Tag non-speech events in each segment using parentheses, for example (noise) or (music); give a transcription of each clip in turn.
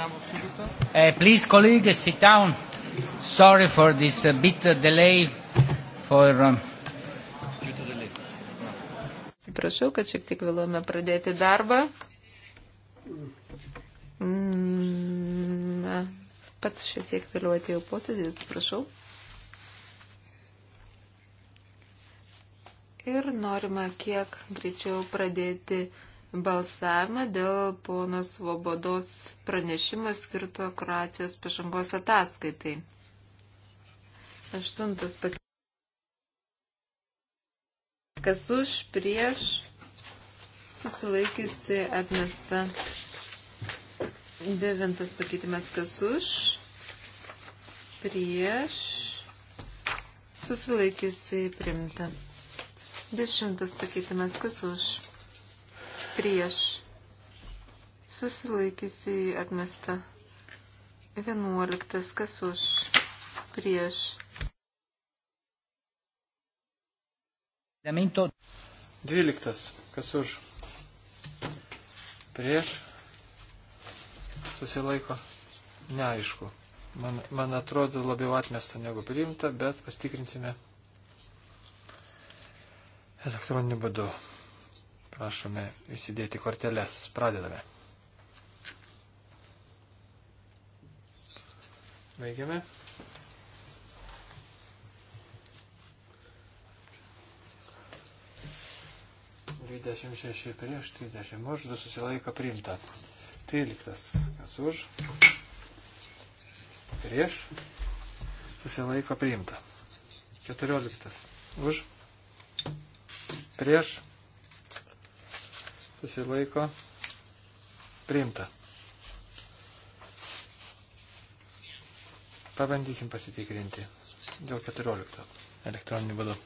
iniziamo subito. Eh, please, colleague, sit down. Sorry for this uh, bit uh, delay. For, um... Atsiprašau, kad šiek tiek vėluojame pradėti darbą. Na, pats šiek tiek vėliau atėjau posėdį, atsiprašau. Ir norime kiek greičiau pradėti balsavimą dėl ponos Vobodos pranešimo skirto Kroacijos pažangos ataskaitai. Aštuntas pakeitimas. Kas už prieš susilaikiusi atmesta. Devintas pakeitimas. Kas už prieš susilaikiusi primta. Dešimtas pakeitimas. Kas už prieš susilaikysiai atmesta. 11. Kas už prieš. Dvyliktas. Kas už? Prieš? Susilaiko? Neaišku. Man, man atrodo labiau atmesta negu priimta, bet pastikrinsime elektroniniu būdu. Prašome įsidėti korteles. Pradedame. Baigiame. Dvidešimt šeši prieš, trisdešimt už, du susilaiko priimta. Tryliktas, kas už, prieš, susilaiko priimta. Keturioliktas, už, prieš, susilaiko priimta. Pabandykim pasitikrinti dėl 14 elektroninių būdų.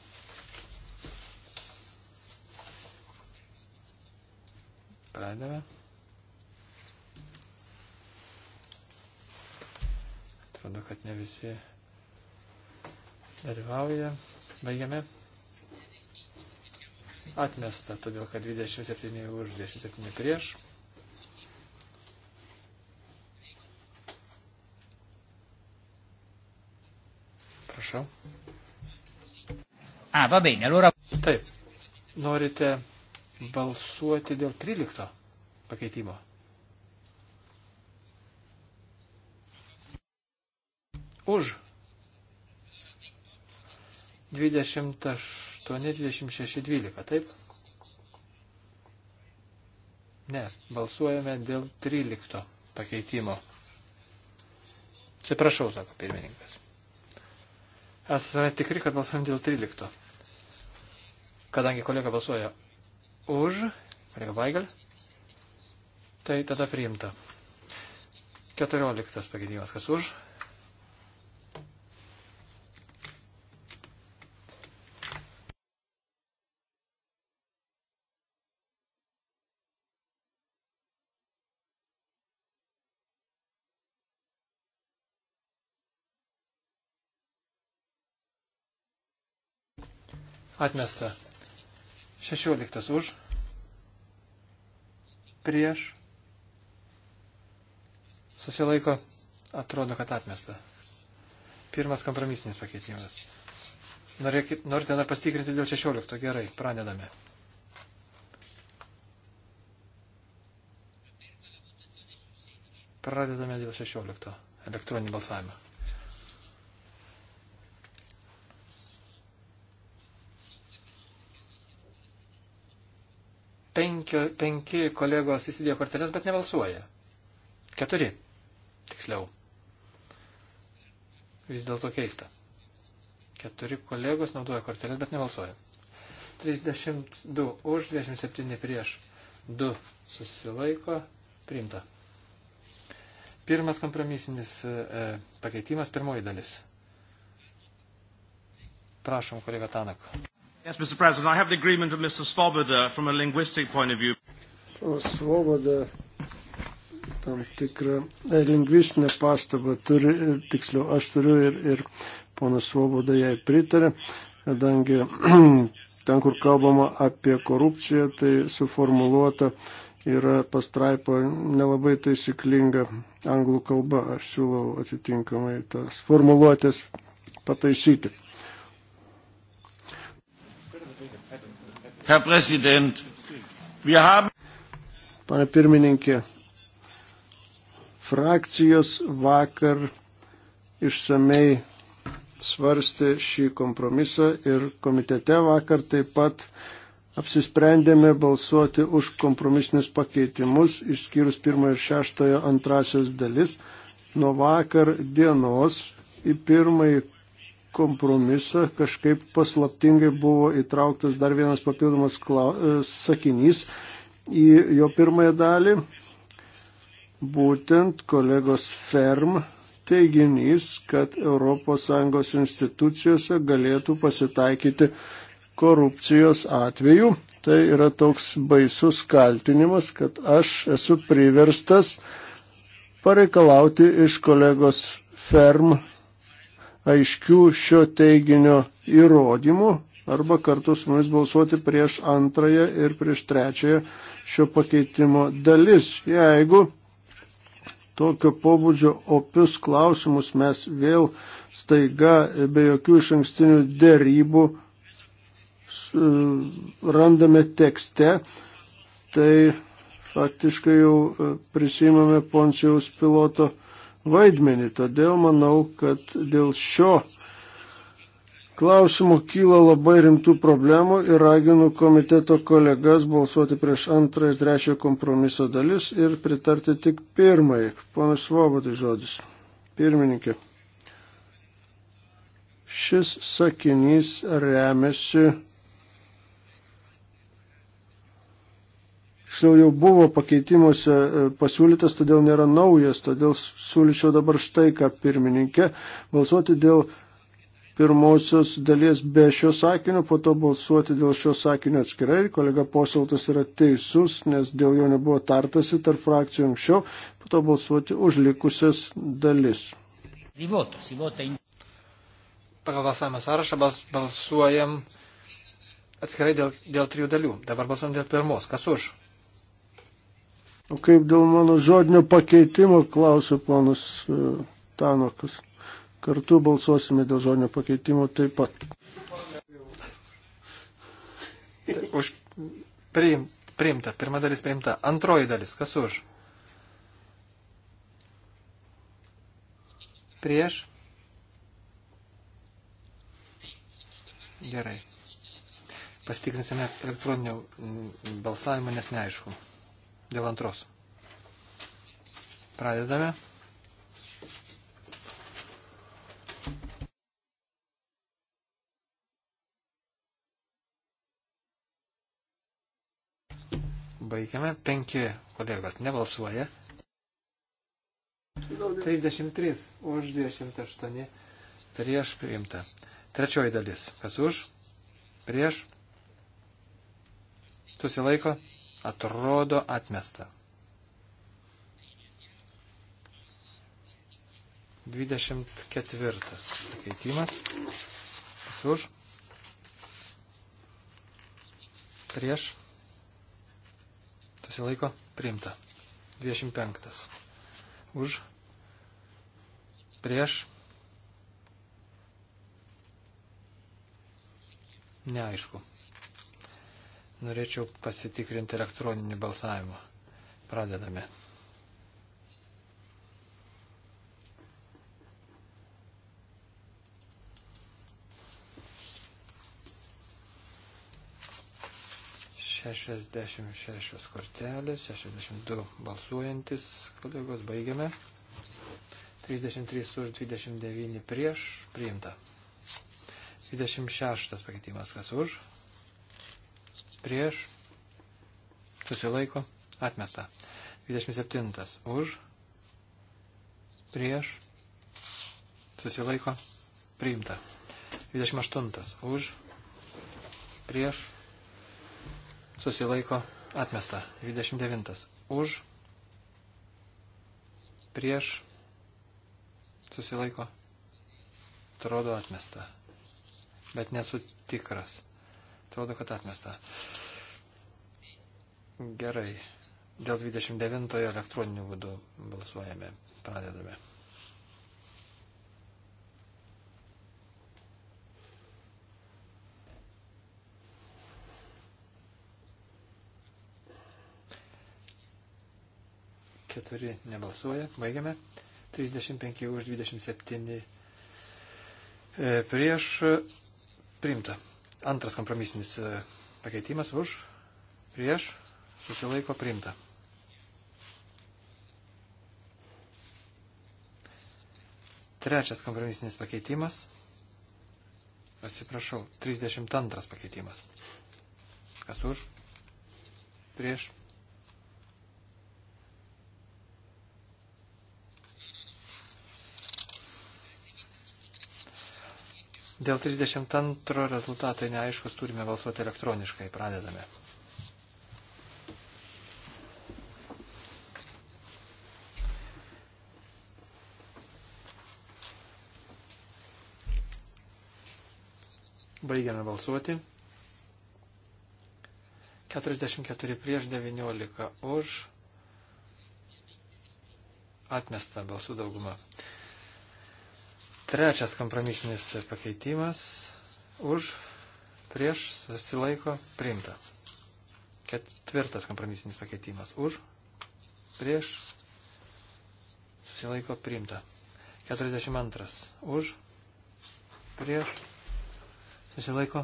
Pradėme. Atrodo, kad ne visi dalyvauja. Baigiame atmesta, todėl kad 27 už 27 prieš. Prašau. A, va bene, allora. Taip. Norite balsuoti dėl 13 pakeitimo. Už 28 8.26.12, taip? Ne, balsuojame dėl 13 pakeitimo. Atsiprašau, sako pirmininkas. Esame tikri, kad balsuojame dėl 13. Kadangi kolega balsuoja už, kolega Vaigal, tai tada priimta. 14 pakeitimas, kas už, Atmesta. 16 už. Prieš. Susilaiko. Atrodo, kad atmesta. Pirmas kompromisinis pakeitimas. Norėkit, norite dar pasitikrinti dėl 16. Gerai, pradedame. Pradedame dėl 16 elektroninį balsavimą. penki, penki kolegos įsidėjo korteles, bet nebalsuoja. Keturi. Tiksliau. Vis dėlto keista. Keturi kolegos naudoja korteles, bet nebalsuoja. 32 už, 27 prieš, 2 susilaiko, priimta. Pirmas kompromisinis e, pakeitimas, pirmoji dalis. Prašom, kolega Tanak. Yes, Mr. President, I have the agreement of Mr. Svoboda from a linguistic point of view. O Svoboda tam tikrą e, lingvistinę pastabą turi, e, tiksliau, aš turiu ir, ir ponas Svoboda jai pritarė, kadangi (clears throat) ten, kur kalbama apie korupciją, tai suformuluota yra pastraipa nelabai taisyklinga anglų kalba. Aš siūlau atitinkamai tas formuluotės pataisyti. Herr Präsident, wir haben. Pane pirmininkė, frakcijos vakar išsamei svarstė šį kompromisą ir komitete vakar taip pat apsisprendėme balsuoti už kompromisinius pakeitimus, išskyrus pirmąją ir šeštąją antrasios dalis. Nuo vakar dienos į pirmąjį kompromisą kažkaip paslaptingai buvo įtrauktas dar vienas papildomas e, sakinys į jo pirmąją dalį. Būtent kolegos Ferm teiginys, kad ES institucijose galėtų pasitaikyti korupcijos atveju. Tai yra toks baisus kaltinimas, kad aš esu priverstas pareikalauti iš kolegos Ferm aiškių šio teiginio įrodymų arba kartu su mumis balsuoti prieš antrąją ir prieš trečiąją šio pakeitimo dalis. Jeigu tokio pobūdžio opius klausimus mes vėl staiga be jokių iš ankstinių dėrybų randame tekste, tai faktiškai jau e, prisimame Poncijaus piloto vaidmenį. Todėl manau, kad dėl šio klausimų kyla labai rimtų problemų ir raginu komiteto kolegas balsuoti prieš antrą ir trečią kompromiso dalis ir pritarti tik pirmai. Ponas Svobodai žodis. Pirmininkė. Šis sakinys remiasi tiksliau jau buvo pakeitimuose e, pasiūlytas, todėl nėra naujas, todėl siūlyčiau dabar štai ką pirmininkė balsuoti dėl pirmosios dalies be šio sakinio, po to balsuoti dėl šio sakinio atskirai. Kolega Posiltas yra teisus, nes dėl jo nebuvo tartasi tarp frakcijų anksčiau, po to balsuoti už likusias dalis. Pagal balsavimo sąrašą bals, balsuojam atskirai dėl, dėl trijų dalių. Dabar balsuojam dėl pirmos. Kas už? O kaip dėl mano žodinio pakeitimo, klausiu planas e, Tanokas. Kartu balsuosime dėl žodinio pakeitimo taip pat. Už priim, priimta, pirma dalis priimta, antroji dalis, kas už? Prieš? Gerai. Pasitikrinsime elektroninio balsavimą, nes neaišku dėl antros. Pradedame. Baigiame. Penki kolegos nebalsuoja. 33 už 28 prieš priimta. Trečioji dalis. Kas už? Prieš? Susilaiko? atrodo atmesta. 24 pakeitimas. Kas už? Prieš. Susilaiko. Priimta. 25. Už. Prieš. Neaišku. Norėčiau pasitikrinti elektroninį balsavimą. Pradedame. Šešiasdešimt šešios kortelės, šešiasdešimt du balsuojantis kolegos, baigiame. 33 už 29 prieš, priimta. 26 pakeitimas, kas už, prieš, susilaiko, atmesta. 27 už, prieš, susilaiko, priimta. 28 už, prieš, susilaiko, atmesta. 29 už, prieš, susilaiko, atrodo atmesta. Bet nesu tikras. Atrodo, kad atmesta. Gerai. Dėl 29 elektroninių būdų balsuojame. Pradedame. keturi nebalsuoja. Baigiame. 35 už 27 e, prieš primtą. Antras kompromisinis e, pakeitimas už, prieš, susilaiko priimta. Trečias kompromisinis pakeitimas. Atsiprašau, 32 pakeitimas. Kas už, prieš, Dėl 32 rezultatai neaiškus, turime balsuoti elektroniškai, pradedame. Baigiame balsuoti. 44 prieš 19 už. Atmesta balsų dauguma. Trečias kompromisinis pakeitimas už, prieš, susilaiko, priimta. Ketvirtas kompromisinis pakeitimas už, prieš, susilaiko, priimta. 42 už, prieš, susilaiko,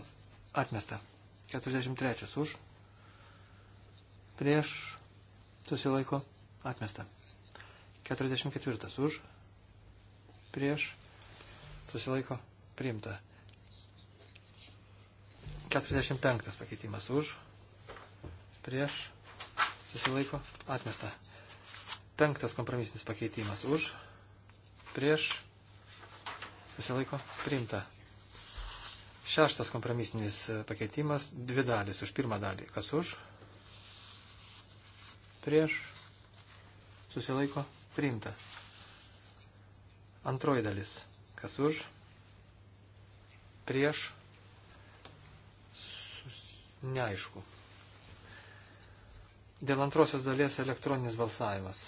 atmesta. 43 už, prieš, susilaiko, atmesta. 44 už, prieš, susilaiko priimta. 45 pakeitimas už, prieš, susilaiko atmesta. Penktas kompromisinis pakeitimas už, prieš, susilaiko priimta. Šeštas kompromisinis e, pakeitimas, dvi dalis už pirmą dalį. Kas už? Prieš. Susilaiko. Priimta. Antroji dalis. Kas už? Prieš? Sus... Neaišku. Dėl antrosios dalies elektroninis balsavimas.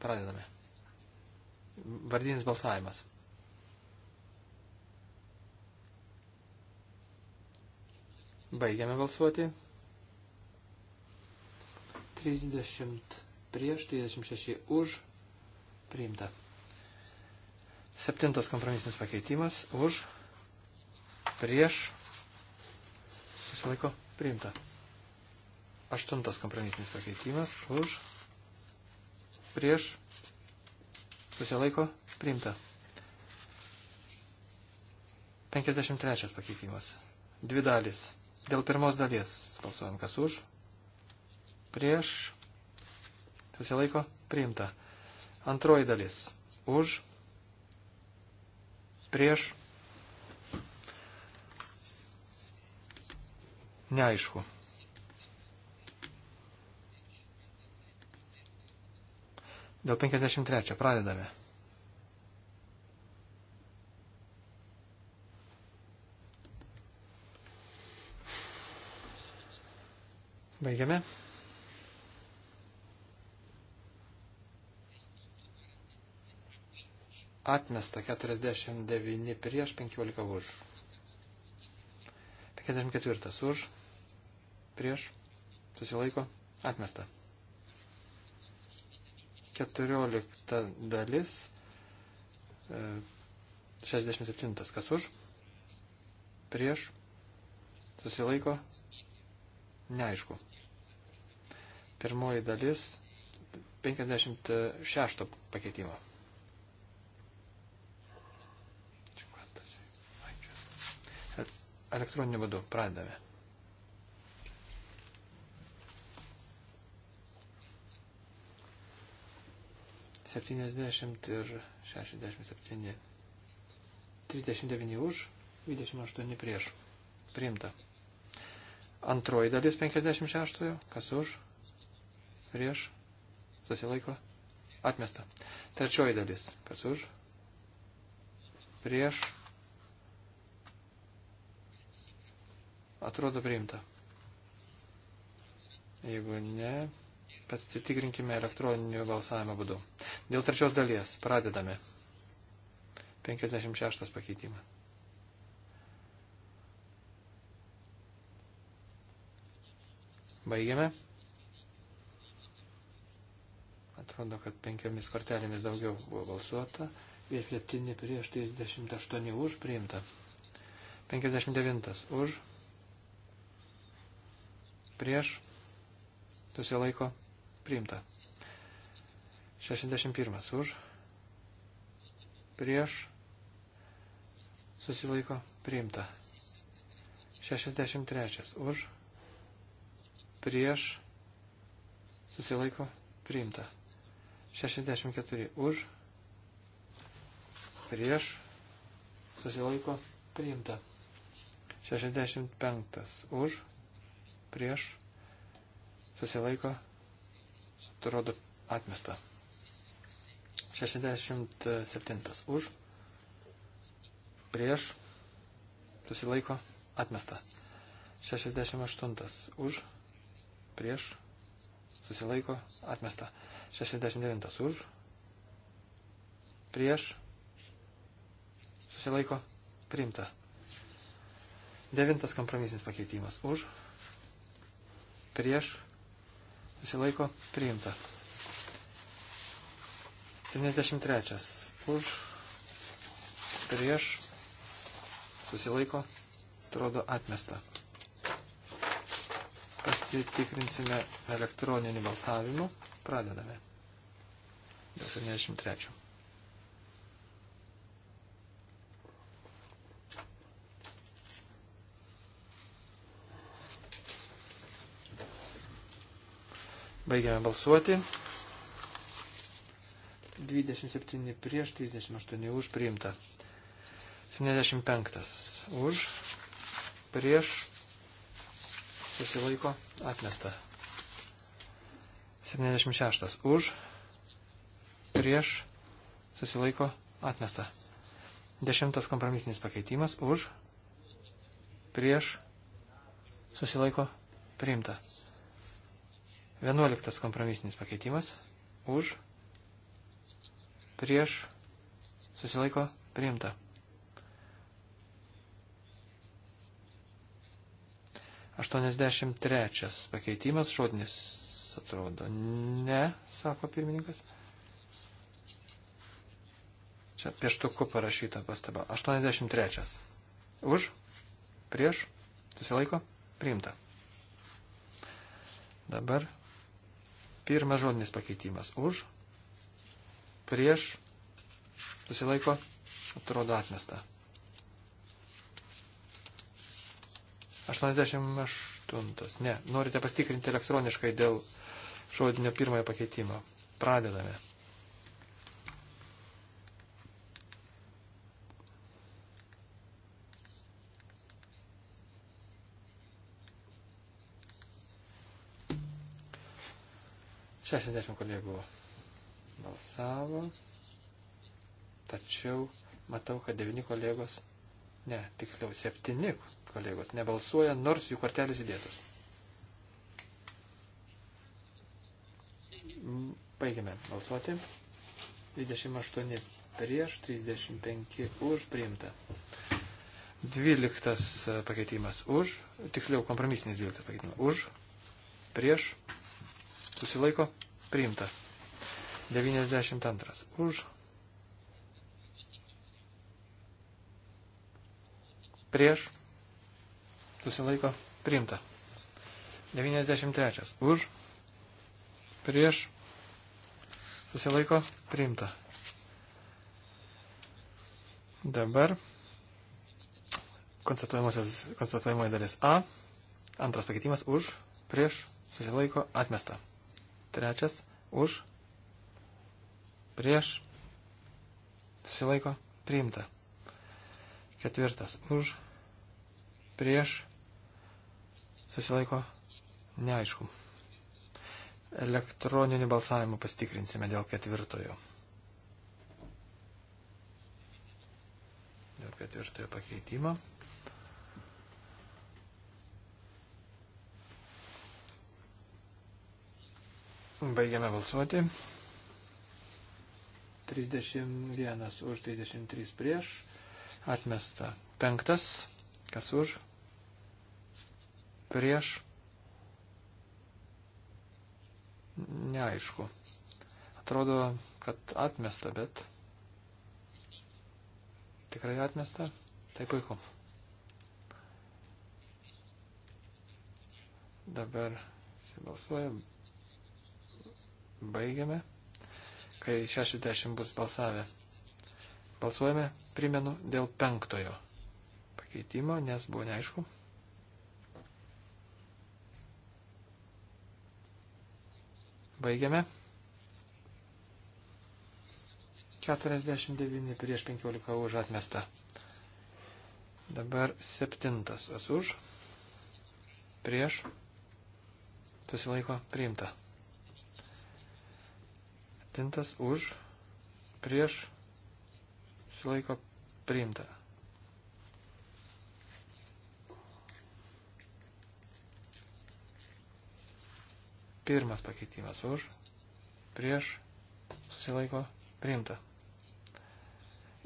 Pradedame. Vardinis balsavimas. Baigiame balsuoti. 30 prieš, 36 už. Priimta. Septintas kompromisinis pakeitimas už, prieš, susilaiko, priimta. Aštuntas kompromisinis pakeitimas už, prieš, susilaiko, priimta. 53 pakeitimas. Dvi dalis. Dėl pirmos dalies balsuojam, kas už, prieš, susilaiko, priimta. Antroji dalis. Už, prieš. Neaišku. Dėl 53 pradedame. Baigiame. Atmesta 49 prieš 15 už. 54 už. Prieš. Susilaiko. Atmesta. 14 dalis. 67 e, kas už. Prieš. Susilaiko. Neaišku. Pirmoji dalis 56 pakeitimo elektroniniu būdu. Pradedame. Septyniasdešimt ir šešiasdešimt septyni. Trisdešimt devyni už, dvidešimt aštuoni prieš. Priimta. Antroji dalis 56, kas už, prieš, susilaiko, atmesta. Trečioji dalis, kas už, prieš, Atrodo priimta. Jeigu ne, pasitikrinkime elektroniniu balsavimo būdu. Dėl trečios dalies pradedame. 56 pakeitimą. Baigiame. Atrodo, kad penkiomis kortelėmis daugiau buvo balsuota. 27 prieš 38 už priimta. 59 už prieš, susilaiko, priimta. 61 už, prieš, susilaiko, priimta. 63 už, prieš, susilaiko, priimta. 64 už, prieš, susilaiko, priimta. 65 už, prieš, susilaiko, atrodo atmesta. 67 už, prieš, susilaiko, atmesta. 68 už, prieš, susilaiko, atmesta. 69 už, prieš, susilaiko, priimta. Devintas kompromisinis pakeitimas už, prieš, susilaiko priimta. 73 už, prieš, susilaiko, atrodo atmesta. Pasitikrinsime elektroninį balsavimą. Pradedame. Dėl 73. Baigiame balsuoti. 27 prieš, 38 už priimta. 75 už, prieš, susilaiko, atmesta. 76 už, prieš, susilaiko, atmesta. Dešimtas kompromisinis pakeitimas už, prieš, susilaiko, priimta. 11 kompromisinis pakeitimas. Už. Prieš. Susilaiko. Priimta. 83 pakeitimas žodinis, atrodo. Ne, sako pirmininkas. Čia pieštuku parašyta pastaba. 83. Už, prieš, susilaiko, priimta. Dabar Pirmas žodinis pakeitimas už, prieš, susilaiko, atrodo atmesta. 88. Ne, norite pastikrinti elektroniškai dėl žodinio pirmojo pakeitimo. Pradedame. 60 kolegų balsavo, tačiau matau, kad 9 kolegos, ne, tiksliau 7 kolegos nebalsuoja, nors jų kortelės įdėtos. Baigime balsuoti. 28 prieš, 35 už priimta. 12 pakeitimas už, tiksliau kompromisinis 12 pakeitimas už, prieš, susilaiko, priimta. 92 už, prieš, susilaiko, priimta. 93 už, prieš, susilaiko, priimta. Dabar konstatuojamoji dalis A, antras pakeitimas už, prieš, susilaiko, atmesta. Trečias už, prieš, susilaiko, priimta. Ketvirtas už, prieš, susilaiko, neaišku. Elektroninį balsavimą pasitikrinsime dėl ketvirtojo. Dėl ketvirtojo pakeitimo. Baigiame balsuoti. 31 už 33 prieš. Atmesta. Penktas. Kas už? Prieš. Neaišku. Atrodo, kad atmesta, bet. Tikrai atmesta. Tai puiku. Dabar balsuojam baigiame, kai 60 bus balsavę. Balsuojame, primenu, dėl penktojo pakeitimo, nes buvo neaišku. Baigiame. 49 prieš 15 už atmestą. Dabar septintas esu už. Prieš. Susilaiko priimta. Septintas už, prieš, sulaiko priimta. Pirmas pakeitimas už, prieš, susilaiko priimta.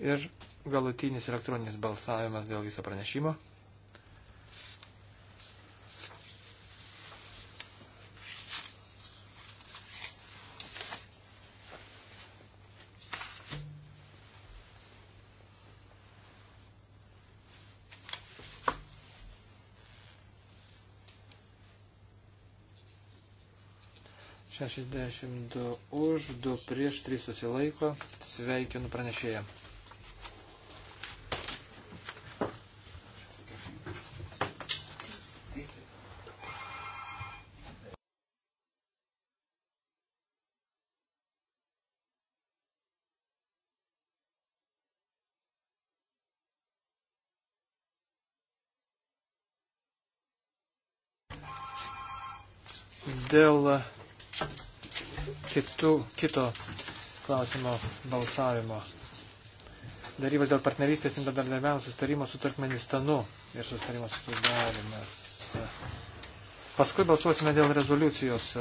Ir galutinis elektroninis balsavimas dėl viso pranešimo. 62 už, 2 prieš, 3 susilaiko. Sveikinu pranešėją. dėl kitų, kito klausimo balsavimo. Darybas dėl partnerystės ir bendradarbiavimo sustarimo su Turkmenistanu ir sustarimo sudarimas. Paskui balsuosime dėl rezoliucijos.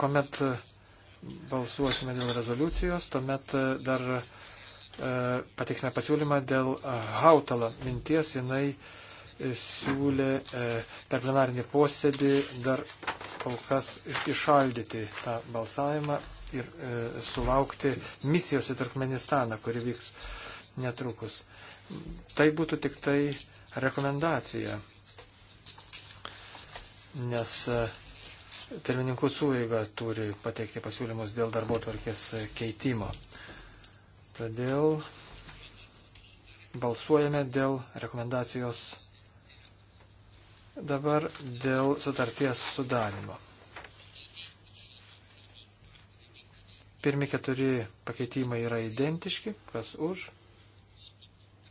Komet balsuosime dėl rezoliucijos, tuomet e, dar e, pateiksime pasiūlymą dėl e, Hautala minties. Jinai e, siūlė e, per plenarinį posėdį dar kol kas išaldyti tą balsavimą ir e, sulaukti misijos į Turkmenistaną, kuri vyks netrukus. Tai būtų tik tai rekomendacija, nes termininkų suveiga turi pateikti pasiūlymus dėl darbo tvarkės keitimo. Todėl balsuojame dėl rekomendacijos Dabar dėl sutarties sudarimo. Pirmi keturi pakeitimai yra identiški, kas už,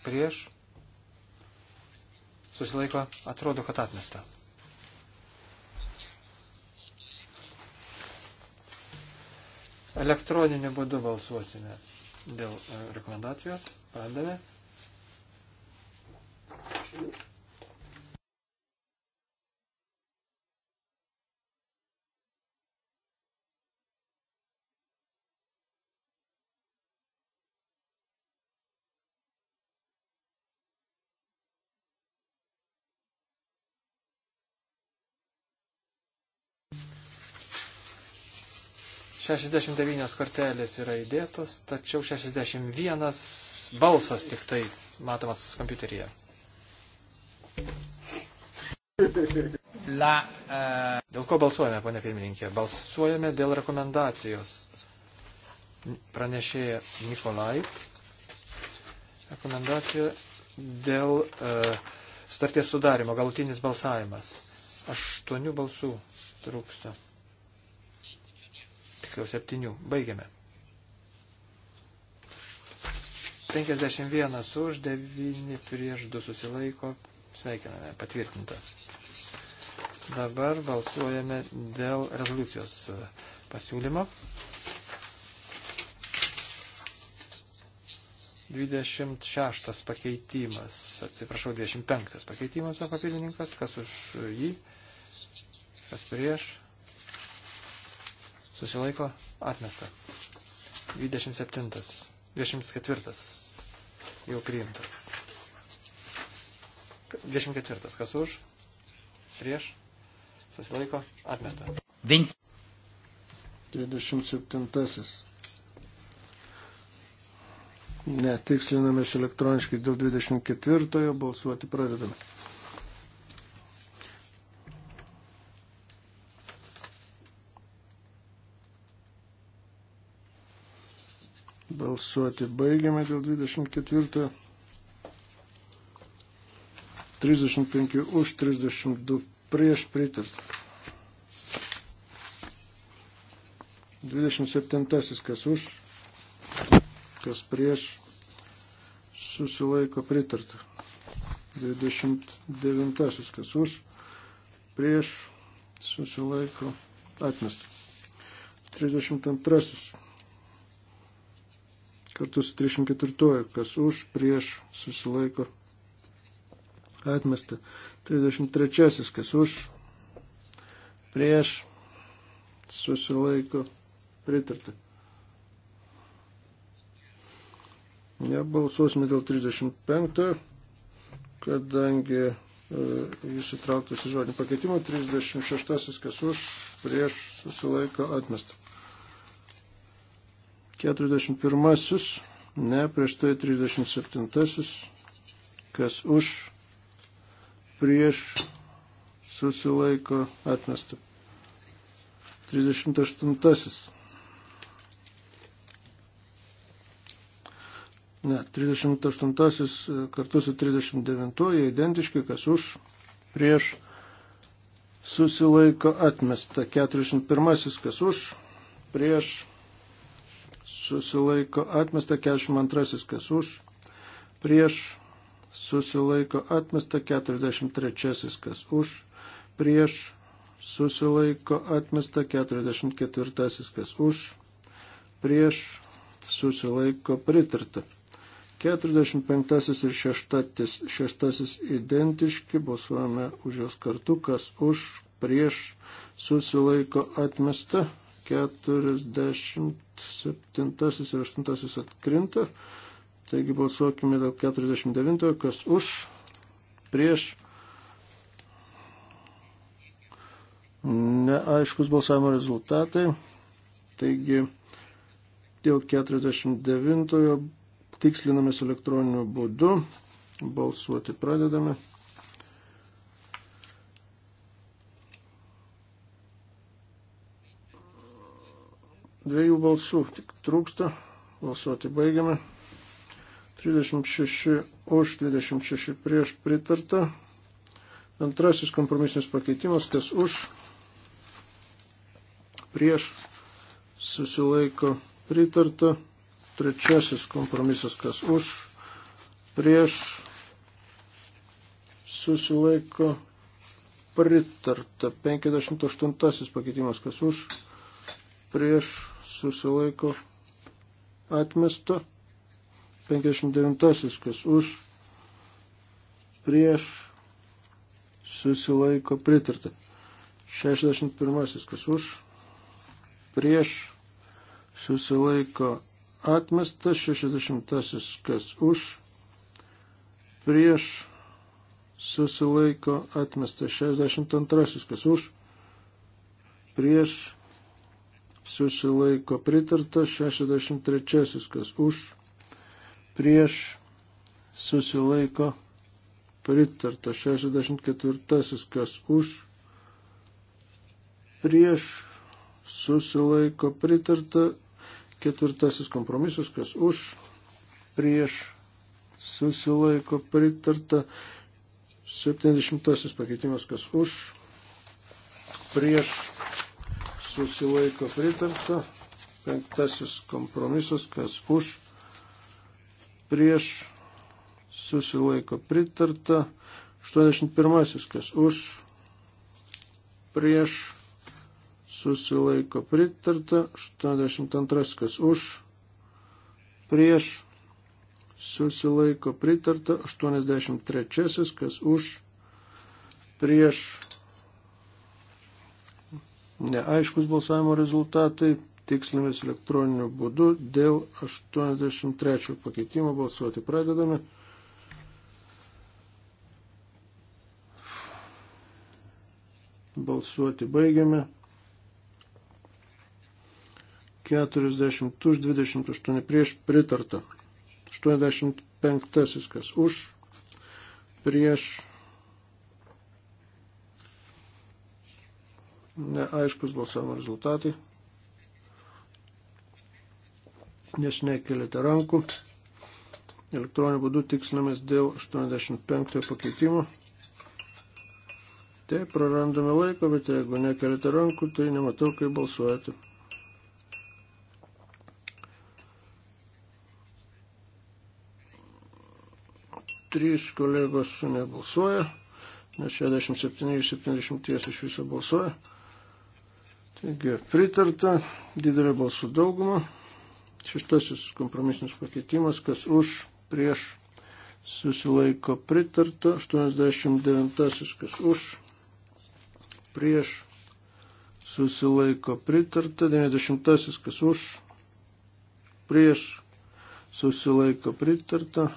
prieš, susilaiko, atrodo, kad atmesta. Elektroniniu būdu balsuosime dėl e, rekomendacijos. Pradame. Thank you. 69 kortelės yra įdėtos, tačiau 61 balsas tik tai matomas kompiuteryje. La, uh... Dėl ko balsuojame, ponė pirmininkė? Balsuojame dėl rekomendacijos. Pranešėja Nikolai. Rekomendacija dėl uh, sutarties sudarimo, galutinis balsavimas. Aštuonių balsų trūksta tiksliau septynių. Baigiame. 51 už, 9 prieš 2 susilaiko. Sveikiname, patvirtinta. Dabar balsuojame dėl rezoliucijos e, pasiūlymo. 26 pakeitimas, atsiprašau, 25 pakeitimas, sako pirmininkas, kas už jį, kas prieš, Susilaiko atmesta. 27. 24. Jau priimtas. 24. Kas už? Prieš? Susilaiko atmesta. 27. Ne, tikslinamės elektroniškai dėl 24. Balsuoti pradedame. Balsuoti baigiame dėl 24. 35 už 32 prieš pritartą. 27. Kas už, kas prieš, susilaiko pritartą. 29. Kas už, prieš, susilaiko atmestą. 32 kartu su 34, kas už, prieš, susilaiko, atmesta. 33, kas už, prieš, susilaiko, pritarta. Nebalsuosime dėl 35, kadangi e, jis įtrauktas į žodinį pakeitimą, 36 kas už, prieš susilaiko atmestą. 41. Ne, prieš tai 37. Kas už, prieš, susilaiko, atmesta. 38. Ne, 38 kartu su 39 jie identiški, kas už, prieš, susilaiko atmesta. 41 kas už, prieš, susilaiko atmesta 42, kas už, prieš susilaiko atmesta 43, kas už, prieš susilaiko atmesta 44, kas už, prieš susilaiko pritarta. 45 ir 6, 6 identiški, balsuojame už juos kartu, kas už, prieš, susilaiko atmesta. 47 ir 8 atkrinta. Taigi balsuokime dėl 49, kas už, prieš. Neaiškus balsavimo rezultatai. Taigi dėl 49 tikslinamės elektroniniu būdu. Balsuoti pradedame. Dviejų balsų tik trūksta. Balsuoti baigiame. 36 už, 26 prieš pritarta. Antrasis kompromisinis pakeitimas, kas už, prieš susilaiko pritarta. Trečiasis kompromisas, kas už, prieš susilaiko pritarta. 58 pakeitimas, kas už, prieš susilaiko atmesta. 59. Kas už prieš susilaiko pritarta. 61. Kas už prieš susilaiko atmesta. 60. Kas už prieš susilaiko atmesta. 62. Kas už prieš susilaiko pritarta 63, kas už, prieš susilaiko pritarta 64, kas už, prieš susilaiko pritarta ketvirtasis kompromisas, kas už, prieš susilaiko pritarta 70 pakeitimas, kas už, prieš susilaiko pritarta. Penktasis kompromisas, kas už, prieš, susilaiko pritarta. 81. kas už, prieš, susilaiko pritarta. 82. kas už, prieš, susilaiko pritarta. 83. kas už, prieš, neaiškus balsavimo rezultatai, tikslimis elektroniniu būdu dėl 83 pakeitimo balsuoti pradedame. Balsuoti baigiame. 40 už 28 prieš pritarta. 85 kas už prieš neaiškus balsavimo rezultatai, nes nekelėte rankų. Elektroniniu būdu tikslinamės dėl 85 pakeitimo. Taip, prarandame laiko, bet jeigu nekelėte rankų, tai nematau, kaip balsuojate. Trys kolegos nebalsuoja, nes 67 iš 70 iš viso balsuoja. Taigi pritarta didelė balsų dauguma. Šeštasis kompromisinis pakeitimas, kas už, prieš, susilaiko pritarta. 89, kas už, prieš, susilaiko pritarta. 90, kas už, prieš, susilaiko pritarta.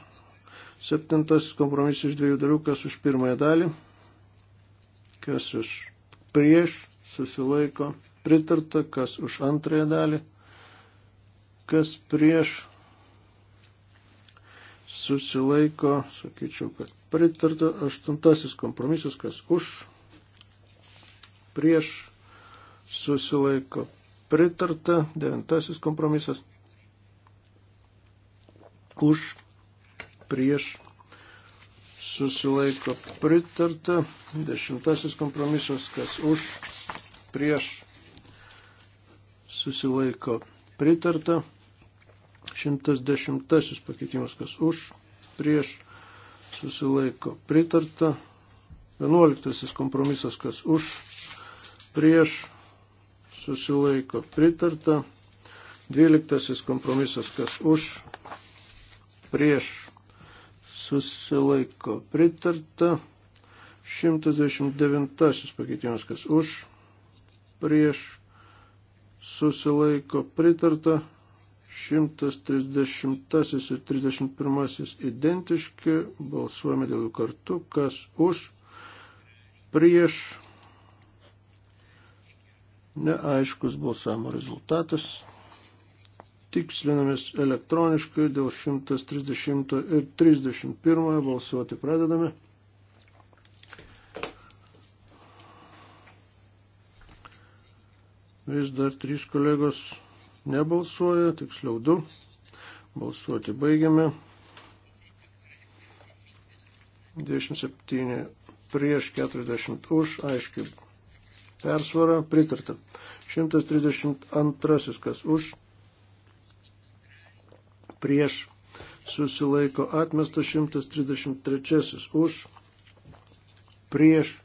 Septintasis kompromisas iš dviejų dalių, kas už pirmąją dalį, kas už prieš, susilaiko pritarta, kas už antrąją dalį, kas prieš susilaiko, sakyčiau, kad pritarta, aštuntasis kompromisas, kas už, prieš susilaiko pritarta, devintasis kompromisas, už, prieš susilaiko pritarta, dešimtasis kompromisas, kas už, prieš susilaiko pritarta. 110 pakeitimas, kas už, prieš susilaiko pritarta. 11 kompromisas, kas už, prieš susilaiko pritarta. 12 kompromisas, kas už, prieš susilaiko pritarta. 129 pakeitimas, kas už, prieš susilaiko pritarta. 130 ir 31 identiški, balsuojame dėl jų kartu, kas už, prieš, neaiškus balsavimo rezultatas, tikslinamės elektroniškai dėl 130 ir 31 balsuoti pradedame. Vis dar trys kolegos nebalsuoja, tiksliau du. Balsuoti baigiame. 27 prieš 40 už, aiškiai, persvara pritarta. 132 kas už, prieš susilaiko atmestas 133 už, prieš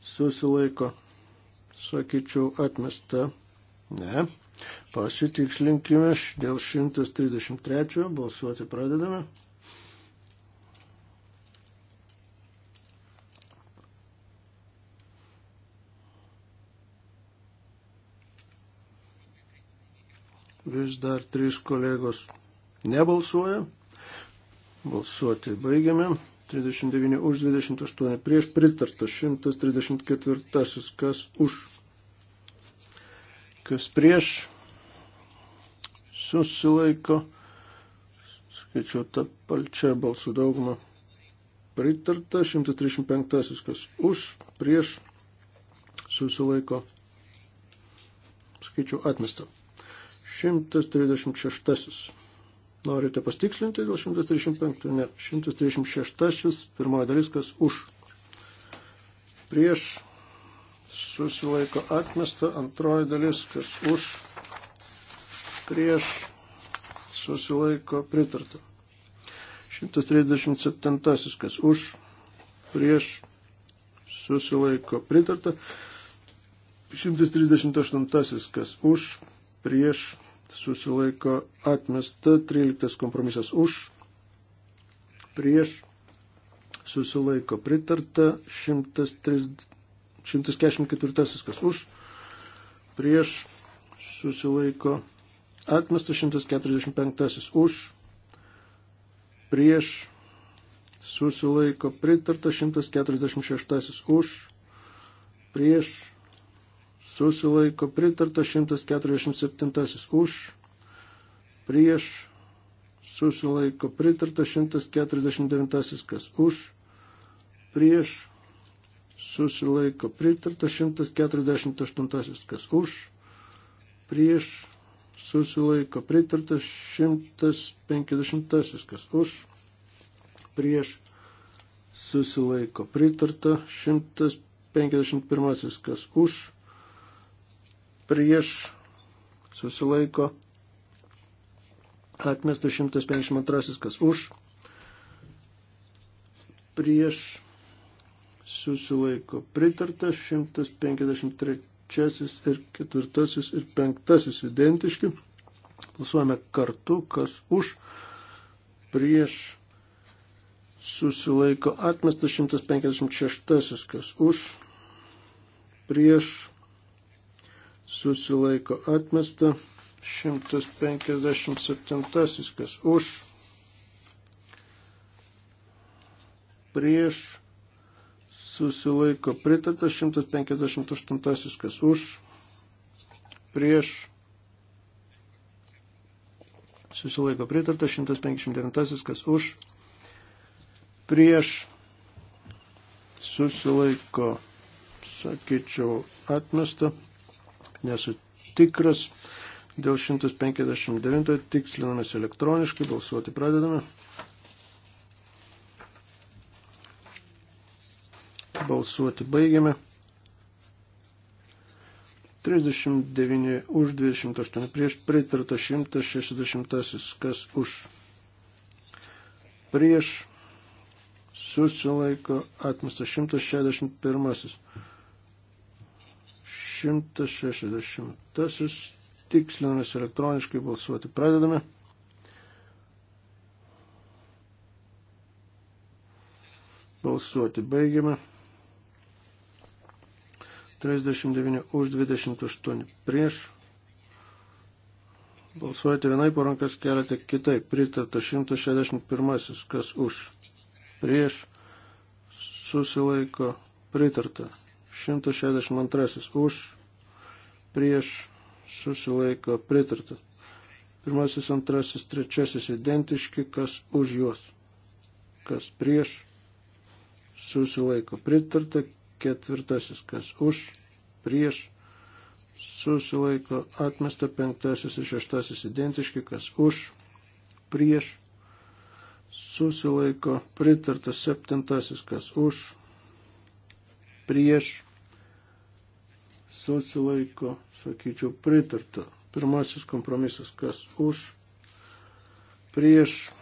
susilaiko sakyčiau, atmesta. Ne. Pasitikslinkime dėl 133. Balsuoti pradedame. Vis dar trys kolegos nebalsuoja. Balsuoti baigiame. 39 už 28 prieš pritarta 134. Kas už? kas prieš susilaiko, skaičiu tą palčią balsų daugumą. Pritarta 135, kas už, prieš susilaiko, skaičiu atmesta. 136. Norite pastikslinti dėl 135? Ne. 136. Pirmoji dalis, kas už. Prieš susilaiko atmesta, antroji dalis, kas už, prieš, susilaiko pritarta. 137, kas už, prieš, susilaiko pritarta. 138, kas už, prieš, susilaiko atmesta. 13 kompromisas už, prieš, susilaiko pritarta. 130 144 kas už, prieš susilaiko atmestas 145 už, prieš susilaiko pritartas 146 už, prieš susilaiko pritartas 147 už, prieš susilaiko pritartas 149 kas už, prieš susilaiko pritarta 148, kas už, prieš susilaiko pritarta 150, kas už, prieš susilaiko pritarta 151, kas už, prieš susilaiko atmesta 152, kas už, prieš susilaiko pritarta 153 ir 4 ir 5 identiški. Balsuojame kartu, kas už, prieš susilaiko atmestas 156, kas už, prieš susilaiko atmesta 157, kas už, prieš susilaiko pritartas 158, kas už, prieš, susilaiko pritartas 159, kas už, prieš, susilaiko, sakyčiau, atmesta, nesu tikras, dėl 159 tikslinamės elektroniškai, balsuoti pradedame. Balsuoti baigiame. 39 už 28 prieš pritarta 160, kas už prieš susilaiko atmestas 161. 160 tikslinamės elektroniškai balsuoti. Pradedame. Balsuoti baigiame. 39 už 28 prieš. Balsuojate vienai, po rankas keliate kitai. Pritarta 161, kas už. Prieš. Susilaiko. Pritarta. 162 už. Prieš. Susilaiko. Pritarta. Pirmasis, antrasis, trečiasis identiški, kas už juos. Kas prieš. Susilaiko. Pritarta ketvirtasis, kas už, prieš, susilaiko, atmesta penktasis ir šeštasis identiški, kas už, prieš, susilaiko, pritartas septintasis, kas už, prieš, susilaiko, sakyčiau, pritarta. Pirmasis kompromisas, kas už, prieš,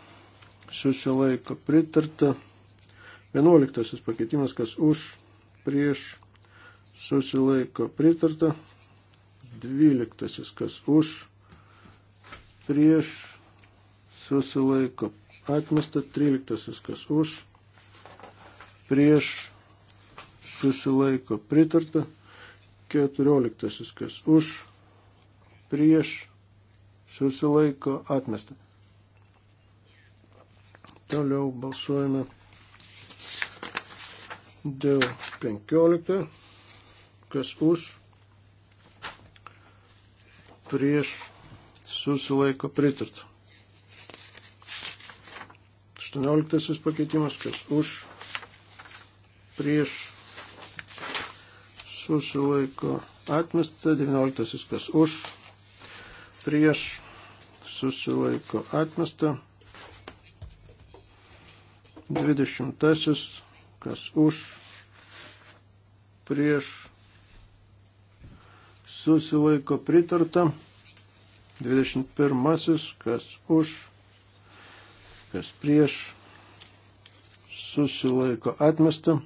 susilaiko, pritarta. Vienuoliktasis pakeitimas, kas už, prieš susilaiko pritarta. Dvyliktasis, kas už, prieš susilaiko atmesta. Tryliktasis, kas už, prieš susilaiko pritarta. Keturioliktasis, kas už, prieš susilaiko atmesta. Toliau balsuojame dėl 15, kas už, prieš, susilaiko pritarta. 18 pakeitimas, kas už, prieš, susilaiko atmesta, 19 kas už, prieš, susilaiko atmesta, 20 kas už, prieš, susilaiko pritarta. 21. Kas už, kas prieš, susilaiko atmesta.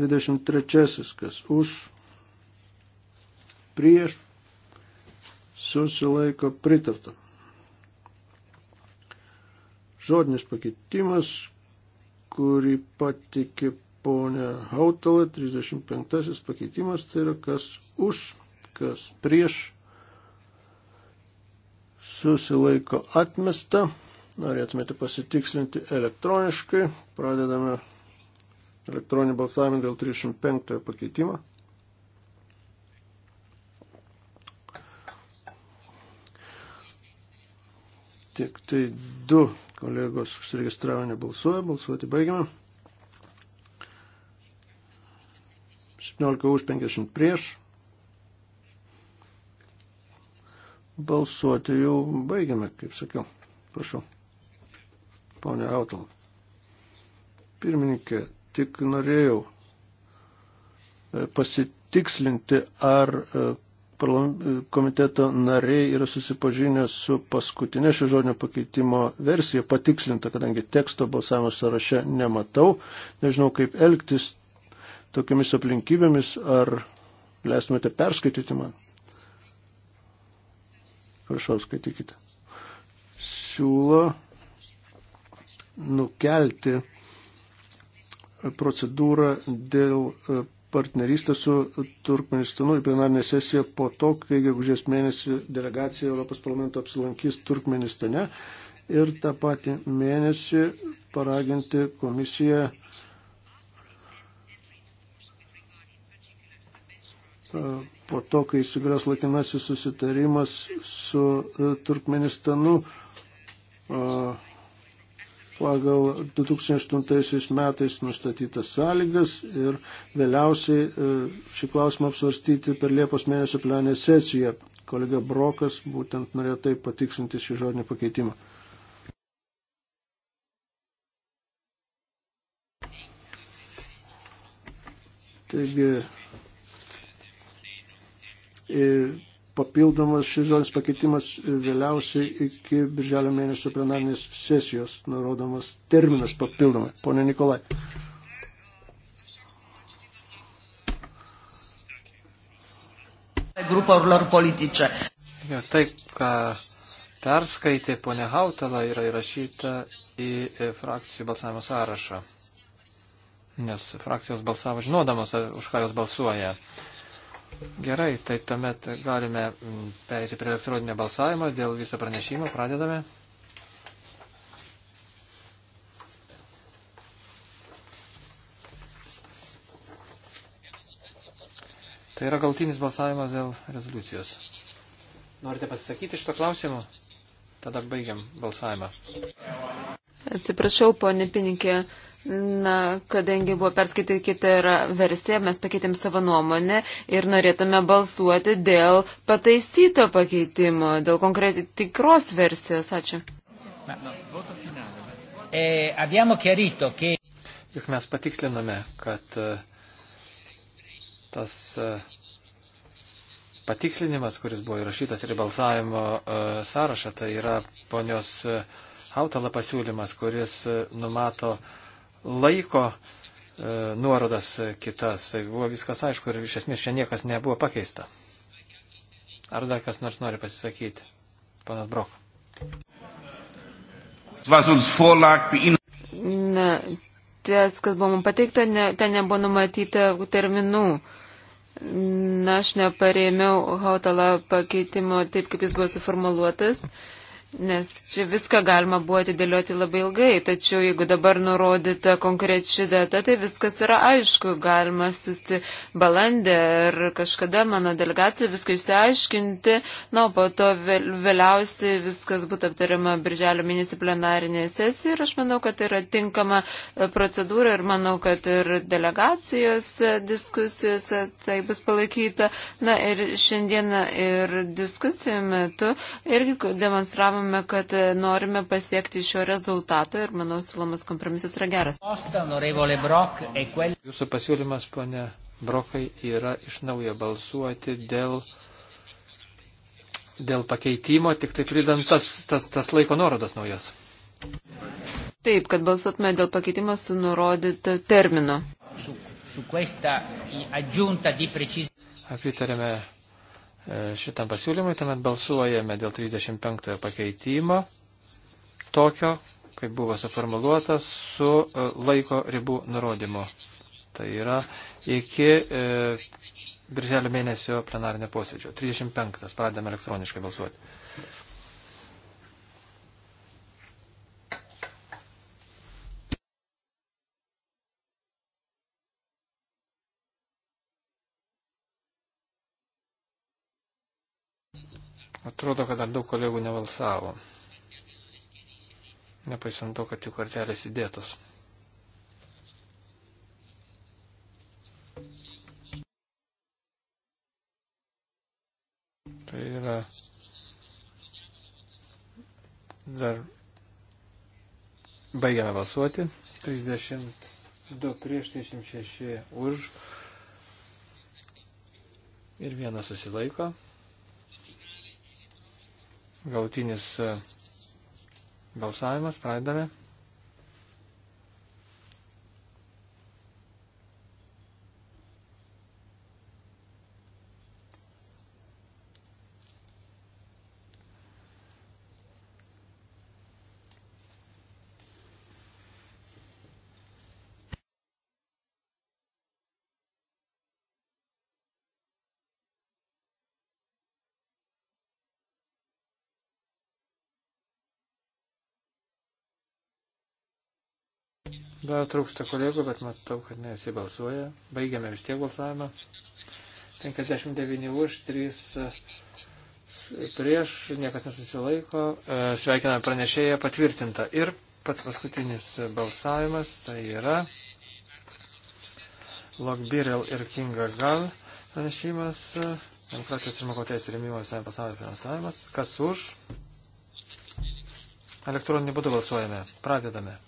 23. Kas už, prieš, susilaiko pritarta. Žodinis pakeitimas, kurį patikė ponė Hautalė, 35 pakeitimas, tai yra kas už, kas prieš, susilaiko atmesta, norėtumėte pasitikslinti elektroniškai, pradedame elektroninį balsavimą dėl 35 pakeitimo. Tik tai du kolegos užsiregistravo nebalsuoja. Balsuoti baigiame. 17 už 50 prieš. Balsuoti jau baigiame, kaip sakiau. Prašau. Pone Autal. Pirmininkė, tik norėjau e, pasitikslinti, ar e, komiteto nariai yra susipažinę su paskutinė šio žodinio pakeitimo versija patikslinta, kadangi teksto balsavimo sąraše nematau. Nežinau, kaip elgtis tokiamis aplinkybėmis, ar leistumėte perskaityti man. Prašau, skaitykite. Siūlo nukelti procedūrą dėl partnerystę su Turkmenistanu į plenarinę sesiją po to, kai gegužės mėnesį delegacija Europos parlamento apsilankys Turkmenistane ir tą patį mėnesį paraginti komisiją e, po to, kai įsigalios laikinasis susitarimas su e, Turkmenistanu. Uh, pagal 2008 metais nustatytas sąlygas ir vėliausiai e, šį klausimą apsvarstyti per Liepos mėnesio plenę sesiją. Kolega Brokas būtent norėjo tai patiksinti šį žodinį pakeitimą. Taigi, e, papildomas šis žodis pakeitimas vėliausiai iki birželio mėnesio plenarinės sesijos nurodomas terminas papildomai. Pone Nikolai. Grupurilor politice. Ja, tai, ką perskaitė ponė Hautala, yra įrašyta į frakcijų balsavimo sąrašą. Nes frakcijos balsavo žinodamos, už ką jos balsuoja. Gerai, tai tuomet galime mm, perėti prie elektroninio balsavimo dėl viso pranešimo. Pradedame. Tai yra galtinis balsavimas dėl rezoliucijos. Norite pasisakyti šito klausimu? Tada baigiam balsavimą. Atsiprašau, ponė Pininkė, Na, kadangi buvo perskaityti kitą versiją, mes pakeitėm savo nuomonę ir norėtume balsuoti dėl pataisyto pakeitimo, dėl konkretai tikros versijos. Ačiū. E, Juk mes patikslinome, kad e, tas e, patikslinimas, kuris buvo įrašytas ir balsavimo sąrašą, tai yra ponios Hautala pasiūlymas, kuris numato uh, laiko e, nuorodas kitas. Tai buvo viskas aišku ir iš esmės čia niekas nebuvo pakeista. Ar dar kas nors nori pasisakyti? Panas Brok. Na, ties, kas buvo mums pateikta, ne, ten nebuvo numatyta terminų. Na, aš neparėmiau Hautala pakeitimo taip, kaip jis buvo suformuluotas. Uh, Nes čia viską galima buvo atidėlioti labai ilgai, tačiau jeigu dabar nurodyta konkreči data, tai viskas yra aišku, galima siūsti balandį ir kažkada mano delegacija viską išsiaiškinti, na, po to vėliausiai viskas būtų aptariama birželio mėnesį plenarinėje sesijoje ir aš manau, kad tai yra tinkama e, procedūra ir manau, kad ir delegacijos diskusijose tai bus palaikyta. Na ir šiandieną ir diskusijų metu irgi demonstravome deklaravome, kad e, norime pasiekti šio rezultato ir, manau, siūlomas kompromisas yra geras. E Jūsų pasiūlymas, ponė Brokai, yra iš naujo balsuoti dėl, dėl pakeitimo, tik tai pridant tas, tas, tas laiko nuorodas naujas. Taip, kad balsuotume dėl pakeitimo su nurodytu terminu. Apitarėme E, šitam pasiūlymui, tuomet balsuojame dėl 35 pakeitimo, tokio, kaip buvo suformuluotas, su e, laiko ribų nurodymu. Tai yra iki e, birželio mėnesio plenarinio posėdžio. 35. Pradedame elektroniškai balsuoti. Atrodo, kad dar daug kolegų nevalsavo. Nepaisant to, kad jų kortelės įdėtos. Tai yra dar baigiame balsuoti. 32 prieš 36 už ir vienas susilaiko. Galutinis e, balsavimas, pradedame. Dar trūksta kolegų, bet matau, kad nesibalsuoja. Baigiame vis tiek balsavimą. 59 už, 3 e, prieš, niekas nesusilaiko. E, sveikiname pranešėją patvirtintą. Ir pats paskutinis balsavimas tai yra Lokbirel ir Kinga Gal pranešimas. E, demokratijos ir žmogaus rėmimo visame pasaulio finansavimas. Kas už? Elektroniniu būdu balsuojame. Pradedame.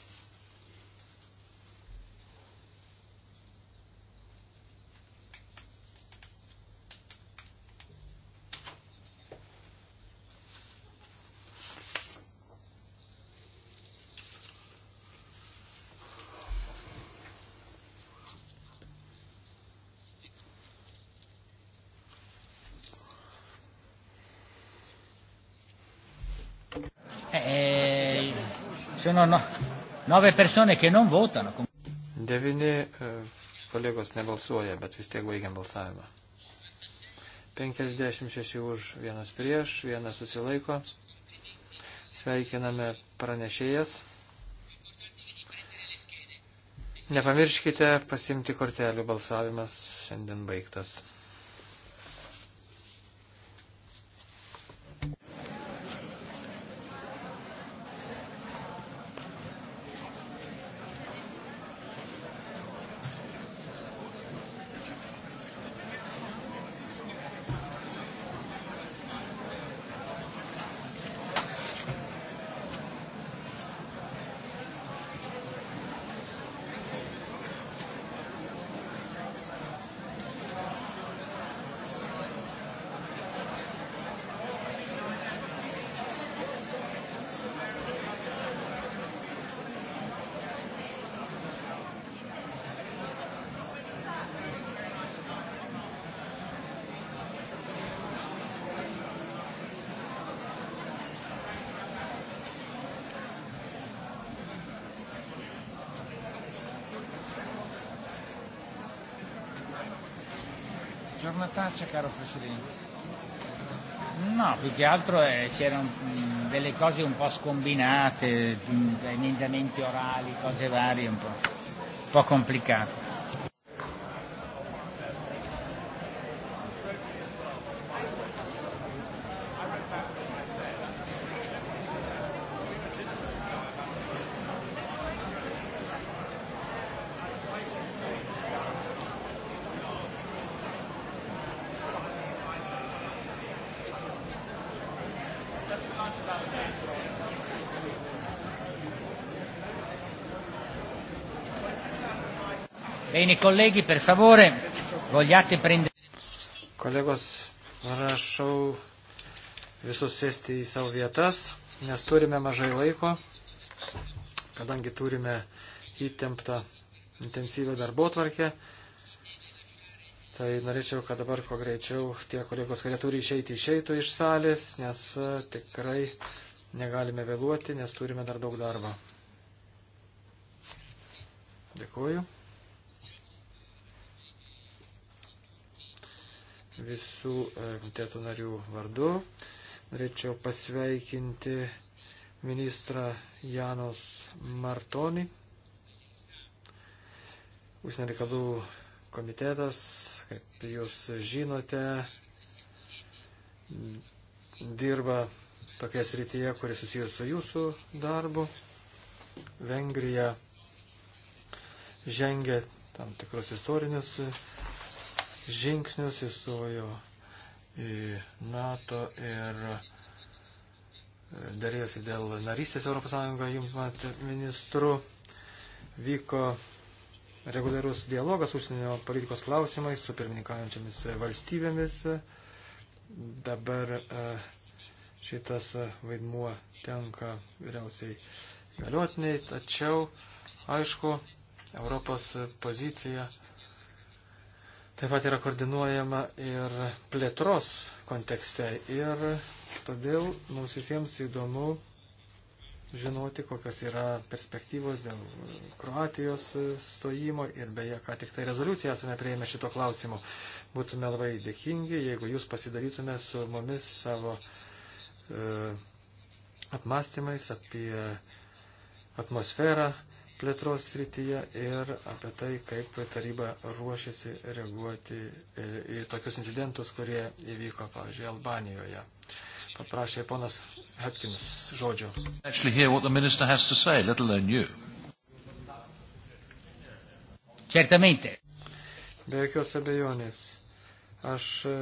sono no, nove persone che non votano. Devini e, kolegos nebalsuoja, bet vis tiek baigiam balsavimą. 56 už, vienas prieš, vienas susilaiko. Sveikiname pranešėjas. Nepamirškite pasimti kortelių, balsavimas šiandien baigtas. faccia, caro Presidente. No, più che altro eh, c'erano mh, mm, delle cose un po' scombinate, mh, mm, emendamenti orali, cose varie, un po', un po' complicate. Bene, colleghi, per favore, vogliate prendere. Kolegos, prašau visus sėsti į savo vietas, nes turime mažai laiko, kadangi turime įtemptą intensyvę darbo tvarkę. Tai norėčiau, kad dabar kuo greičiau tie kolegos, kurie turi išeiti, išeitų iš salės, nes e, tikrai negalime vėluoti, nes turime dar daug darbo. Dėkuoju. visų e, komiteto narių vardu. Norėčiau pasveikinti ministrą Janos Martoni. Užsienio reikalų komitetas, kaip jūs žinote, dirba tokia srityje, kuri susijus su jūsų darbu. Vengrija žengia tam tikrus istorinius žingsnius, įstojo į NATO ir e, dėrėjosi dėl narystės ES jungtinat ministru. Vyko reguliarus dialogas užsienio politikos klausimais su pirmininkaujančiamis valstybėmis. Dabar e, šitas vaidmuo tenka vyriausiai galiotiniai, tačiau, aišku, Europos pozicija taip pat yra koordinuojama ir plėtros kontekste. Ir todėl mums visiems įdomu žinoti, kokios yra perspektyvos dėl Kroatijos stojimo ir beje, ką tik tai rezoliuciją esame prieėmę šito klausimu. Būtume labai dėkingi, jeigu jūs pasidarytume su mumis savo e, apmastymais apie atmosferą plėtros srityje ir apie tai, kaip taryba ruošiasi reaguoti e, į tokius incidentus, kurie įvyko, pavyzdžiui, Albanijoje. Paprašė ponas Hopkins žodžio. Certamente. Be jokios abejonės. Aš e,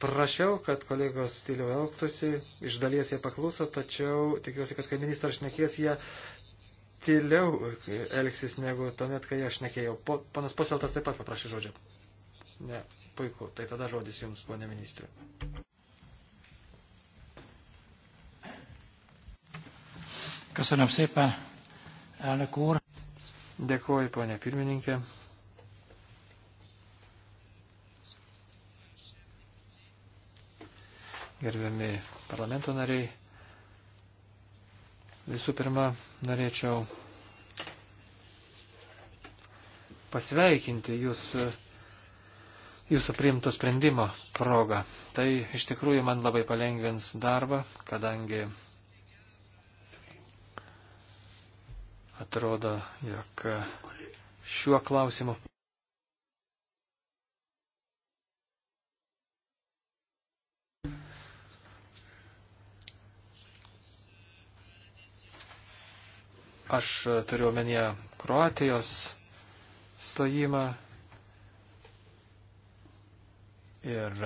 prašiau, kad kolegos stiliau elgtųsi, iš dalies jie pakluso, tačiau tikiuosi, kad kai ministras šnekės, jie tyliau elgsis negu tuomet, kai aš nekėjau. Po, panas Poseltas taip pat paprašė žodžio. Ne, puiku. Tai tada žodis jums, ponė ministrė. Köszönöm szépen, elnök úr. Dėkuoju, ponė pirmininkė. Gerbiami parlamento nariai. Visų pirma, norėčiau pasveikinti jūs jūsų priimto sprendimo proga. Tai iš tikrųjų man labai palengvins darbą, kadangi atrodo, jog šiuo klausimu Aš turiu omenyje Kroatijos stojimą ir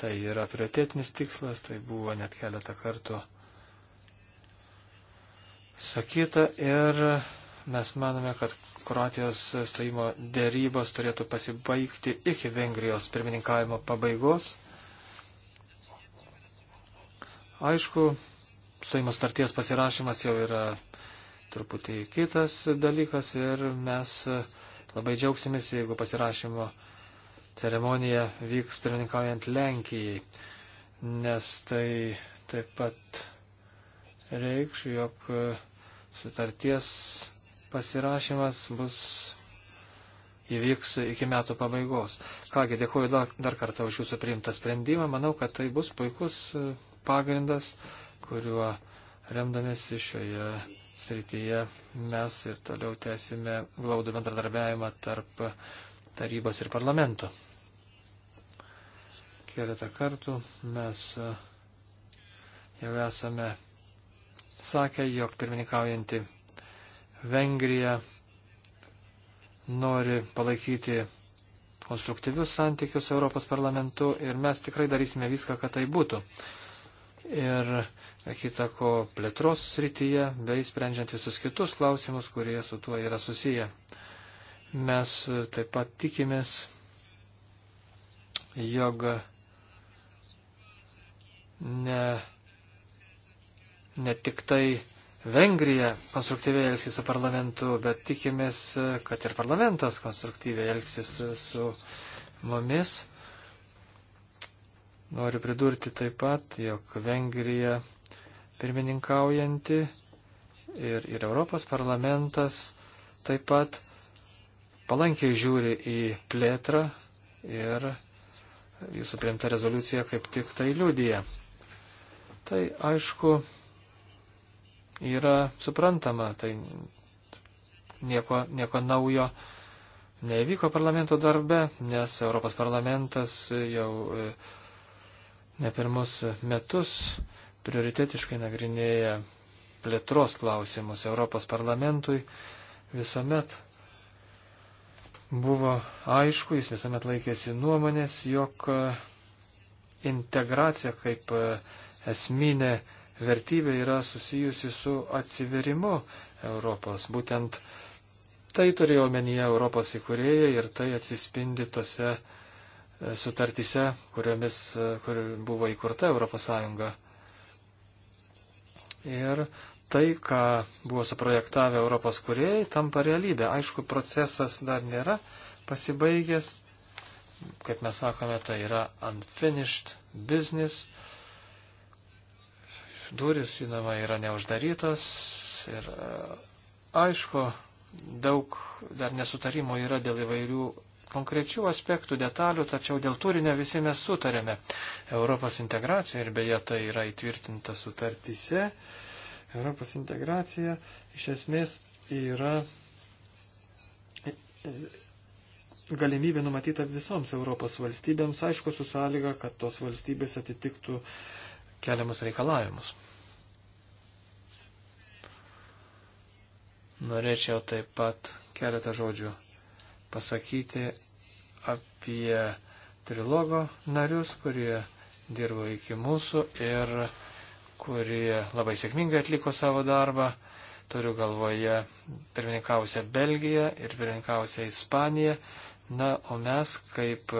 tai yra prioritėtinis tikslas, tai buvo net keletą kartų sakyta ir mes manome, kad Kroatijos stojimo dėrybos turėtų pasibaigti iki Vengrijos pirmininkavimo pabaigos. Aišku, stojimo starties pasirašymas jau yra truputį kitas dalykas ir mes labai džiaugsimės, jeigu pasirašymo ceremonija vyks pirmininkaujant Lenkijai, nes tai taip pat reikš, jog sutarties pasirašymas bus įvyks iki metų pabaigos. Kągi, dėkuoju dar, dar kartą už jūsų priimtą sprendimą. Manau, kad tai bus puikus pagrindas kuriuo remdamėsi šioje srityje mes ir toliau tęsime glaudų bendradarbiavimą tarp tarybos ir parlamento. Keletą kartų mes jau esame sakę, jog pirmininkaujanti Vengrija nori palaikyti konstruktyvius santykius Europos parlamentu ir mes tikrai darysime viską, kad tai būtų ir kitako plėtros srityje, bei sprendžiant visus kitus klausimus, kurie su tuo yra susiję. Mes taip pat tikimės, jog ne, ne tik tai Vengrija konstruktyviai elgsis su parlamentu, bet tikimės, kad ir parlamentas konstruktyviai elgsis su mumis. Noriu pridurti taip pat, jog Vengrija pirmininkaujanti ir, ir Europos parlamentas taip pat palankiai žiūri į plėtrą ir jūsų priimta rezoliucija kaip tik tai liūdija. Tai aišku, yra suprantama, tai nieko, nieko naujo nevyko parlamento darbe, nes Europos parlamentas jau e, ne pirmus metus prioritetiškai nagrinėja plėtros klausimus Europos parlamentui visuomet buvo aišku, jis visuomet laikėsi nuomonės, jog e, integracija kaip e, esminė vertybė yra susijusi su atsiverimu Europos. Būtent tai turėjo omenyje Europos įkurėjai ir tai atsispindi tose sutartise, kuriomis kur buvo įkurta ES. Ir tai, ką buvo suprojektavę Europos kuriejai, tampa realybė. Aišku, procesas dar nėra pasibaigęs. Kaip mes sakome, tai yra unfinished business. Duris, žinoma, yra neuždarytas ir e, aišku, daug dar nesutarimų yra dėl įvairių konkrečių aspektų, detalių, tačiau dėl turinio visi mes sutarėme. Europos integracija, ir beje tai yra įtvirtinta sutartyse, Europos integracija iš esmės yra galimybė numatyta visoms Europos valstybėms, aišku, su sąlyga, kad tos valstybės atitiktų keliamus reikalavimus. Norėčiau taip pat keletą žodžių pasakyti apie trilogo narius, kurie dirbo iki mūsų ir kurie labai sėkmingai atliko savo darbą. Turiu galvoje pirmininkausią Belgiją ir pirmininkausią Ispaniją. Na, o mes kaip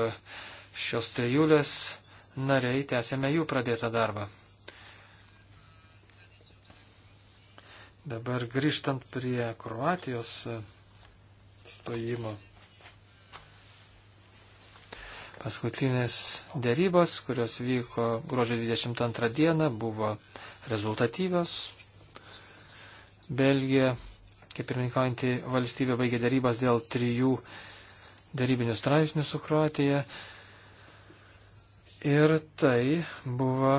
šios trijulės nariai tęsėme jų pradėtą darbą. Dabar grįžtant prie Kroatijos stojimo. Paskutinės dėrybos, kurios vyko gruodžio 22 dieną, buvo rezultatyvios. Belgija, kaip pirmininkaujantį valstybę, baigė dėrybas dėl trijų dėrybinių straipsnių su Kroatija. Ir tai buvo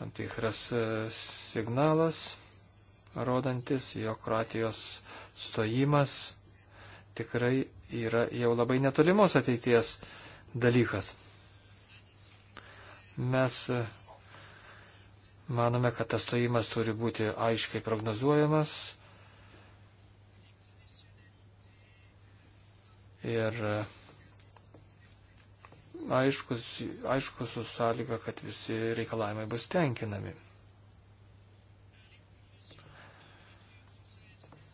tam tikras e, signalas, rodantis, jog Kroatijos stojimas tikrai yra jau labai netolimos ateities dalykas. Mes e, manome, kad tas stojimas turi būti aiškiai prognozuojamas ir e, aiškus, aiškus su sąlyga, kad visi reikalavimai bus tenkinami.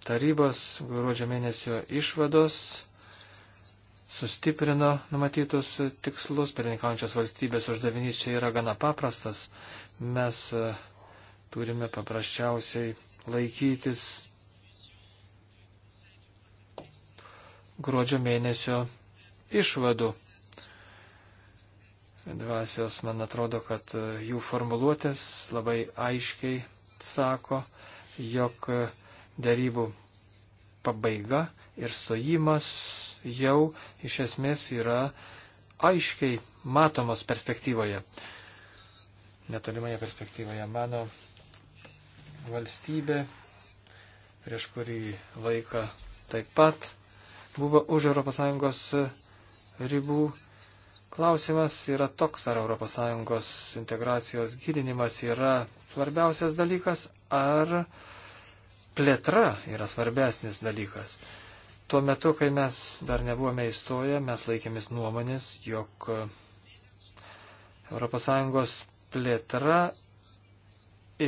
Tarybos gruodžio mėnesio išvados sustiprino numatytus tikslus. Pirmininkaujančios valstybės uždavinys čia yra gana paprastas. Mes e, turime paprasčiausiai laikytis gruodžio mėnesio išvadų. Dvasios, man atrodo, kad e, jų formuluotės labai aiškiai sako, jog e, darybų pabaiga ir stojimas jau iš esmės yra aiškiai matomos perspektyvoje. Netolimoje perspektyvoje mano valstybė, prieš kurį laiką taip pat buvo už ES ribų. Klausimas yra toks, ar ES integracijos gilinimas yra svarbiausias dalykas, ar plėtra yra svarbesnis dalykas. Tuo metu, kai mes dar nebuvome įstoję, mes laikėmės nuomonės, jog ES plėtra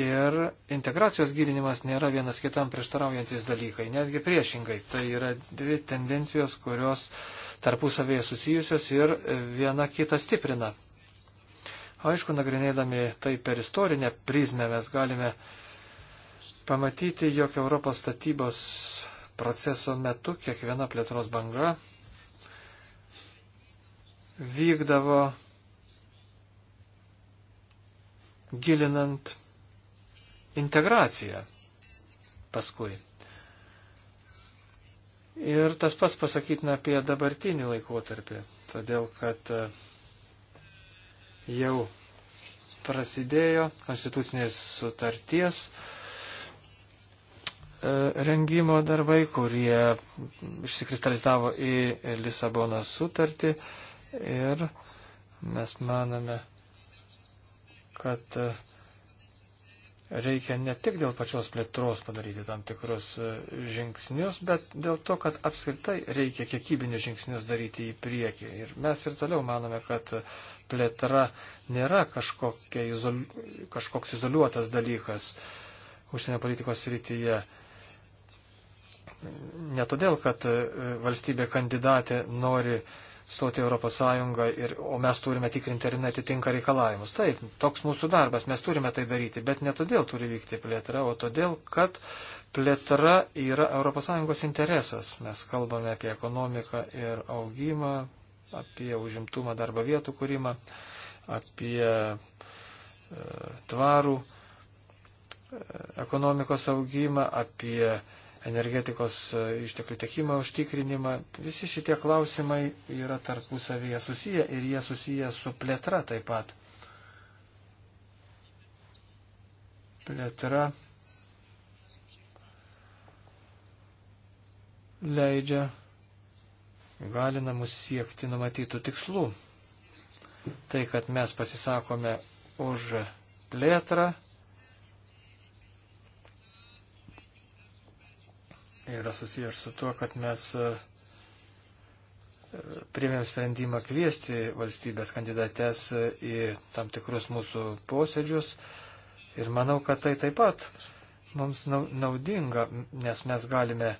ir integracijos gilinimas nėra vienas kitam prieštaraujantis dalykai, netgi priešingai. Tai yra dvi tendencijos, kurios tarpusavėje susijusios ir viena kitą stiprina. Aišku, nagrinėdami tai per istorinę prizmę mes galime pamatyti, jog Europos statybos proceso metu kiekviena plėtros banga vykdavo gilinant integraciją paskui. Ir tas pats pasakytina apie dabartinį laikotarpį, todėl kad e, jau prasidėjo konstitucinės sutarties E, rengimo darbai, kurie išsikristalizavo į Lisabono sutartį ir mes manome, kad e, reikia ne tik dėl pačios plėtros padaryti tam tikrus e, žingsnius, bet dėl to, kad apskritai reikia kiekybinius žingsnius daryti į priekį. Ir mes ir toliau manome, kad plėtra nėra izol... kažkoks izoliuotas dalykas užsienio politikos rytyje ne todėl, kad e, valstybė kandidatė nori stoti Europos Sąjungą, ir, o mes turime tikrinti, ar jinai atitinka reikalavimus. Taip, toks mūsų darbas, mes turime tai daryti, bet ne todėl turi vykti plėtra, o todėl, kad plėtra yra Europos Sąjungos interesas. Mes kalbame apie ekonomiką ir augimą, apie užimtumą darbo vietų kūrimą, apie e, tvarų e, ekonomikos augimą, apie e, energetikos e, išteklių tiekimą užtikrinimą. Visi šitie klausimai yra tarpusavyje susiję ir jie susiję su plėtra taip pat. Plėtra leidžia, galina mus siekti numatytų tikslų. Tai, kad mes pasisakome už plėtrą, yra susijęs su tuo, kad mes e, priemėm sprendimą kviesti valstybės kandidates e, į tam tikrus mūsų posėdžius. Ir manau, kad tai taip pat mums naudinga, nes mes galime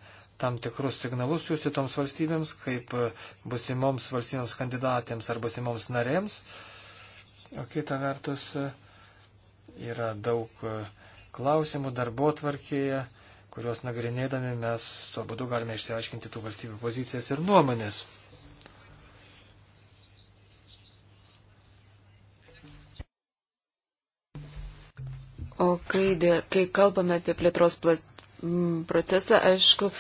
tam tikrus signalus siūsti toms valstybėms, kaip e, busimoms valstybėms kandidatėms ar busimoms narėms. O kita vertus yra daug klausimų darbo tvarkėje kuriuos nagrinėdami mes tuo būdu galime išsiaiškinti tų valstybių pozicijas ir nuomonės. O kai, dė, kai kalbame apie plėtros plat, m, procesą, aišku,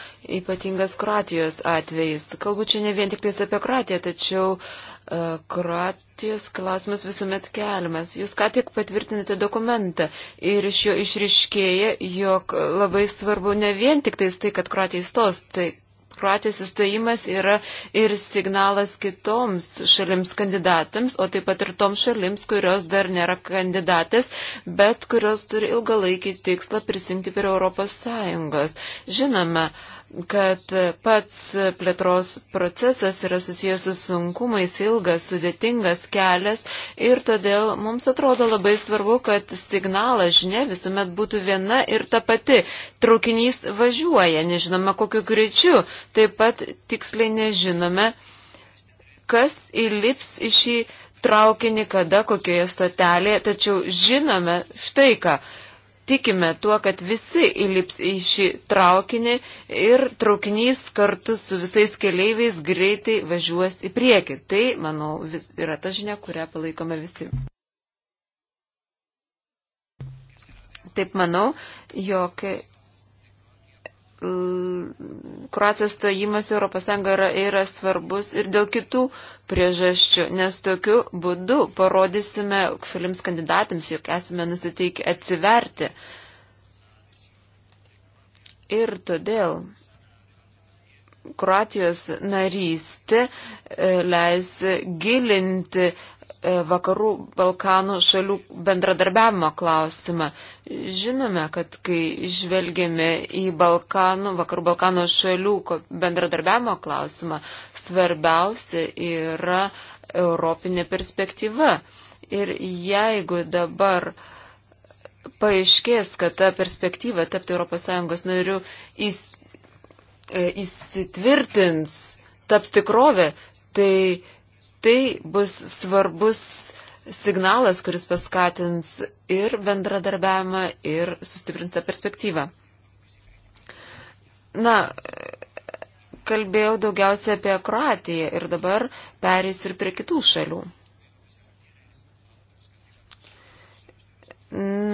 ypatingas Kroatijos atvejis. Kalbu čia ne vien tik apie Kroatiją, tačiau uh, E, Kroatijos klausimas visuomet keliamas. Jūs ką tik patvirtinate dokumentą ir iš jo išriškėja, jog labai svarbu ne vien tik tais tai, kad Kroatija įstos, tai Kroatijos įstojimas yra ir signalas kitoms šalims kandidatams, o taip pat ir toms šalims, kurios dar nėra kandidatės, bet kurios turi ilgalaikį tikslą prisimti prie Europos Sąjungos. Žinoma, uh, kad pats plėtros procesas yra susijęs su sunkumais, ilgas, sudėtingas kelias ir todėl mums atrodo labai svarbu, kad signalas žinia visuomet būtų viena ir ta pati. Traukinys važiuoja, nežinome kokiu greičiu, taip pat tiksliai nežinome, kas įlips į šį traukinį, kada, kokioje stotelėje, tačiau žinome štai ką tikime tuo, kad visi įlips į šį traukinį ir traukinys kartu su visais keleiviais greitai važiuos į priekį. Tai, manau, vis, yra ta žinia, kurią palaikome visi. Taip manau, jog Kroacijos stojimas Europos Sąjunga yra, yra svarbus ir dėl kitų priežasčių, nes tokiu būdu parodysime šalims kandidatams, jog esame nusiteikę atsiverti. Ir todėl Kroatijos narystė e, leis gilinti E, vakarų Balkanų šalių bendradarbiavimo klausimą. Žinome, kad kai žvelgėme į Balkanų, vakarų Balkanų šalių bendradarbiavimo klausimą, svarbiausia yra europinė perspektyva. Ir jeigu dabar paaiškės, kad ta perspektyva tapti ES nariu įs, e, įsitvirtins, taps tikrovė, tai tai bus svarbus signalas, kuris paskatins ir bendradarbiavimą, ir sustiprintą perspektyvą. Na, kalbėjau daugiausia apie Kroatiją ir dabar perėsiu ir prie kitų šalių.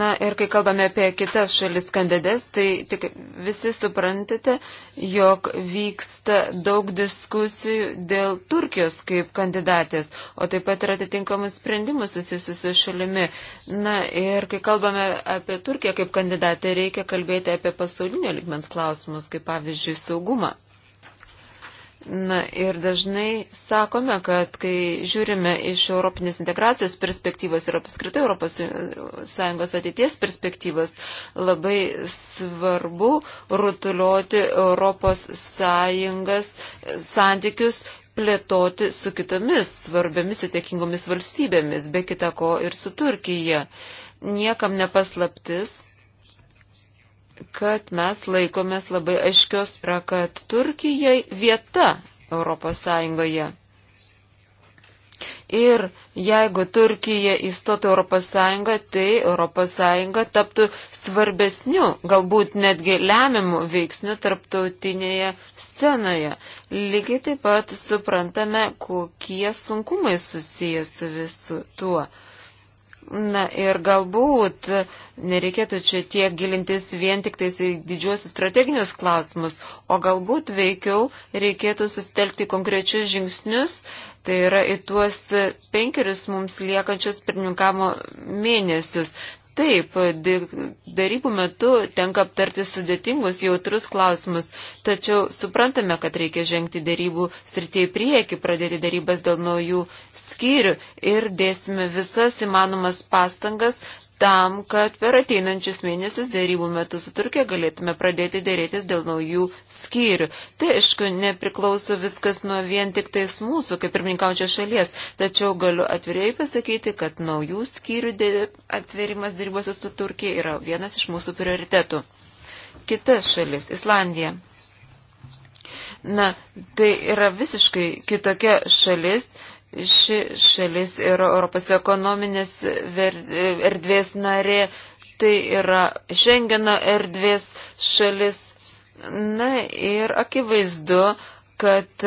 Na ir kai kalbame apie kitas šalis kandidės, tai tik visi suprantate, jog vyksta daug diskusijų dėl Turkijos kaip kandidatės, o taip pat ir atitinkamų sprendimų susijusių su šalimi. Na ir kai kalbame apie Turkiją kaip kandidatę, reikia kalbėti apie pasaulinio ligmens klausimus, kaip pavyzdžiui saugumą. Na ir dažnai sakome, kad kai žiūrime iš Europinės integracijos perspektyvos ir apskritai ES ateities perspektyvos, labai svarbu rutuliuoti ES santykius plėtoti su kitomis svarbiamis įtiekingomis valstybėmis, be kita ko ir su Turkija. Niekam nepaslaptis, kad mes laikomės labai aiškios, pra, kad Turkijai vieta Europos Sąjungoje. Ir jeigu Turkija įstotų Europos Sąjungą, tai Europos Sąjunga taptų svarbesniu, galbūt netgi lemiamu veiksniu tarptautinėje scenoje. Lygiai taip pat suprantame, kokie sunkumai susijęs su visu tuo. Na ir galbūt nereikėtų čia tiek gilintis vien tik tais į didžiuosius strateginius klausimus, o galbūt veikiau reikėtų sustelkti konkrečius žingsnius, tai yra į tuos penkerius mums liekančius pirmininkamo mėnesius. Taip, darybų metu tenka aptarti sudėtingus jautrus klausimus, tačiau suprantame, kad reikia žengti darybų srityje į priekį, pradėti darybas dėl naujų skyrių ir dėsime visas įmanomas pastangas, tam, kad per ateinančius mėnesius dėrybų metu su Turkija galėtume pradėti dėrėtis dėl naujų skyrių. Tai, aišku, nepriklauso viskas nuo vien tik tais mūsų, kaip ir minkaučio šalies, tačiau galiu atviriai pasakyti, kad naujų skyrių atverimas dėrybose su Turkija yra vienas iš mūsų prioritetų. Kita šalis - Islandija. Na, tai yra visiškai kitokia šalis, ši šalis yra Europos ekonominės erdvės narė, tai yra Šengeno erdvės šalis. Na ir akivaizdu, kad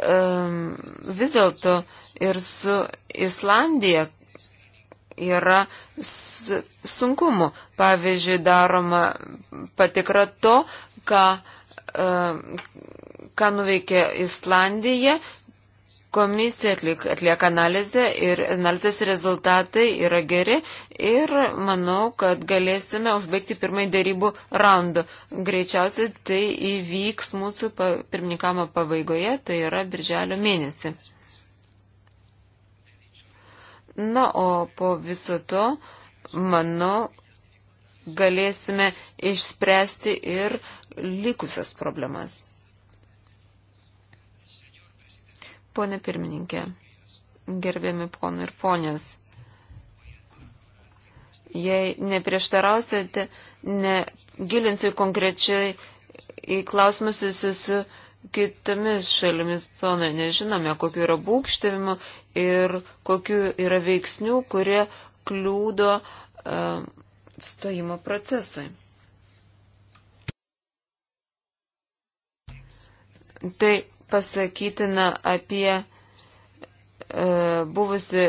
um, vis dėlto ir su Islandija yra sunkumu. Pavyzdžiui, daroma patikra to, ką, um, ką nuveikė Islandija. Komisija atlik, atlieka analizę ir analizės rezultatai yra geri ir manau, kad galėsime užbaigti pirmąjį dėrybų raundą. Greičiausiai tai įvyks mūsų pirmininkamo pabaigoje, tai yra birželio mėnesį. Na, o po viso to, manau, galėsime išspręsti ir likusias problemas. Pone pirmininkė, gerbiami ponai ir ponės, jei neprieštarausite, negilinsiu konkrečiai į klausimus su kitomis šalimis zonoje. Nežinome, kokiu yra būkštėvimu ir kokiu yra veiksnių, kurie kliūdo uh, stojimo procesui. Tai pasakytina apie e, buvusi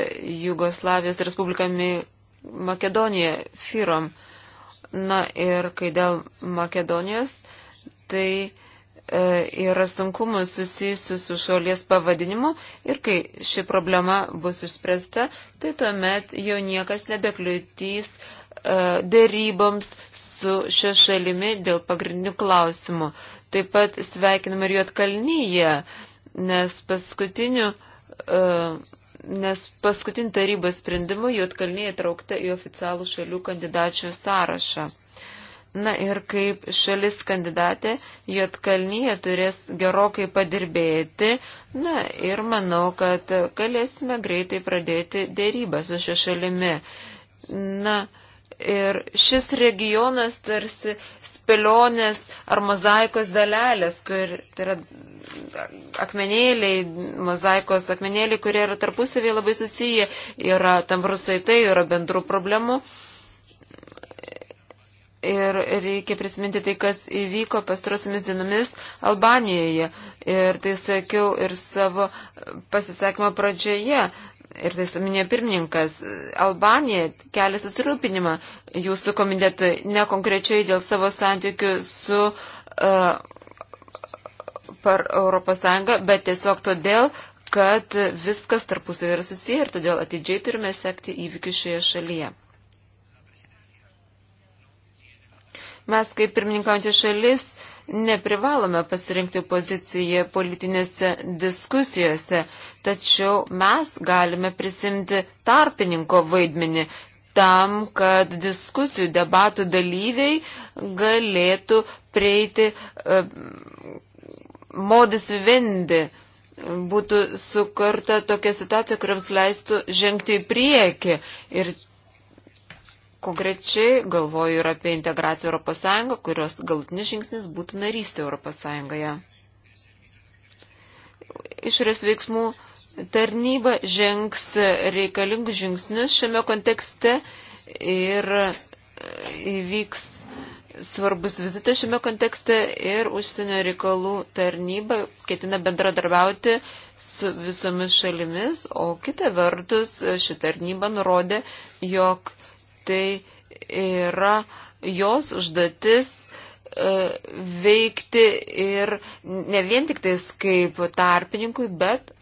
Jugoslavijos Respublika Makedonija Firom. Na ir kai dėl Makedonijos, tai e, yra sunkumų susijusių su šalies pavadinimu ir kai ši problema bus išspręsta, tai tuomet jau niekas nebekliūtys e, dėryboms su šia šalimi dėl pagrindinių klausimų. Taip pat sveikiname ir Juotkalnyje, nes paskutiniu, e, nes paskutiniu tarybos sprendimu Juotkalnyje traukta į oficialų šalių kandidačių sąrašą. Na ir kaip šalis kandidatė, Jotkalnyje turės gerokai padirbėti. Na ir manau, kad galėsime greitai pradėti dėrybą su šia šalimi. Na ir šis regionas tarsi spėlionės ar mozaikos dalelės, kur tai yra akmenėliai, mozaikos akmenėliai, kurie yra tarpusavėje labai susiję, yra tam rusaitai, yra bendrų problemų. Ir reikia prisiminti tai, kas įvyko pastarosiamis dienomis Albanijoje. Ir tai sakiau ir savo pasisakymą pradžioje ir tai saminė pirmininkas, Albanija kelia susirūpinimą jūsų komitetui, ne konkrečiai dėl savo santykių su uh, par Europos Sąjunga, bet tiesiog todėl, kad viskas tarpusavį yra susiję ir todėl atidžiai turime sekti įvykius šioje šalyje. Mes kaip pirmininkaujantys šalis neprivalome pasirinkti poziciją politinėse diskusijose, uh, tačiau mes galime prisimti tarpininko vaidmenį tam, kad diskusijų debatų dalyviai galėtų prieiti uh, e, modis vindi. Būtų sukurta tokia situacija, kuriams leistų žengti į priekį. Ir konkrečiai galvoju ir apie integraciją Europos Sąjungą, kurios galutinis žingsnis būtų narystė Europos Sąjungoje. Išorės veiksmų uh, tarnyba žengs reikalingus žingsnius šiame kontekste ir e, įvyks svarbus vizitas šiame kontekste ir užsienio reikalų tarnyba ketina bendradarbiauti su visomis šalimis, o kita vertus ši tarnyba nurodė, jog tai yra jos užduotis e, veikti ir ne vien tik tais kaip tarpininkui, bet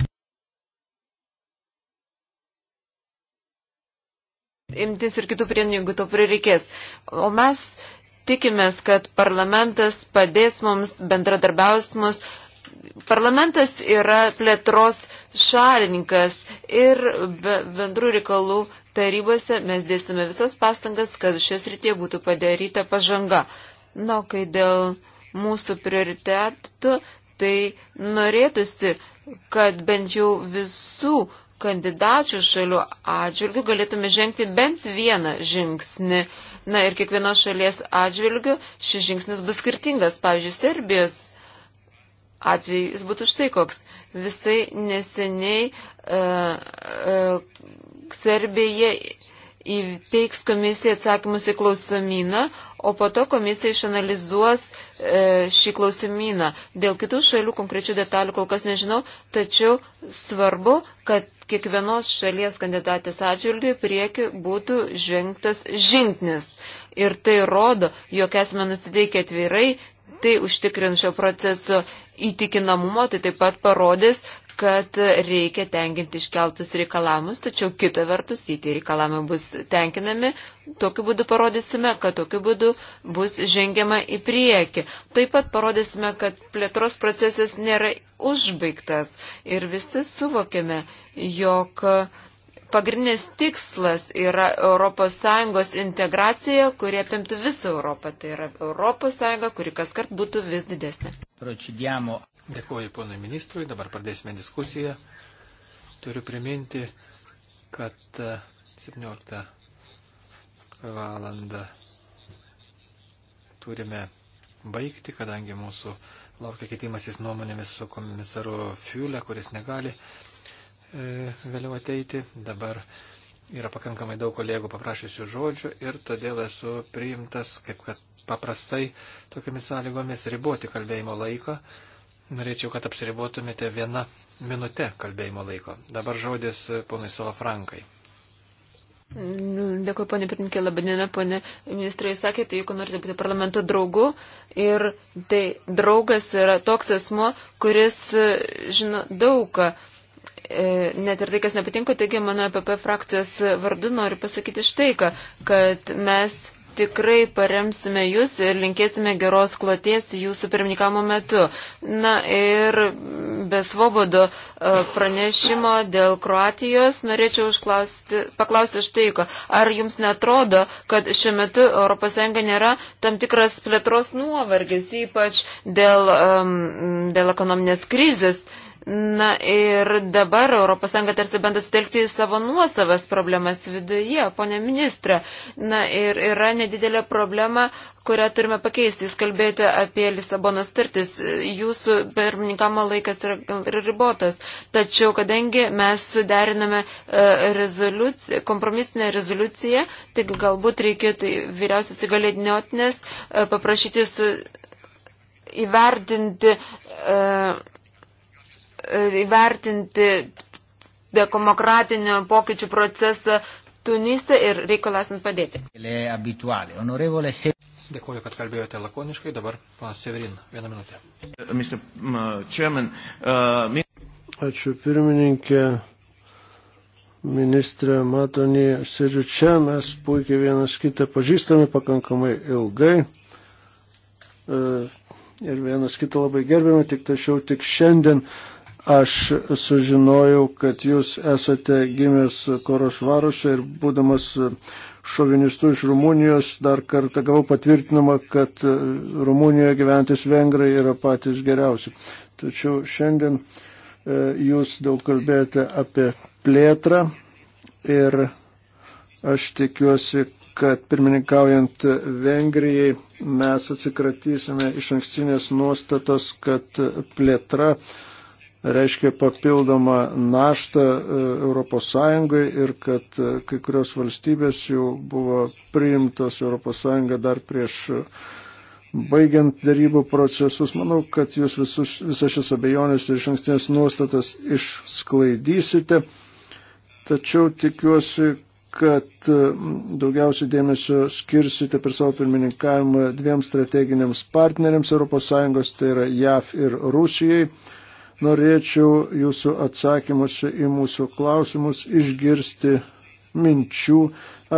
imtis ir kitų priemonių, jeigu to prireikės. O mes tikimės, kad parlamentas padės mums, bendradarbiaus mus. Parlamentas yra plėtros šalininkas ir be bendrų reikalų tarybose mes dėsime visas pastangas, kad šias rytie būtų padaryta pažanga. Na, kai dėl mūsų prioritetų, tai norėtųsi, kad bent jau visų kandidačių šalių atžvilgių galėtume žengti bent vieną žingsnį. Na ir kiekvienos šalies atžvilgių šis žingsnis bus skirtingas. Pavyzdžiui, Serbijos atveju jis būtų štai koks. Visai neseniai uh, uh, Serbija įteiks komisija atsakymus į klausimyną, o po to komisija išanalizuos e, šį klausimyną. Dėl kitų šalių konkrečių detalių kol kas nežinau, tačiau svarbu, kad kiekvienos šalies kandidatės atžvilgių prieki būtų žengtas žingsnis. Ir tai rodo, jog esame nusiteikę atvirai, tai užtikrinčio proceso įtikinamumo, tai taip pat parodys, kad reikia tenkinti iškeltus reikalavimus, tačiau kita vertus, jei tie reikalavimai bus tenkinami, tokiu būdu parodysime, kad tokiu būdu bus žengiama į priekį. Taip pat parodysime, kad plėtros procesas nėra užbaigtas ir visi suvokėme, jog pagrindinis tikslas yra ES integracija, kuri apimtų visą Europą. Tai yra ES, kuri kaskart būtų vis didesnė. Procediamo Dėkuoju ponui ministrui, dabar pradėsime diskusiją. Turiu priminti, kad 17 e, valandą turime baigti, kadangi mūsų laukia keitimasis nuomonėmis su komisaru Fiule, kuris negali e, vėliau ateiti. Dabar yra pakankamai daug kolegų paprašysiu žodžių ir todėl esu priimtas, kaip kad paprastai tokiamis sąlygomis, riboti kalbėjimo laiką. Norėčiau, kad apsiribotumėte vieną minutę kalbėjimo laiko. Dabar žodis ponui Salafrankai. Nu, dėkui, ponė Pirinkė, labadiena, ponė ministrai, sakėte, jeigu norite būti parlamento draugu ir tai draugas yra toks asmo, kuris e, žino daugą e, net ir tai, kas nepatinka, taigi mano EPP frakcijos vardu noriu pasakyti štai ką, kad mes tikrai paremsime jūs ir linkėsime geros kloties jūsų pirmininkamo metu. Na ir be svobodo e, pranešimo dėl Kroatijos norėčiau užklausti, paklausti štai ko. Ar jums netrodo, kad šiuo metu ES nėra tam tikras plėtros nuovargis, ypač dėl, um, dėl ekonominės krizės? Na ir dabar ES tarsi bando sutelkti į savo nuosavas problemas viduje, ponė ministra. Na ir yra nedidelė problema, kurią turime pakeisti. Jūs kalbėjote apie Lisabono startis. Jūsų pirmininkamo laikas yra ribotas. Tačiau, kadangi mes suderiname e, rezoliuciją, kompromisinę rezoliuciją, tai galbūt reikėtų vyriausios įgalėdiniotinės e, paprašyti su, įvertinti. Uh, įvertinti demokratinio pokyčių procesą Tunise ir reikalasant padėti. Dėkuoju, kad kalbėjote lakoniškai. Dabar panas Severin, vieną minutę. Uh, uh, Ačiū pirmininkė, ministrė Matonį, aš sėdžiu čia, mes puikiai vienas kitą pažįstame pakankamai ilgai. Uh, ir vienas kitą labai gerbėme, tik tačiau tik šiandien uh, Aš sužinojau, kad jūs esate gimęs Korošvarušė ir būdamas šovinistų iš Rumunijos dar kartą gavau patvirtinimą, kad Rumunijoje gyventis vengrai yra patys geriausi. Tačiau šiandien e, jūs daug kalbėjote apie plėtrą ir aš tikiuosi, kad pirmininkaujant Vengrijai mes atsikratysime iš ankstinės nuostatos, kad plėtra reiškia papildomą naštą ES ir kad e, kai kurios valstybės jau buvo priimtos ES dar prieš e, baigiant darybų procesus. Manau, kad jūs visus, visas šias abejonės ir išankstinės nuostatas išsklaidysite, tačiau tikiuosi, kad e, daugiausiai dėmesio skirsite per savo pirmininkavimą dviem strateginiams partneriams ES, tai yra JAV ir Rusijai. Norėčiau jūsų atsakymus į mūsų klausimus išgirsti minčių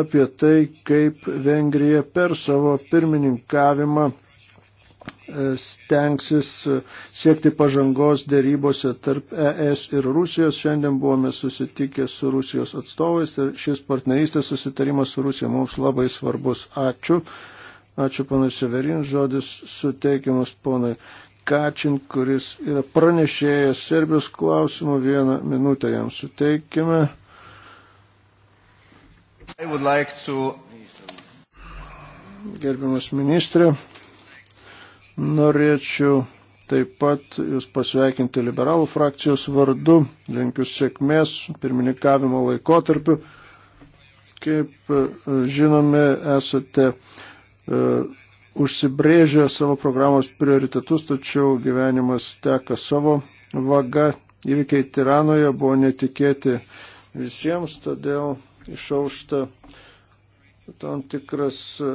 apie tai, kaip Vengrija per savo pirmininkavimą e, stengsis siekti pažangos dėrybose tarp ES ir Rusijos. Šiandien buvome susitikę su Rusijos atstovais ir šis partnerystės susitarimas su Rusija mums labai svarbus. Ačiū. Ačiū panai Severin, žodis suteikiamas ponai Kačin, kuris yra pranešėjęs Serbijos klausimų, vieną minutę jam suteikime. Like to... Gerbiamas ministrė, norėčiau taip pat Jūs pasveikinti liberalų frakcijos vardu, linkiu sėkmės pirmininkavimo laikotarpiu. Kaip e, žinome, esate uh, užsibrėžia savo programos prioritetus, tačiau gyvenimas teka savo vaga. Įvykiai Tiranoje buvo netikėti visiems, todėl išaušta tam tikras e,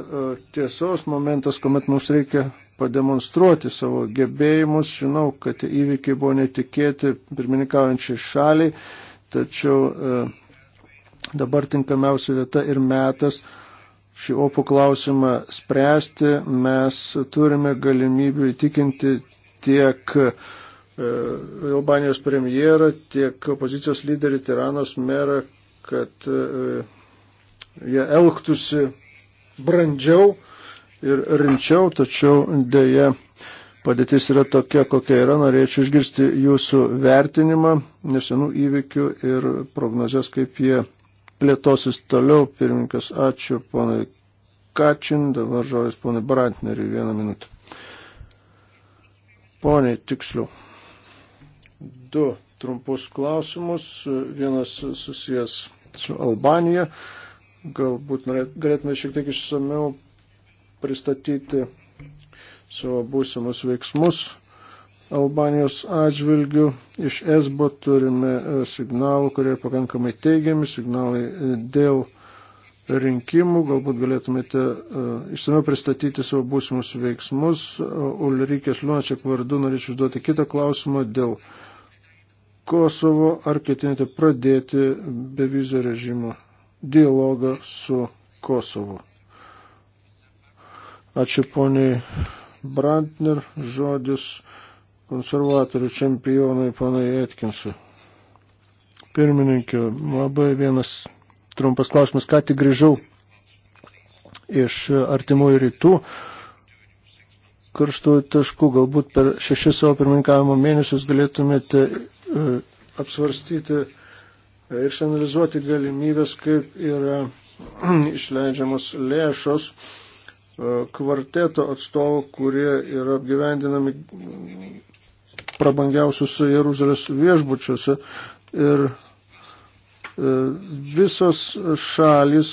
tiesos momentas, kuomet mums reikia pademonstruoti savo gebėjimus. Žinau, kad įvykiai buvo netikėti pirmininkaujančiai šaliai, tačiau e, dabar tinkamiausia vieta ir metas šį opų klausimą spręsti, mes turime galimybių įtikinti tiek e, Albanijos premjerą, tiek opozicijos lyderį Tiranos merą, kad e, jie elgtųsi brandžiau ir rimčiau, tačiau dėja padėtis yra tokia, kokia yra. Norėčiau išgirsti jūsų vertinimą nesenų įvykių ir prognozes, kaip jie plėtosis toliau. Pirmininkas, ačiū ponai Kačin, dabar žodis ponai Brantneriui vieną minutę. Poniai, tiksliau. Du trumpus klausimus. Vienas susijęs su Albanija. Galbūt galėtume šiek tiek išsameu pristatyti savo būsimus veiksmus Albanijos atžvilgių. Iš ESBO turime e, signalų, kurie pakankamai teigiami, signalai e, dėl rinkimų. Galbūt galėtumėte e, išsamiau pristatyti savo būsimus veiksmus. Ulrikės Liunačiak vardu norėčiau užduoti kitą klausimą dėl Kosovo. Ar ketinate pradėti bevizio režimo dialogą su Kosovu? Ačiū poniai Brandner, žodis konservatorių čempionai panai Etkinsui. Pirmininkė, labai vienas trumpas klausimas, ką tik grįžau iš artimųjų rytų karštųjų taškų, galbūt per šešis savo pirmininkavimo mėnesius galėtumėte e, apsvarstyti e, ir išanalizuoti galimybės, kaip yra (clears throat) išleidžiamos lėšos e, kvarteto atstovų, kurie yra apgyvendinami prabangiausius Jeruzalės viešbučiuose. Ir e, visos šalis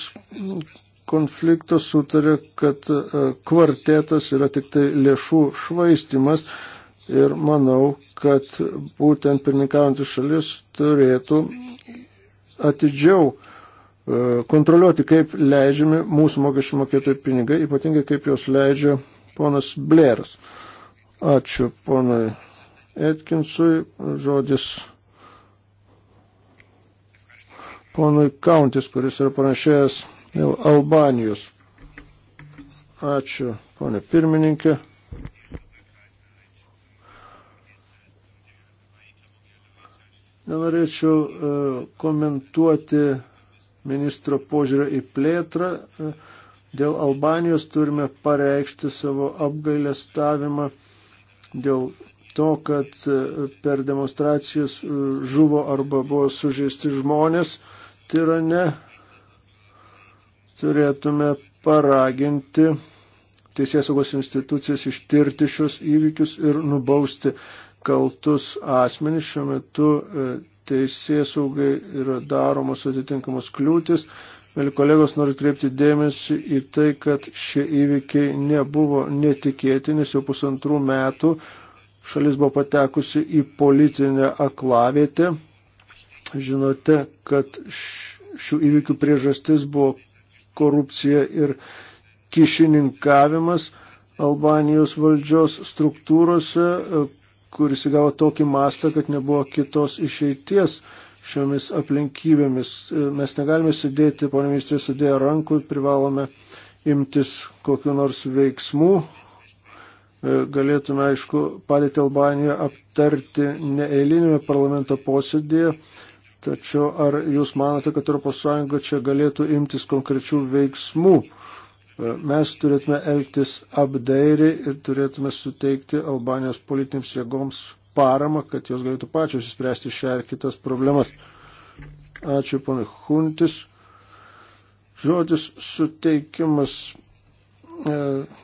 konflikto sutarė, kad e, kvartetas yra tik tai lėšų švaistimas. Ir manau, kad būtent pirmininkaujantis šalis turėtų atidžiau e, kontroliuoti, kaip leidžiami mūsų mokesčių mokėtojų pinigai, ypatingai kaip juos leidžia ponas Blėras. Ačiū ponai Etkinsui, žodis ponui Kauntis, kuris yra panašėjęs dėl Albanijos. Ačiū, ponė pirmininkė. Nenorėčiau e, komentuoti ministro požiūrio į plėtrą. E, dėl Albanijos turime pareikšti savo apgailestavimą dėl to, kad e, per demonstracijas e, žuvo arba buvo sužeisti žmonės Tirane, turėtume paraginti teisėsaugos institucijas ištirti šios įvykius ir nubausti kaltus asmenys. Šiuo metu e, teisėsaugai yra daromos atitinkamos kliūtis. Mėly kolegos, noriu kreipti dėmesį į tai, kad šie įvykiai nebuvo netikėti, nes jau pusantrų metų uh, šalis buvo patekusi į politinę aklavietę. Žinote, kad šių įvykių priežastis buvo korupcija ir kišininkavimas Albanijos valdžios struktūrose, kuris įgavo tokį mastą, kad nebuvo kitos išeities šiomis aplinkybėmis. Mes negalime sėdėti, ponė ministrė, sudėję rankų, privalome imtis kokiu nors veiksmu, E, galėtume, aišku, padėti Albaniją aptarti neeilinėme parlamento posėdėje, tačiau ar jūs manote, kad ES čia galėtų imtis konkrečių veiksmų? E, mes turėtume elgtis apdairiai ir turėtume suteikti Albanijos politinėms jėgoms paramą, kad jos galėtų pačios įspręsti šią ir kitas problemas. Ačiū, ponai Huntis. Žodis suteikimas E,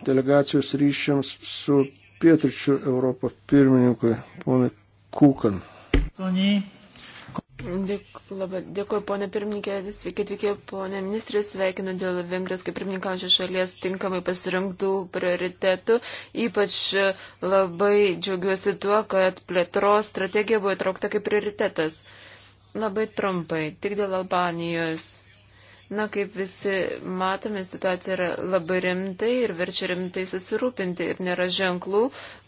delegacijos ryšiams su pietričių Europos pirmininkui, ponui Kūkan. Dėkuoju, ponė pirmininkė, sveiki atvykę, ponė ministrė, sveikinu dėl Vengrijos kaip pirmininkaujančios šalies tinkamai pasirinktų prioritetų. Ypač labai džiaugiuosi tuo, kad plėtros strategija buvo įtraukta kaip prioritetas. Labai trumpai, tik dėl Albanijos Na, kaip visi matome, situacija yra labai rimtai ir verčia rimtai susirūpinti ir nėra ženklų,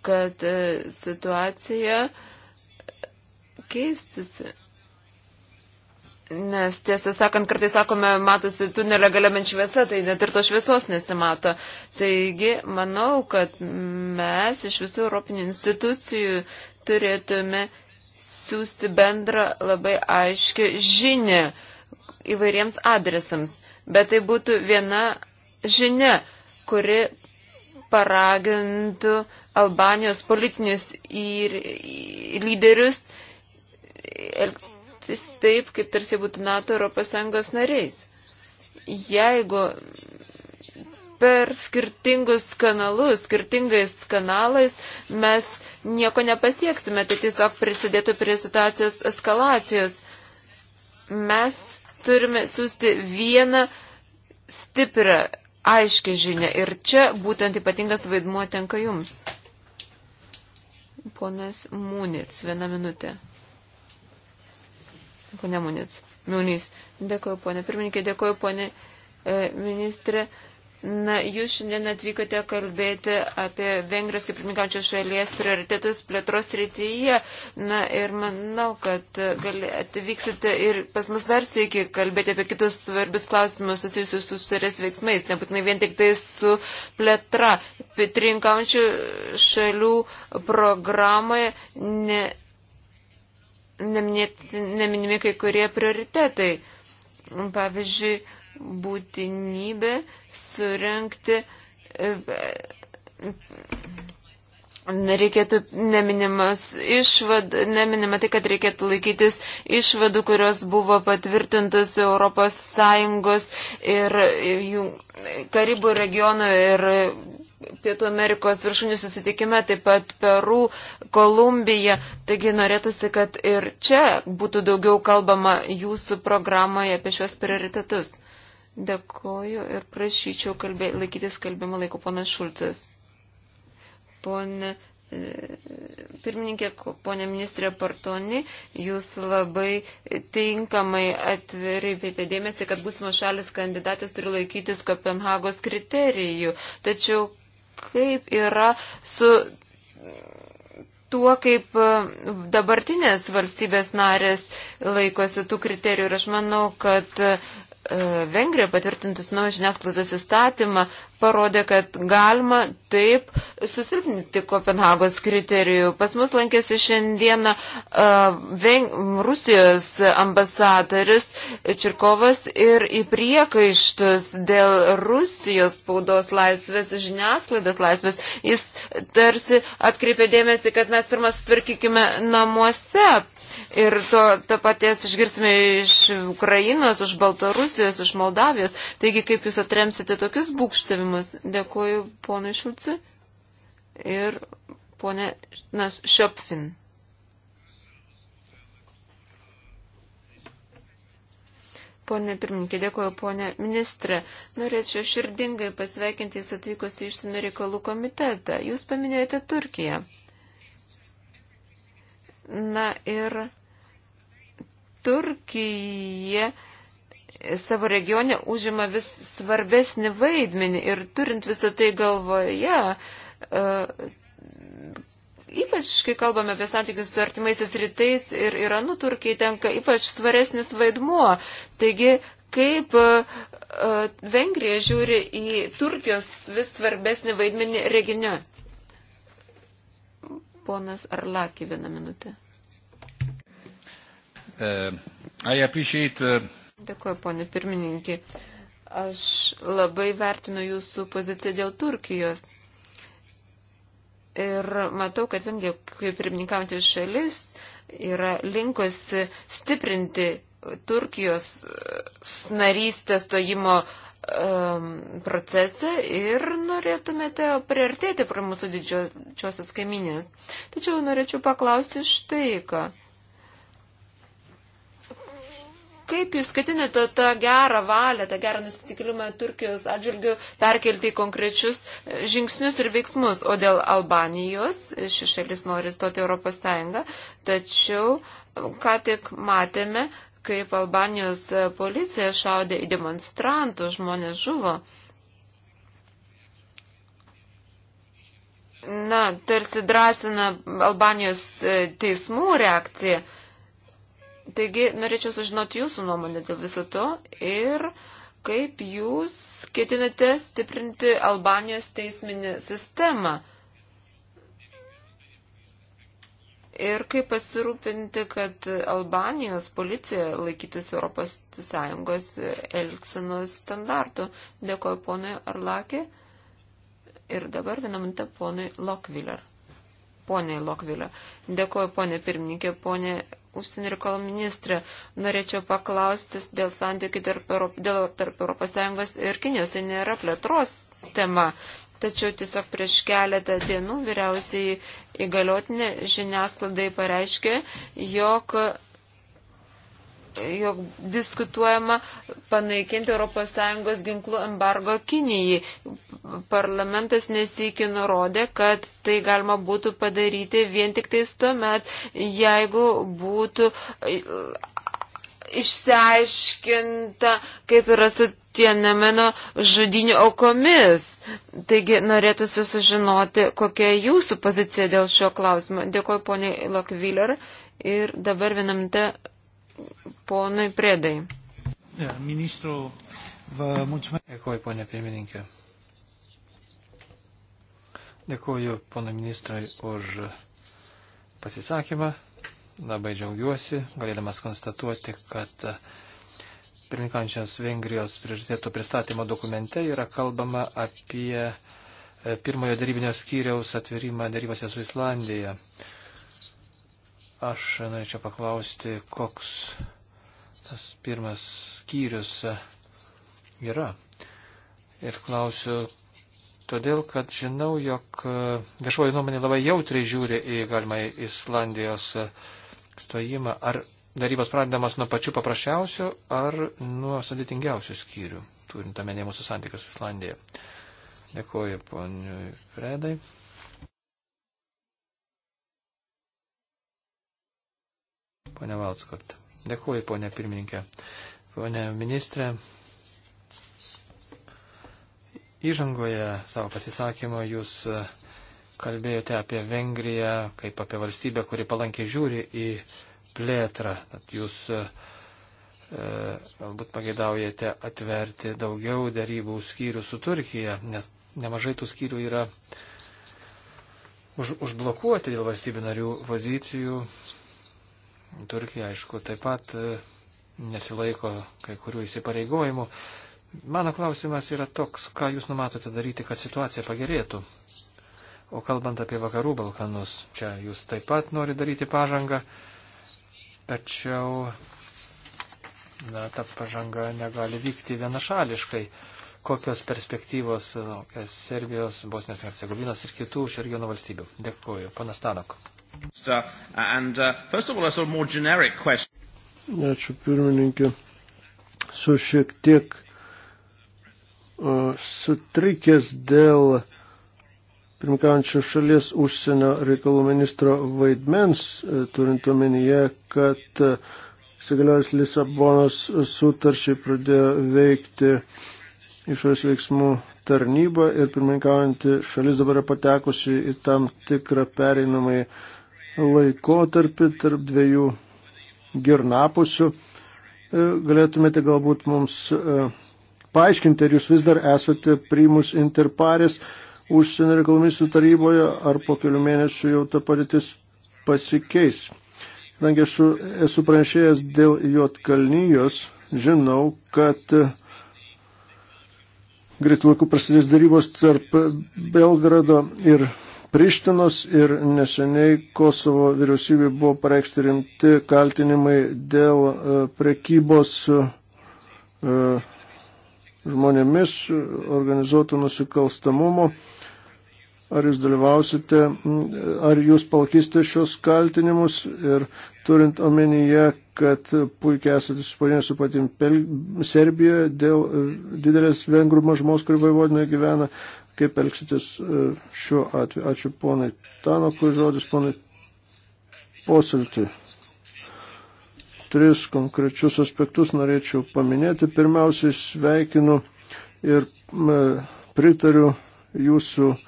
kad e, situacija keistusi. Nes tiesą sakant, kartais sakome, matosi tunelio gale bent šviesa, tai net ir to šviesos nesimato. Taigi, manau, kad mes iš visų Europinių institucijų turėtume siūsti bendrą labai aiškę žinę įvairiems adresams, bet tai būtų viena žinia, kuri paragintų Albanijos politinius ir, ir lyderius elgtis taip, kaip tarsi būtų NATO Europos Sąjungos nariais. Jeigu per skirtingus kanalus, skirtingais kanalais mes nieko nepasieksime, tai tiesiog prisidėtų prie situacijos eskalacijos. Mes turime siūsti vieną stiprią, aiškę žinę. Ir čia būtent ypatingas vaidmuo tenka jums. Ponas Mūnits, vieną minutę. Pone Mūnits, Mūnys, dėkoju, ponė pirmininkė, dėkoju, ponė e, ministrė. E, Na, jūs šiandien atvykote kalbėti apie Vengrijos kaip pirmininkančios šalies prioritetus plėtros rytyje. Na ir manau, kad gali, atvyksite ir pas mus dar sėki kalbėti apie kitus svarbius klausimus susijusius su šalies veiksmais, nebūtinai vien tik tai su plėtra. Pitrinkančių šalių programoje ne, neminimi ne kai kurie prioritetai. Pavyzdžiui, būtinybė surenkti, e, reikėtų neminimas išvad, neminima tai, kad reikėtų laikytis išvadų, kurios buvo patvirtintas Europos Sąjungos ir jų Karibų regiono ir Pietų Amerikos viršūnių susitikime, taip pat Peru, Kolumbija. Taigi norėtųsi, kad ir čia būtų daugiau kalbama jūsų programoje apie šios prioritetus. Dėkoju ir prašyčiau kalbė, laikytis kalbimo laiko ponas Šulcas. Pone e, Pirmininkė, ponė ministrė Partoni, jūs labai tinkamai atvirėpėte dėmesį, kad būsimas šalis kandidatės turi laikytis Kopenhagos kriterijų. Tačiau kaip yra su tuo, kaip e, dabartinės valstybės narės laikosi tų kriterijų. Ir aš manau, kad E, Vengrija patvirtintis naują žiniasklaidos įstatymą parodė, kad galima taip susilpninti Kopenhagos kriterijų. Pas mus lankėsi šiandieną uh, Veng Rusijos ambasadoris Čirkovas ir į priekaištus dėl Rusijos spaudos laisvės, žiniasklaidos laisvės. Jis tarsi atkreipė dėmesį, kad mes pirmą sutvarkykime namuose Ir to, to paties išgirsime iš Ukrainos, iš Baltarusijos, iš Moldavijos. Taigi, kaip jūs atremsite tokius būkštavimus? Dėkuoju ponai Šulci ir ponė Nas Šiopfin. Pone pirmininkė, dėkoju, ponė ministrė. Norėčiau širdingai pasveikinti jūs atvykus į išsienio reikalų komitetą. Jūs paminėjote Turkiją. Na ir Turkija savo regione užima vis svarbesnį vaidmenį ir turint visą tai galvoje, e, ypač kai kalbame apie santykius su artimaisiais rytais ir Iranu Turkijai tenka ypač svaresnis vaidmuo. Taigi, kaip e, Vengrija žiūri į Turkijos vis svarbesnį vaidmenį regione? Ponas Arlaki vieną minutę. Uh, appreciate, uh... Dėkuoju, ponė pirmininkė. Aš labai vertinu jūsų poziciją dėl Turkijos. Ir matau, kad vengia, kaip pirmininkaujantis šalis, yra linkusi stiprinti Turkijos e, narystės stojimo uh, um, procese ir norėtumėte priartėti prie mūsų didžiosios kaiminės. Tačiau norėčiau paklausti štai ką. Kaip jūs skatinate tą gerą valią, tą gerą nusitikilimą Turkijos atžvilgių perkelti į konkrečius e, žingsnius ir veiksmus? O dėl Albanijos, ši šalis nori stoti Europos Sąjungą, tačiau, ką tik matėme, kaip Albanijos policija šaudė į demonstrantus, žmonės žuvo. Na, tarsi drąsina Albanijos e, teismų reakcija. Taigi, norėčiau sužinoti jūsų nuomonę dėl viso to ir kaip jūs ketinate stiprinti Albanijos teisminį sistemą. ir kaip pasirūpinti, kad Albanijos policija laikytųsi ES elgsenos standartų. Dėkoju ponui Arlakė ir dabar vieną minutę ponui Lokviler. Poniai Lokviler. Dėkoju ponė pirmininkė, ponė užsienio reikalų ministrė, norėčiau paklausti dėl santykių tarp, Europ, dėl, tarp ES ir Kinijos. Tai nėra plėtros tema. Tačiau tiesiog prieš keletą dienų vyriausiai įgaliotinė žiniasklaidai pareiškė, jog jog diskutuojama panaikinti ES ginklų embargo Kinijai. Parlamentas nesikį nurodė, kad tai galima būtų padaryti vien tik tais tuomet, jeigu būtų išsiaiškinta, kaip yra su Tienameno žudinių aukomis. Taigi norėtųsi sužinoti, kokia jūsų pozicija dėl šio klausimo. Dėkuoju poniai Lokviler ir dabar vienamte ponui Predai. Ja, ministro, va, mulțumesc. Dėkuoju, ponė pirmininkė. Dėkuoju ponui ministrai už pasisakymą. Labai džiaugiuosi, galėdamas konstatuoti, kad uh, pirmininkančios Vengrijos prioritėtų pristatymo dokumente yra kalbama apie e, pirmojo darybinio skyriaus atvirimą darybose su Islandija. Aš norėčiau paklausti, koks tas pirmas skyrius e, yra. Ir klausiu, todėl, kad žinau, jog e, viešoji nuomonė labai jautriai žiūri į galimą Islandijos stojimą. Ar darybos pradedamas nuo pačių paprasčiausių ar nuo sudėtingiausių skyrių, turint omenyje mūsų santykius su Islandija. Dėkuoju poniui Fredai. Pone Valskot. Dėkuoju, ponė pirmininkė. Pone ministrė, įžangoje savo pasisakymo jūs e, kalbėjote apie Vengriją kaip apie valstybę, kuri palankiai žiūri į plėtrą. Tad jūs e, e, galbūt pageidaujate atverti daugiau darybų skyrių su Turkija, nes nemažai tų skyrių yra už, užblokuoti dėl valstybių narių pozicijų. Turkija, aišku, taip pat e, nesilaiko kai kurių įsipareigojimų. Mano klausimas yra toks, ką jūs numatote daryti, kad situacija pagerėtų. O kalbant apie vakarų Balkanus, čia jūs taip pat nori daryti pažangą. Tačiau na, ta pažanga negali vykti vienašališkai. Kokios perspektyvos laukia e, Serbijos, Bosnijos ir Hercegovinos ir kitų šio regiono valstybių? Dėkuoju. Panas Tanok. Uh, Ačiū pirmininkė. Su šiek tiek uh, sutrikęs dėl pirmkaujančio šalies užsienio reikalų ministro vaidmens, e, turint omenyje, kad e, įsigaliojus Lisabonos sutarčiai pradėjo veikti išorės veiksmų tarnyba ir pirmininkaujanti šalis dabar yra patekusi į tam tikrą pereinamąjį laikotarpį tarp dviejų girnapusių. E, galėtumėte galbūt mums paaiškinti, ar jūs vis dar esate primus interparis užsienio reikalų ministrų taryboje, ar po kelių mėnesių jau ta padėtis pasikeis. Kadangi aš esu pranešėjęs dėl Jotkalnyjos, žinau, kad e, greit laiku prasidės darybos tarp Belgrado ir Prištinos ir neseniai Kosovo vyriausybė buvo pareikšti rimti kaltinimai dėl e, prekybos e, žmonėmis organizuoto nusikalstamumo ar jūs dalyvausite, ar jūs palkysite šios kaltinimus ir turint omenyje, kad puikiai esate susipažinę su patim Serbijoje dėl e, didelės vengrų mažumos, kuri vaivodinoje gyvena, kaip elgsitės e, šiuo atveju. Ačiū ponai Tanokui žodis, ponai Posiltui. Tris konkrečius aspektus norėčiau paminėti. Pirmiausiai sveikinu ir e, pritariu jūsų uh,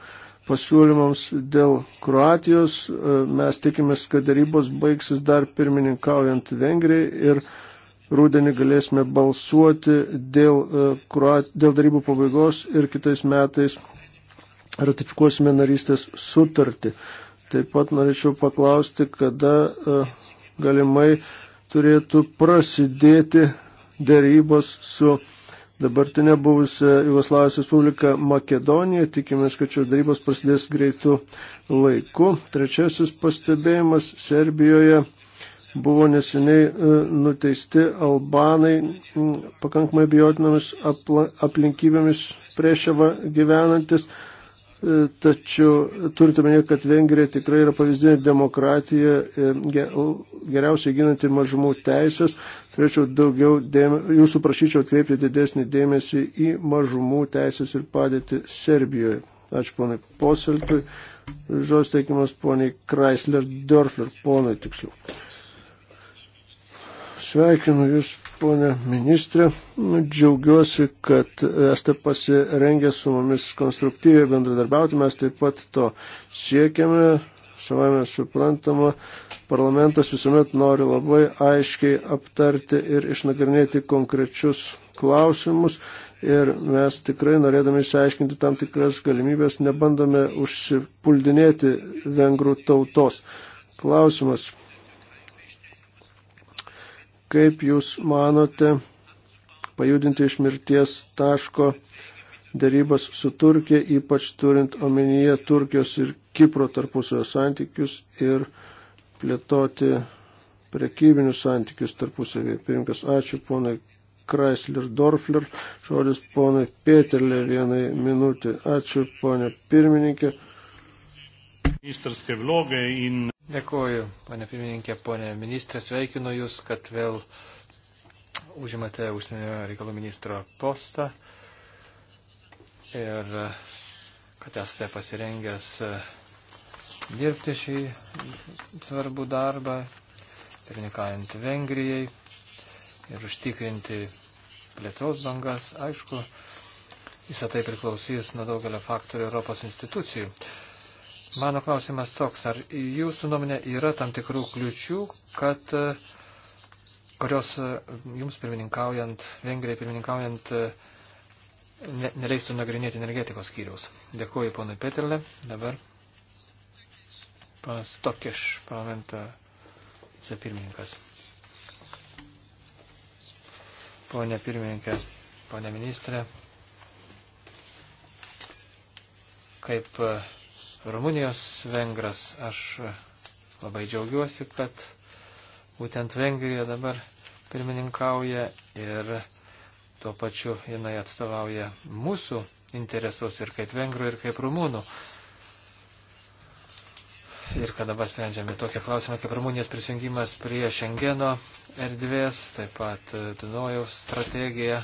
pasiūlymams dėl Kroatijos. E, mes tikimės, kad darybos baigsis dar pirmininkaujant Vengrijai ir rūdienį galėsime balsuoti dėl, e, Kroat, dėl darybų pabaigos ir kitais metais ratifikuosime narystės sutartį. Taip pat norėčiau paklausti, kada e, galimai turėtų prasidėti darybos su Kroatijos dabartinę buvusią Jugoslavijos Respubliką Makedoniją. Tikimės, kad šios darybos prasidės greitų laikų. Trečiasis pastebėjimas Serbijoje buvo neseniai e, nuteisti albanai pakankamai bijotinomis apla, aplinkybėmis priešava gyvenantis. E, tačiau turint omenyje, kad Vengrija tikrai yra pavyzdinė demokratija, geriausiai ginanti mažumų teisės, turėčiau daugiau dėmesio, jūsų prašyčiau atkreipti didesnį dėmesį į mažumų teisės ir padėti Serbijoje. Ačiū ponai Poseltui. Žodis teikimas poniai Chrysler Dörfler, ponai tiksliau. Sveikinu Jūs, ponė ministrė. Džiaugiuosi, kad esate pasirengę su mumis konstruktyviai bendradarbiauti. Mes taip pat to siekiame, savame suprantama. Parlamentas visuomet nori labai aiškiai aptarti ir išnagrinėti konkrečius klausimus. Ir mes tikrai norėdami išsiaiškinti tam tikras galimybės, nebandome užsipuldinėti vengrų tautos. Klausimas Kaip Jūs manote pajudinti iš mirties taško darybas su Turkija, ypač turint omenyje Turkijos ir Kipro tarpusavio santykius ir plėtoti prekybinius santykius tarpusavėje. Pirmkas, ačiū ponai Chrysler Dorfler, žodis ponai Peterle vienai minutį. Ačiū ponė pirmininkė. Ministerske vloge in Dėkuoju, ponė pirmininkė, ponė ministrė, sveikinu Jūs, kad vėl užimate užsienio reikalų ministro postą ir kad esate pasirengęs e, dirbti šį svarbų darbą, pirmininkaujant Vengrijai ir užtikrinti plėtros bangas. Aišku, visą tai priklausys nuo daugelio faktorių Europos institucijų. Mano klausimas toks, ar jūsų nuomonė yra tam tikrų kliučių, kad, e, kurios e, jums pirmininkaujant, Vengrijai pirmininkaujant, e, ne, neleistų nagrinėti energetikos skyriaus. Dėkuoju ponui Peterle. Dabar panas Tokiš, parlamento pirmininkas. Pone pirmininkė, pone ministrė, kaip uh, Rumunijos vengras. Aš labai džiaugiuosi, kad būtent Vengrija dabar pirmininkauja ir tuo pačiu jinai atstovauja mūsų interesus ir kaip vengrų, ir kaip rumūnų. Ir kad dabar sprendžiame tokią klausimą kaip Rumunijos prisijungimas prie Šengeno erdvės, taip pat e, Dunojaus strategija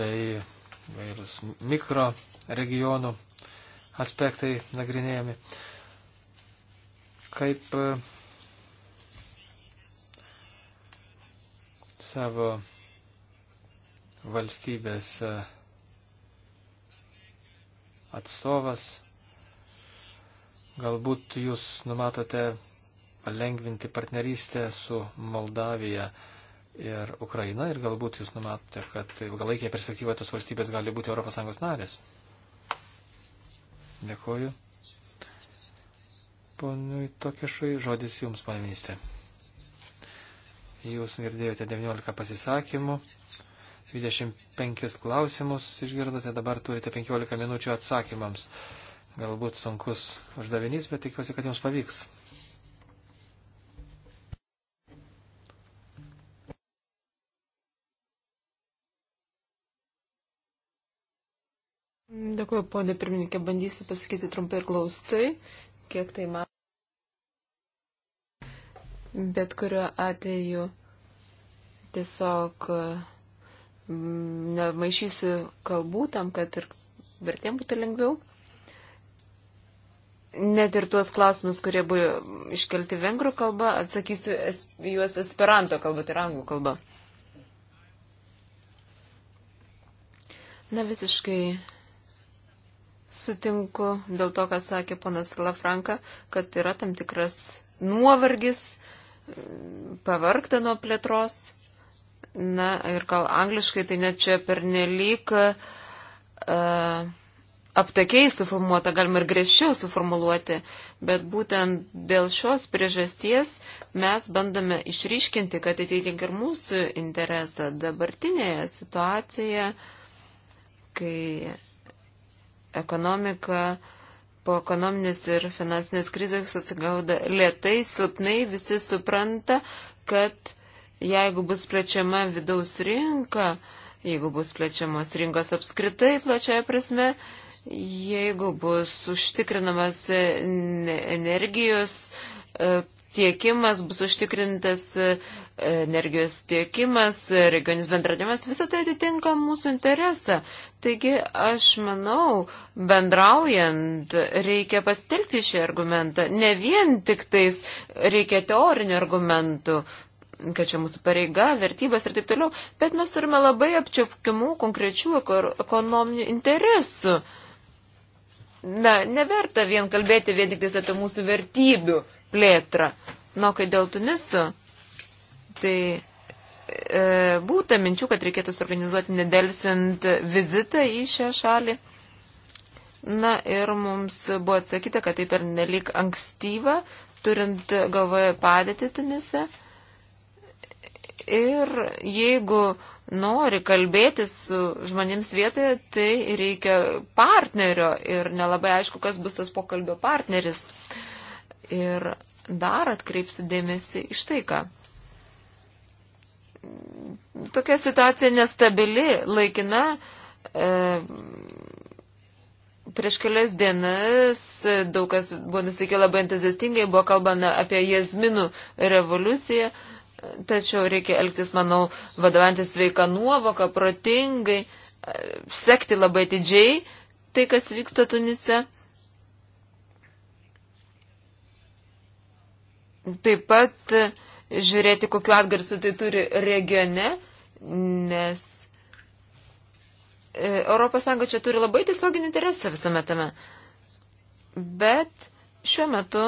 bei vairūs mikro regionų aspektai nagrinėjami. Kaip e, savo valstybės e, atstovas, galbūt jūs numatote palengvinti partnerystę su Moldavija ir Ukraina ir galbūt jūs numatote, kad ilgalaikėje perspektyvoje tos valstybės gali būti ES narės. Dėkuoju. Ponui Tokiešui, žodis jums, pane ministrė. Jūs girdėjote 19 pasisakymų, 25 klausimus išgirdote, dabar turite 15 minučių atsakymams. Galbūt sunkus uždavinys, bet tikiuosi, kad jums pavyks. Dėkuoju, ponė pirmininkė, bandysiu pasakyti trumpai ir glaustai, kiek tai man. Bet kuriuo atveju tiesiog mm, nemaišysiu kalbų tam, kad ir vertėm būtų lengviau. Net ir tuos klausimus, kurie buvo iškelti vengrų kalba, atsakysiu es, juos esperanto kalba, tai anglų kalba. Na visiškai sutinku dėl to, ką sakė ponas Lafranka, kad yra tam tikras nuovargis, pavargta nuo plėtros. Na ir gal angliškai tai net čia pernelyg uh, aptakiai suformuota, galima ir griežčiau suformuluoti, bet būtent dėl šios priežasties mes bandome išryškinti, kad ateitinkai ir mūsų interesą dabartinėje situacijoje, kai ekonomika po ekonominės ir finansinės krizės atsigauda lietai, silpnai, visi supranta, kad jeigu bus plečiama vidaus rinka, jeigu bus plečiamos rinkos apskritai plačiaja prasme, jeigu bus užtikrinamas energijos e, tiekimas bus užtikrintas e, energijos tiekimas, regionis bendradimas, visą tai atitinka mūsų interesą. Taigi aš manau, bendraujant reikia pasitelkti šį argumentą. Ne vien tik tais reikia teorinių argumentų, kad čia mūsų pareiga, vertybės ir taip toliau, bet mes turime labai apčiopkimų konkrečių ekonominių interesų. Na, neverta vien kalbėti vien tik tais apie mūsų vertybių plėtrą. Nu, kai dėl Tunisu, tai e, būtų minčių, kad reikėtų suorganizuoti nedelsint vizitą į šią šalį. Na ir mums buvo atsakyta, kad tai per nelik ankstyva, turint galvoje padėti Tunise. Ir jeigu nori kalbėti su žmonėms vietoje, tai reikia partnerio ir nelabai aišku, kas bus tas pokalbio partneris. Ir dar atkreipsiu dėmesį iš tai, ką. Tokia situacija nestabili, laikina. E, prieš kelias dienas daug kas buvo nusikė labai entuziastingai, buvo kalbama apie jazminų revoliuciją, tačiau reikia elgtis, manau, vadovantis sveika nuovoka, protingai, sekti labai didžiai tai, kas vyksta Tunise. taip pat e, žiūrėti, kokiu atgarsu tai turi regione, nes ES čia turi labai tiesioginį interesą visame tame. Bet šiuo metu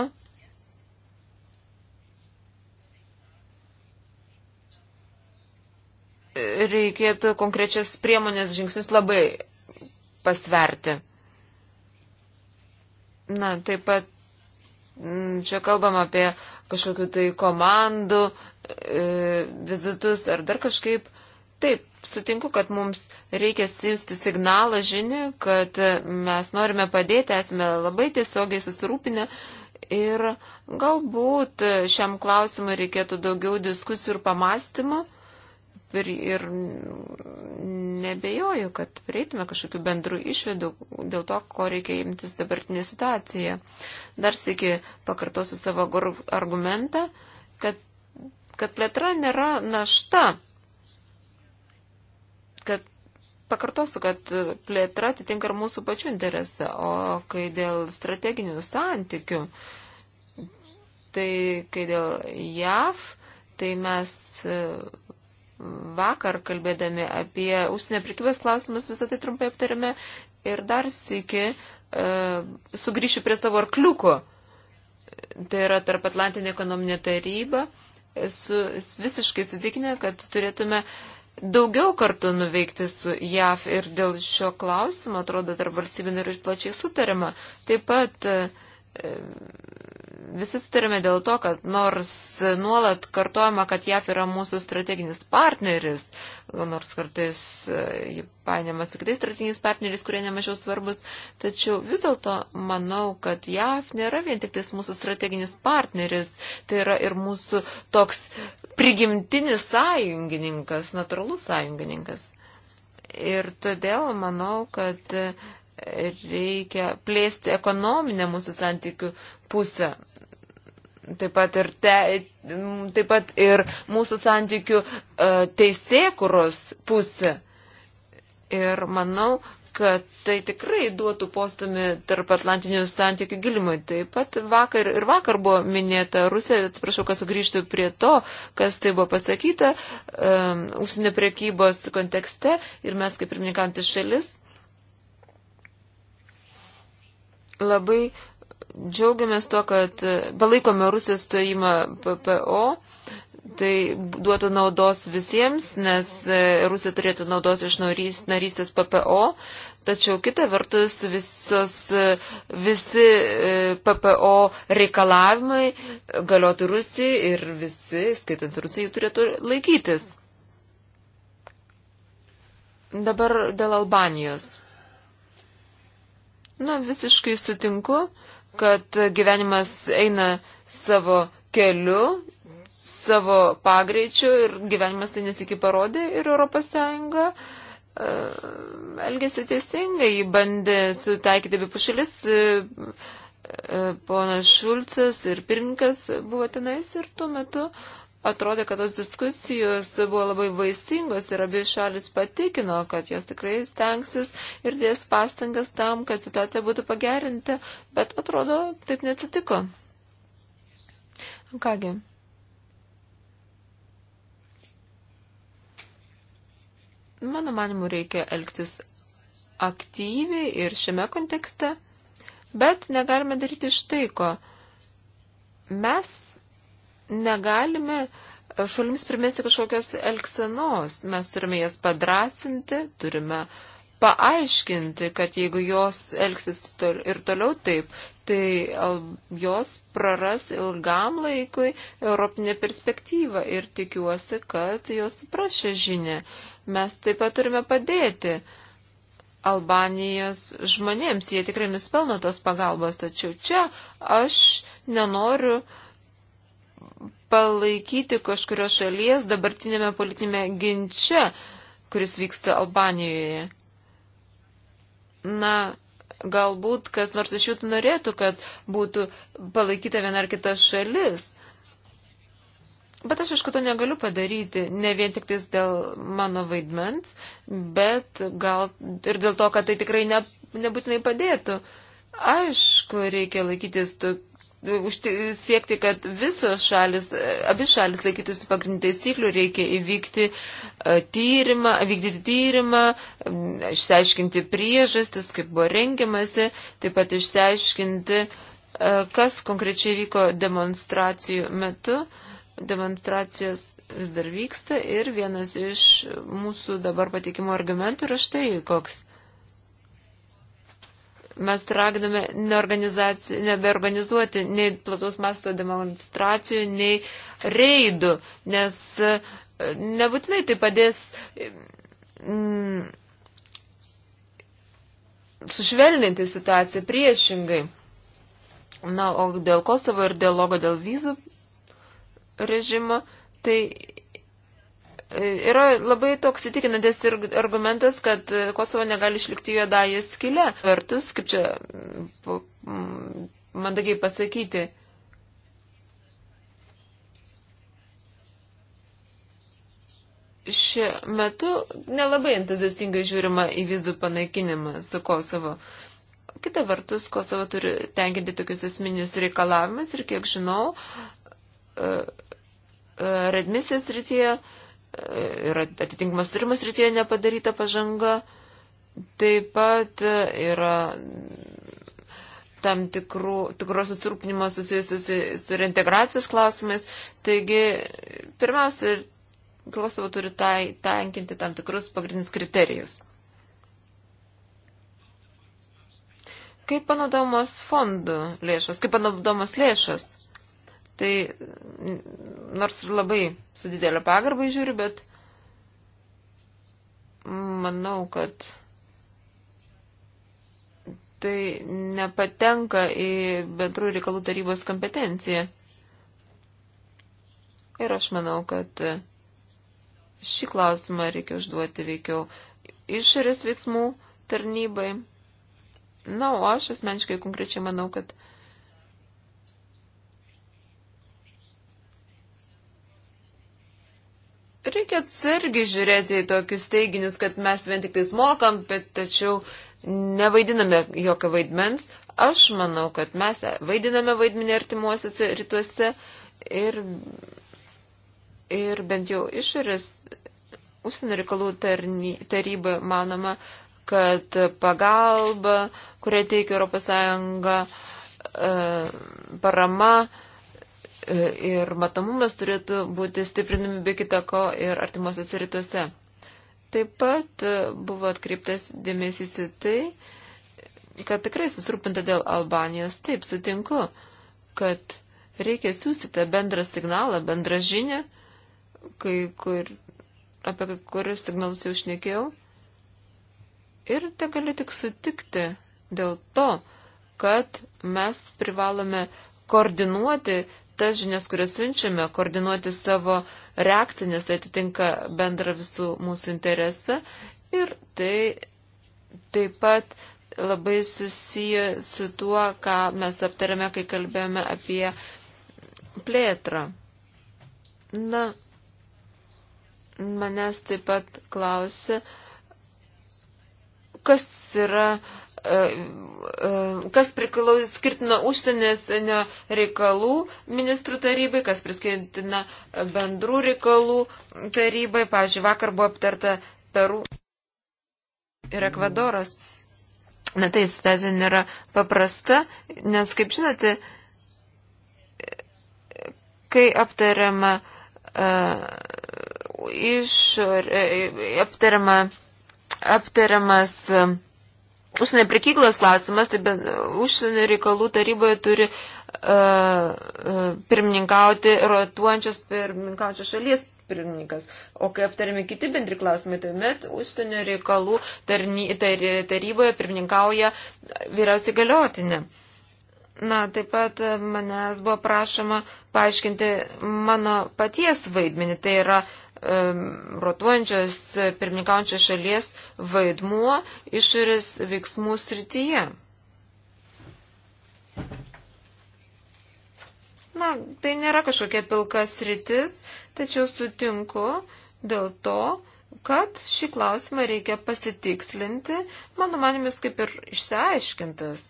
reikėtų konkrečias priemonės žingsnius labai pasverti. Na, taip pat čia kalbam apie kažkokiu tai komandų e, vizitus ar dar kažkaip. Taip, sutinku, kad mums reikia siūsti signalą žinį, kad mes norime padėti, esame labai tiesiogiai susirūpinę ir galbūt šiam klausimui reikėtų daugiau diskusijų ir pamastymų ir nebejoju, kad prieitume kažkokių bendrų išvedų dėl to, ko reikia imtis dabartinė situacija. Dar sėki pakartosiu savo argumentą, kad, kad plėtra nėra našta. Kad pakartosiu, kad plėtra atitinka ir mūsų pačių interesą, o kai dėl strateginių santykių, tai kai dėl JAV, tai mes vakar, kalbėdami apie užsienio prekybės klausimus, visą tai trumpai aptarėme ir dar sėki e, sugrįšiu prie savo arkliuko. Tai yra tarp Atlantinė ekonominė taryba. Esu visiškai sitikinę, kad turėtume daugiau kartų nuveikti su JAV ir dėl šio klausimo, atrodo, tarp valstybinio ir išplačiai sutarima. Taip pat e, visi sutarėme dėl to, kad nors nuolat kartojama, kad JAF yra mūsų strateginis partneris, nors kartais e, jį painiama su kitais strateginiais partneriais, kurie nemažiau svarbus, tačiau vis dėlto manau, kad JAF nėra vien tik tais mūsų strateginis partneris, tai yra ir mūsų toks prigimtinis sąjungininkas, natūralus sąjungininkas. Ir todėl manau, kad e, reikia plėsti ekonominę mūsų santykių pusę taip pat ir, te, taip pat ir mūsų santykių e, teisėkuros pusė. Ir manau, kad tai tikrai duotų postumį tarp Atlantinių santykių gilimui. Taip pat vakar ir vakar buvo minėta Rusija, atsiprašau, kad sugrįžtų prie to, kas tai buvo pasakyta, um, užsienio priekybos kontekste ir mes kaip pirmininkantis šalis labai uh, Džiaugiamės tuo, kad e, palaikome Rusijos stojimą PPO. Tai duotų naudos visiems, nes e, Rusija turėtų naudos iš narystės PPO. Tačiau kita vertus visos, e, visi PPO reikalavimai galiotų Rusijai ir visi, skaitant Rusijai, turėtų laikytis. Dabar dėl Albanijos. Na, visiškai sutinku. Uh, kad gyvenimas eina savo keliu, savo pagreičiu ir gyvenimas tai nesiki parodė ir ES e, elgėsi teisingai, jį bandė sutaikyti abi pušalis, e, e, ponas Šulcas ir pirmininkas buvo tenais ir tuo metu uh, Atrodė, kad tos diskusijos buvo labai vaisingos ir abi šalis patikino, kad jos tikrai stengsis ir dės pastangas tam, kad situacija būtų pagerinta, bet atrodo, taip neatsitiko. Kągi. Mano manimu, reikia elgtis aktyviai ir šiame kontekste, bet negalime daryti štai ko. Mes negalime šalims primesti kažkokios elksenos. Mes turime jas padrasinti, turime paaiškinti, kad jeigu jos elgsis ir toliau taip, tai jos praras ilgam laikui europinę perspektyvą ir tikiuosi, kad jos supras šią žinę. Mes taip pat turime padėti Albanijos žmonėms. Jie tikrai nuspelno tos pagalbos, tačiau čia aš nenoriu uh, palaikyti kažkurios šalies dabartinėme politinėme ginče, kuris vyksta Albanijoje. Na, galbūt kas nors iš jų norėtų, kad būtų palaikyta viena ar kita šalis. Bet aš aišku to negaliu padaryti, ne vien tik dėl mano vaidmens, bet gal ir dėl to, kad tai tikrai ne, nebūtinai padėtų. Aišku, reikia laikytis tokių siekti, kad visos šalis, abi šalis laikytųsi pagrindinių taisyklių, reikia įvykti e, tyrimą, vykdyti tyrimą, išsiaiškinti priežastis, kaip buvo rengiamasi, taip pat išsiaiškinti, e, kas konkrečiai vyko demonstracijų metu. Demonstracijos vis dar vyksta ir vienas iš mūsų dabar patikimo argumentų yra štai koks Mes raginame nebeorganizuoti nei plataus masto demonstracijų, nei reidų, nes e, nebūtinai tai padės e, mm, sušvelninti situaciją priešingai. Na, o dėl Kosovo ir dialogo dėl vizų režimo, tai Yra labai toks įtikinantis ir argumentas, kad Kosovo negali išlikti juodąją skilę. Vertus, kaip čia mm, mandagiai pasakyti. Šiuo metu nelabai entuziastingai žiūrima į vizų panaikinimą su Kosovo. Kita vertus, Kosovo turi tenkinti tokius esminius reikalavimus ir, kiek žinau, e, e, redmisijos rytyje. Uh, yra atitinkamas turimas rytyje nepadaryta pažanga. Taip pat yra tam tikrų, tikros susirūpinimo susijusius su reintegracijos klausimais. Taigi, pirmiausia, Kosovo turi tai, tenkinti tam tikrus pagrindinius kriterijus. Kaip panaudomos fondų lėšos, kaip panaudomos lėšos? Tai nors ir labai su didelio pagarbai žiūriu, bet manau, kad tai nepatenka į bendrų reikalų tarybos kompetenciją. Ir aš manau, kad šį klausimą reikia užduoti veikiau išorės veiksmų tarnybai. Na, o aš asmeniškai konkrečiai manau, kad Reikia atsargiai žiūrėti į tokius teiginius, kad mes vien tik tais mokam, bet tačiau nevaidiname jokio vaidmens. Aš manau, kad mes vaidiname vaidmenį artimuosiuose rytuose ir, ir bent jau išorės užsienio reikalų taryba manoma, kad pagalba, kurią teikia ES, e, parama E, ir matomumas turėtų būti stiprinami be kitako ir artimuosiuose rytuose. Taip pat e, buvo atkreiptas dėmesys į tai, kad tikrai susirūpinta dėl Albanijos. Taip, sutinku, kad reikia siūsti tą bendrą signalą, bendrą žinę, kai kur, apie kai kurius signalus jau šnekėjau. Ir te galiu tik sutikti dėl to, kad mes privalome koordinuoti tas žinias, kurias siunčiame, koordinuoti savo reakciją, nes tai atitinka bendrą visų mūsų interesą. Ir tai taip pat labai susiję su tuo, ką mes aptarėme, kai kalbėjome apie plėtrą. Na, manęs taip pat klausė, kas yra E, e, kas priskirtina užsienės reikalų ministrų tarybai, kas priskirtina bendrų reikalų tarybai. Pavyzdžiui, vakar buvo aptarta Peru ir Ekvadoras. Na taip, situacija nėra paprasta, nes, kaip žinote, kai aptariama uh, e, išorė, aptariama, aptariamas uh, užsienio prekyklos klausimas, tai užsienio reikalų taryboje turi uh, uh, pirmininkauti rotuojančios pirmininkaujančios šalies pirmininkas. O kai aptarimi kiti bendri klausimai, tuomet užsienio reikalų tarny, tar, taryboje pirmininkauja vyriausiai galiotinė. Na, taip pat e, manęs buvo prašoma paaiškinti mano paties vaidmenį, tai yra rotuojančios pirmininkaujančios šalies vaidmuo išorės veiksmų srityje. Na, tai nėra kažkokia pilka sritis, tačiau sutinku dėl to, kad šį klausimą reikia pasitikslinti, mano manimis kaip ir išsiaiškintas.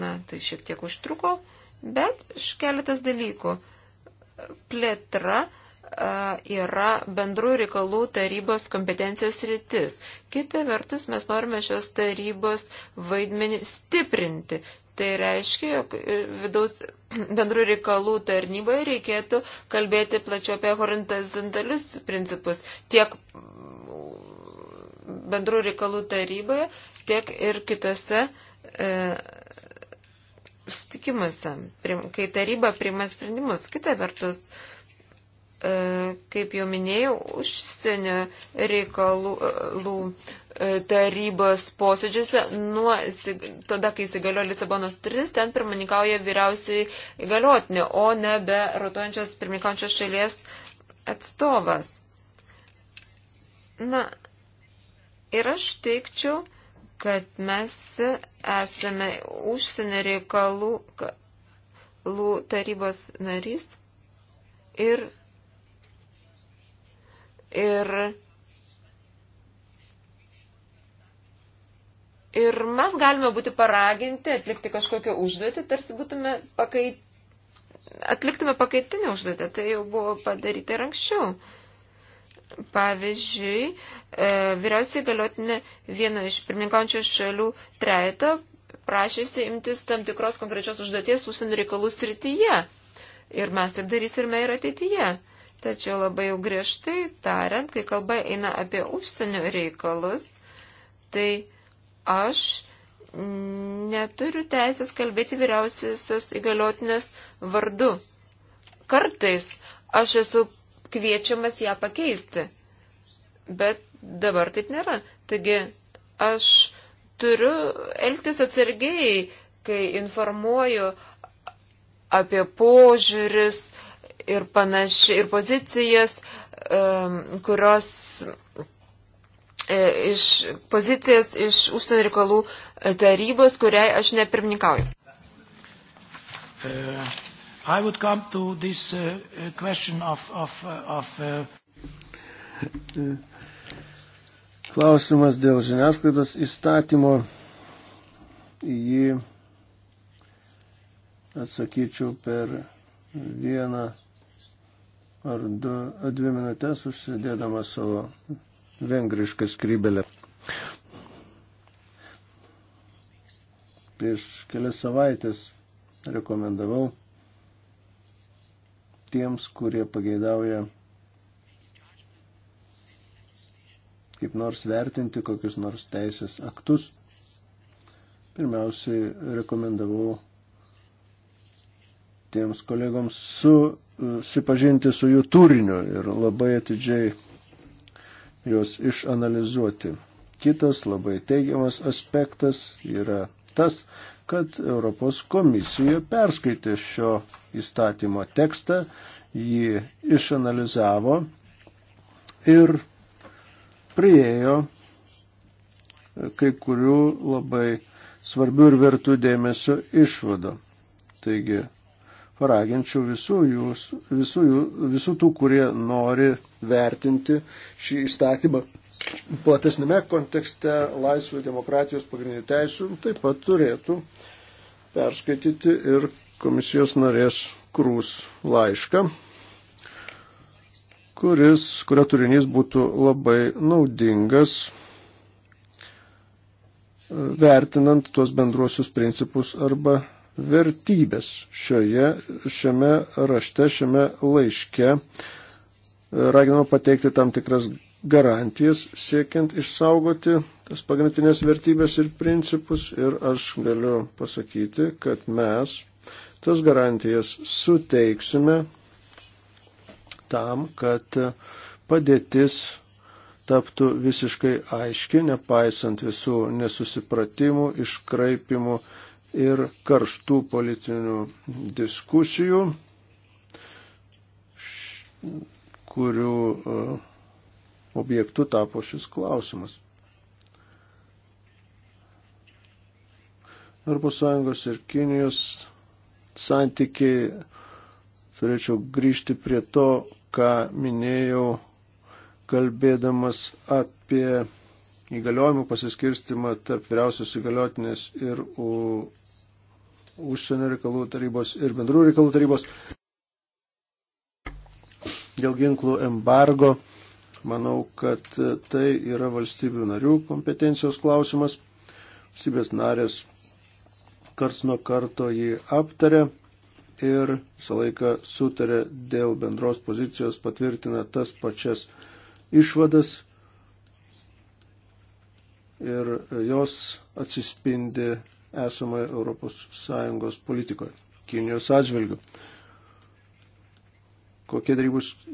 Na, tai šiek tiek užtruko, bet keletas dalykų. Plėtra yra bendrų reikalų tarybos kompetencijos rytis. Kita vertus, mes norime šios tarybos vaidmenį stiprinti. Tai reiškia, jog e, vidaus (clears throat) bendrų reikalų tarnyboje reikėtų kalbėti plačiau apie horizontalius principus tiek bendrų reikalų taryboje, tiek ir kitose e, sutikimuose, kai taryba priima sprendimus. Kita vertus, e, E, kaip jau minėjau, užsienio reikalų e, e, tarybos posėdžiuose nuo tada, kai įsigalio Lisabonos 3, ten pirmininkauja vyriausiai įgaliotinė, o ne be rotuojančios pirmininkančios šalies atstovas. Na, ir aš teikčiau, kad mes esame užsienio reikalų tarybos narys ir Ir, ir mes galime būti paraginti atlikti kažkokią užduotį, tarsi būtume pakai, atliktume pakaitinį užduotį. Tai jau buvo padaryta ir anksčiau. Pavyzdžiui, e, vyriausiai galiotinė vieno iš pirmininkaujančių šalių trejato prašėsi imtis tam tikros konkrečios užduoties užsienio reikalų srityje. Ir mes taip darysime ir ateityje. Tačiau labai jau griežtai tariant, kai kalba eina apie užsienio reikalus, tai aš neturiu teisės kalbėti vyriausiosios įgaliotinės vardu. Kartais aš esu kviečiamas ją pakeisti, bet dabar taip nėra. Taigi aš turiu elgtis atsargiai, kai informuoju apie požiūris, ir panašiai, ir pozicijas, kurios e, iš pozicijas iš užsienio reikalų e, tarybos, kuriai aš nepirmininkauju. Uh, this, uh, uh of, of, uh, of, uh... Klausimas dėl žiniasklaidos įstatymo. Jį atsakyčiau per vieną ar du, dvi minutės užsidėdama savo vengrišką skrybelę. Prieš kelias savaitės rekomendavau tiems, kurie pageidauja kaip nors vertinti kokius nors teisės aktus. Pirmiausiai rekomendavau tiems kolegoms e, susipažinti su jų turiniu ir labai atidžiai juos išanalizuoti. Kitas labai teigiamas aspektas yra tas, kad Europos komisija perskaitė šio įstatymo tekstą, jį išanalizavo ir priejo kai kurių labai svarbių ir vertų dėmesio išvado. Taigi paraginčiau visų, jūs, visų, jūs, visų tų, kurie nori vertinti šį įstatymą platesnėme kontekste laisvių demokratijos pagrindinių teisų, taip pat turėtų perskaityti ir komisijos narės Krūs laišką, kuris, kurio turinys būtų labai naudingas e, vertinant tuos bendruosius principus arba vertybės. Šioje, šiame rašte, šiame laiške raginama pateikti tam tikras garantijas siekiant išsaugoti tas pagrindinės vertybės ir principus ir aš galiu pasakyti, kad mes tas garantijas suteiksime tam, kad padėtis taptų visiškai aiški, nepaisant visų nesusipratimų, iškraipimų, ir karštų politinių diskusijų, kurių e, objektų tapo šis klausimas. Europos Sąjungos ir Kinijos santykiai, turėčiau grįžti prie to, ką minėjau, kalbėdamas apie įgaliojimų pasiskirstimą tarp vyriausios įgaliotinės ir užsienio reikalų tarybos ir bendrų reikalų tarybos. Dėl ginklų embargo, manau, kad tai yra valstybių narių kompetencijos klausimas. Valstybės narės karts nuo karto jį aptarė ir visą laiką sutarė dėl bendros pozicijos, patvirtina tas pačias išvadas ir jos atsispindi esamoje ES politikoje Kinijos atžvilgių. Kokie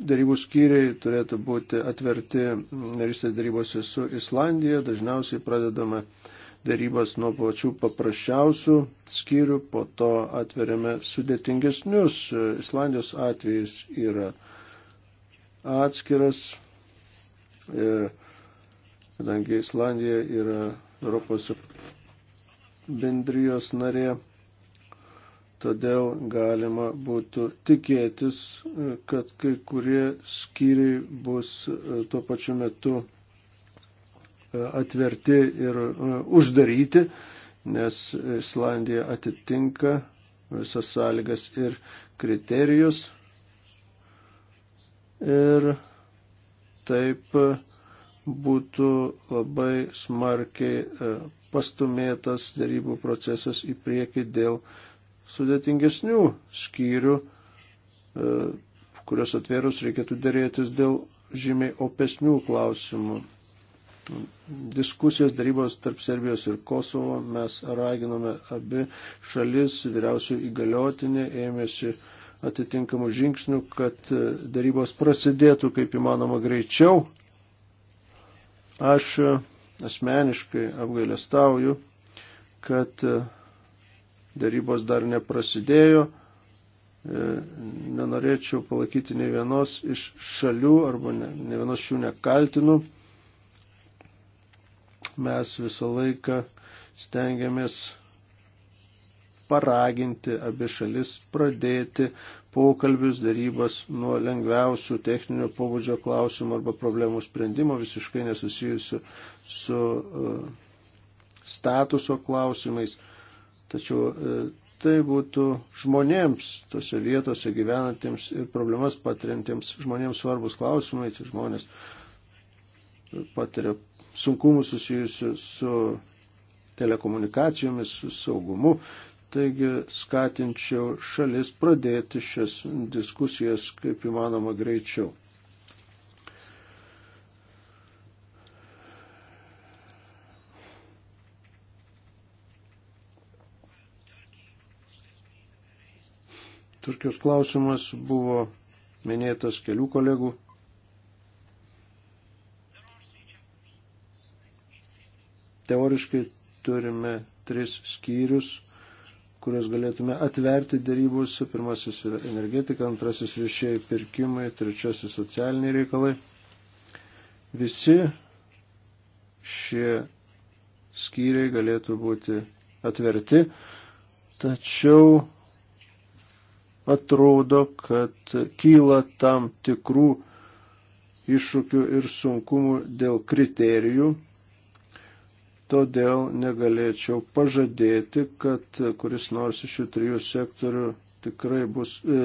darybų skyriai turėtų būti atverti narystės darybose su Islandija, dažniausiai pradedame darybas nuo pačių paprasčiausių skyrių, po to atveriame sudėtingesnius. Islandijos atvejais yra atskiras, e, kadangi Islandija yra Europos bendrijos narė. Todėl galima būtų tikėtis, e, kad kai kurie skyriai bus e, tuo pačiu metu e, atverti ir uždaryti, nes Islandija atitinka visas sąlygas ir kriterijus. Ir taip būtų labai smarkiai pastumėtas darybų procesas į priekį dėl sudėtingesnių skyrių, e, kurios atvėrus reikėtų dėrėtis dėl žymiai opesnių klausimų. Diskusijos darybos tarp Serbijos ir Kosovo mes raginome abi šalis, vyriausių įgaliotinė ėmėsi atitinkamų žingsnių, kad e, darybos prasidėtų kaip įmanoma greičiau. Aš asmeniškai apgailestauju, kad e, darybos dar neprasidėjo. E, nenorėčiau palaikyti ne vienos iš šalių arba ne, ne vienos šių nekaltinu. Mes visą laiką stengiamės paraginti abi šalis pradėti pokalbius, darybas nuo lengviausių techninio pobūdžio klausimų arba problemų sprendimo, visiškai nesusijusių su e, statuso klausimais. Tačiau e, tai būtų žmonėms, tose vietose gyvenantiems ir problemas patiriantiems žmonėms svarbus klausimai, tai žmonės patiria sunkumų susijusių su telekomunikacijomis, su saugumu Taigi skatinčiau šalis pradėti šias diskusijas kaip įmanoma greičiau. Turkijos klausimas buvo minėtas kelių kolegų. Teoriškai turime tris skyrius kurios galėtume atverti dėrybose. Pirmasis yra energetika, antrasis viešieji pirkimai, trečiasis socialiniai reikalai. Visi šie skyriai galėtų būti atverti, tačiau atrodo, kad kyla tam tikrų iššūkių ir sunkumų dėl kriterijų, todėl negalėčiau pažadėti, kad kuris nors iš šių trijų sektorių tikrai bus, e,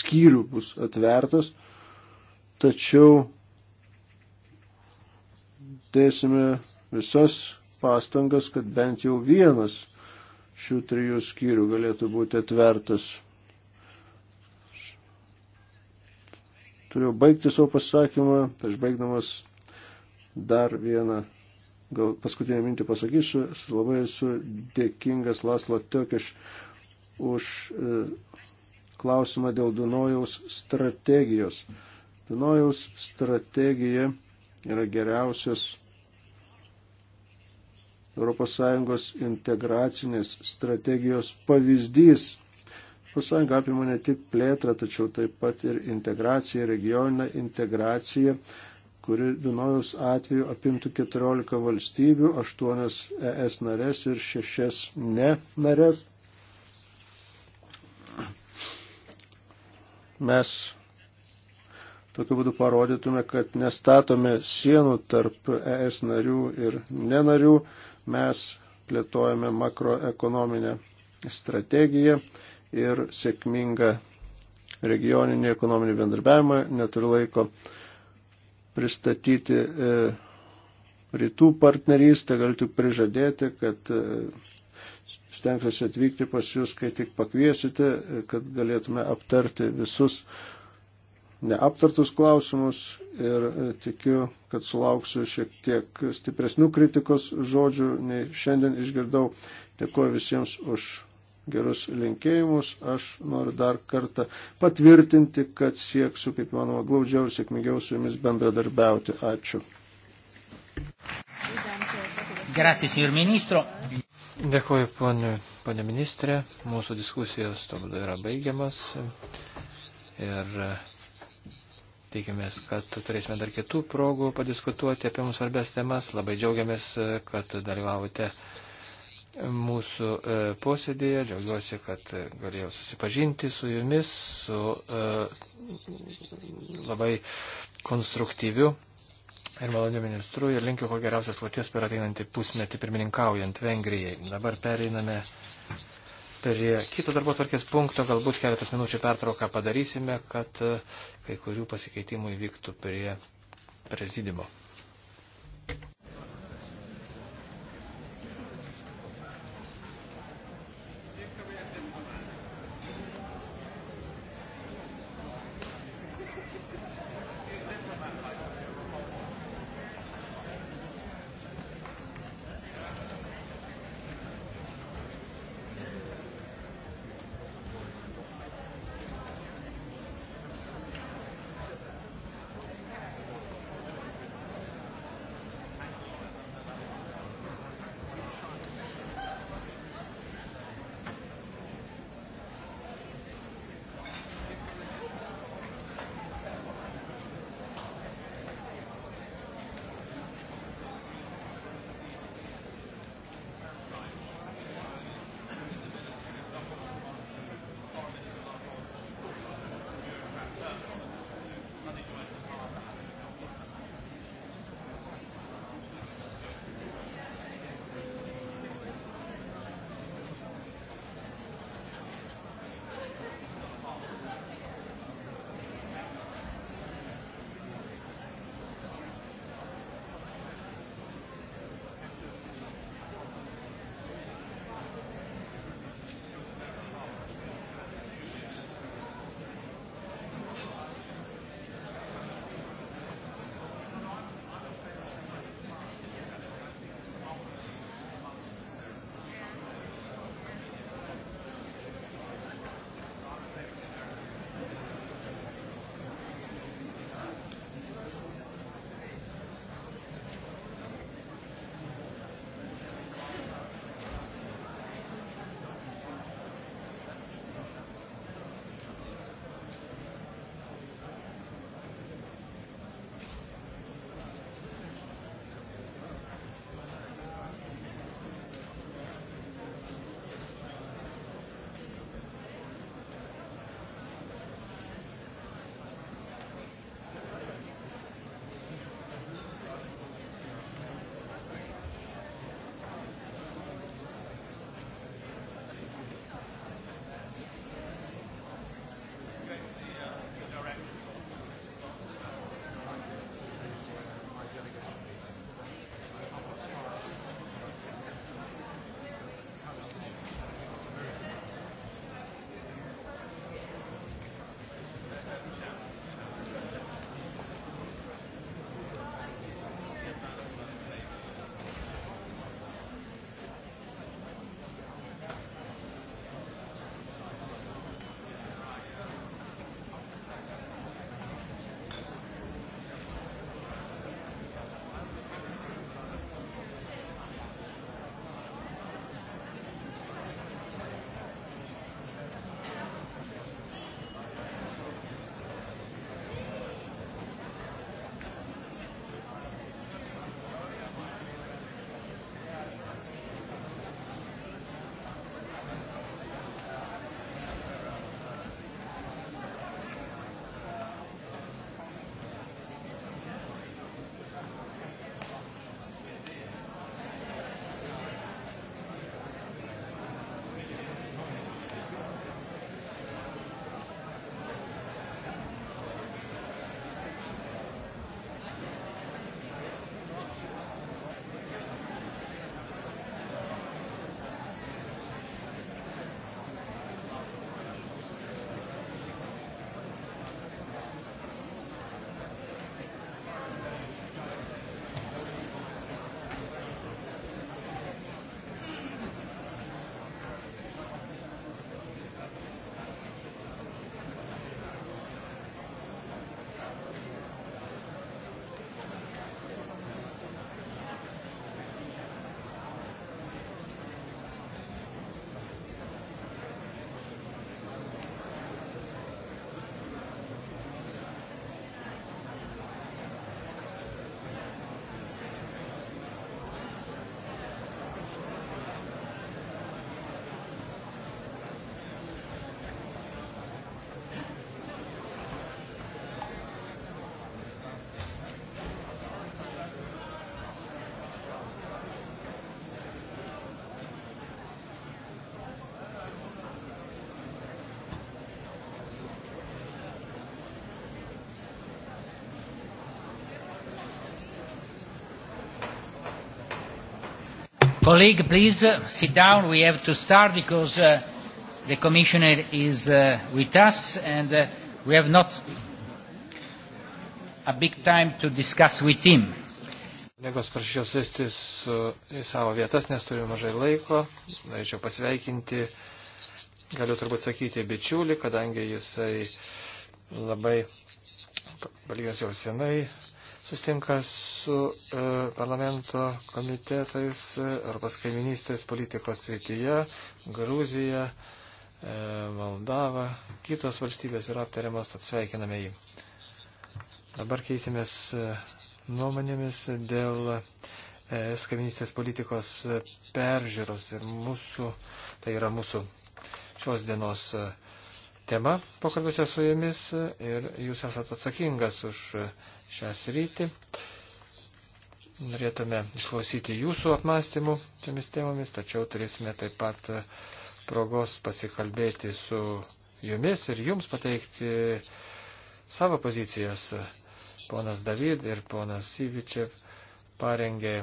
skyrių bus atvertas, tačiau dėsime visas pastangas, kad bent jau vienas šių trijų skyrių galėtų būti atvertas. Turiu baigti savo pasakymą, prieš baigdamas dar vieną gal paskutinę mintį pasakysiu, labai esu dėkingas Laslo Tökiš už e, klausimą dėl Dunojaus strategijos. Dunojaus strategija yra geriausias ES integracinės strategijos pavyzdys. ES apima ne tik plėtrą, tačiau taip pat ir integraciją, regioninę integraciją. integraciją kuri Dunojaus atveju apimtų 14 valstybių, 8 ES narės ir 6 ne narės. Mes tokiu būdu parodytume, kad nestatome sienų tarp ES narių ir nenarių, mes plėtojame makroekonominę strategiją ir sėkmingą regioninį ekonominį bendarbiavimą. Neturiu laiko pristatyti e, rytų partnerystę, galiu tik prižadėti, kad e, stengsiuosi atvykti pas jūs, kai tik pakviesite, e, kad galėtume aptarti visus neaptartus klausimus ir tikiu, kad sulauksiu šiek tiek stipresnių kritikos žodžių, nei šiandien išgirdau. Dėkuoju visiems už gerus linkėjimus. Aš noriu dar kartą patvirtinti, kad sieksiu, kaip manoma, glaudžiau ir sėkmingiau su jumis bendradarbiauti. Ačiū. Grazie, signor ministro. Dėkuoju, ponė, ponė ministrė. Mūsų diskusijos tobulai yra baigiamas. Ir e, tikimės, kad turėsime dar kitų progų padiskutuoti apie mūsų svarbės temas. Labai džiaugiamės, e, kad dalyvavote mūsų e, posėdėje. Džiaugiuosi, kad e, galėjau susipažinti su jumis, su e, labai konstruktyviu ir maloniu ministru ir linkiu ko geriausios kloties per ateinantį pusmetį pirmininkaujant Vengrijai. Dabar pereiname prie kito darbo tvarkės punkto, galbūt keletas minučių pertrauką padarysime, kad kai kurių pasikeitimų įvyktų prie prezidimo. Colleague, please uh, sit down. We have to start because uh, the commissioner is uh, with us and uh, we have not a big time to discuss with him. Kolegos prašyčiau sėstis į savo vietas, nes turiu mažai laiko. Norėčiau pasveikinti, galiu turbūt sakyti, bičiulį, kadangi jisai labai, palyginus jau senai, sustinka su e, parlamento komitetais e, Europos kaiminystės politikos srityje, Gruzija, e, Moldava, kitos valstybės yra aptariamos, tad sveikiname jį. Dabar keisimės e, nuomonėmis dėl e, ES kaiminystės politikos peržiūros ir mūsų, tai yra mūsų šios dienos e, tema pokalbiuose su jumis ir jūs esate atsakingas už šią sritį. Norėtume išklausyti jūsų apmąstymų šiomis temomis, tačiau turėsime taip pat progos pasikalbėti su jumis ir jums pateikti savo pozicijas. Ponas David ir ponas Syvičev parengė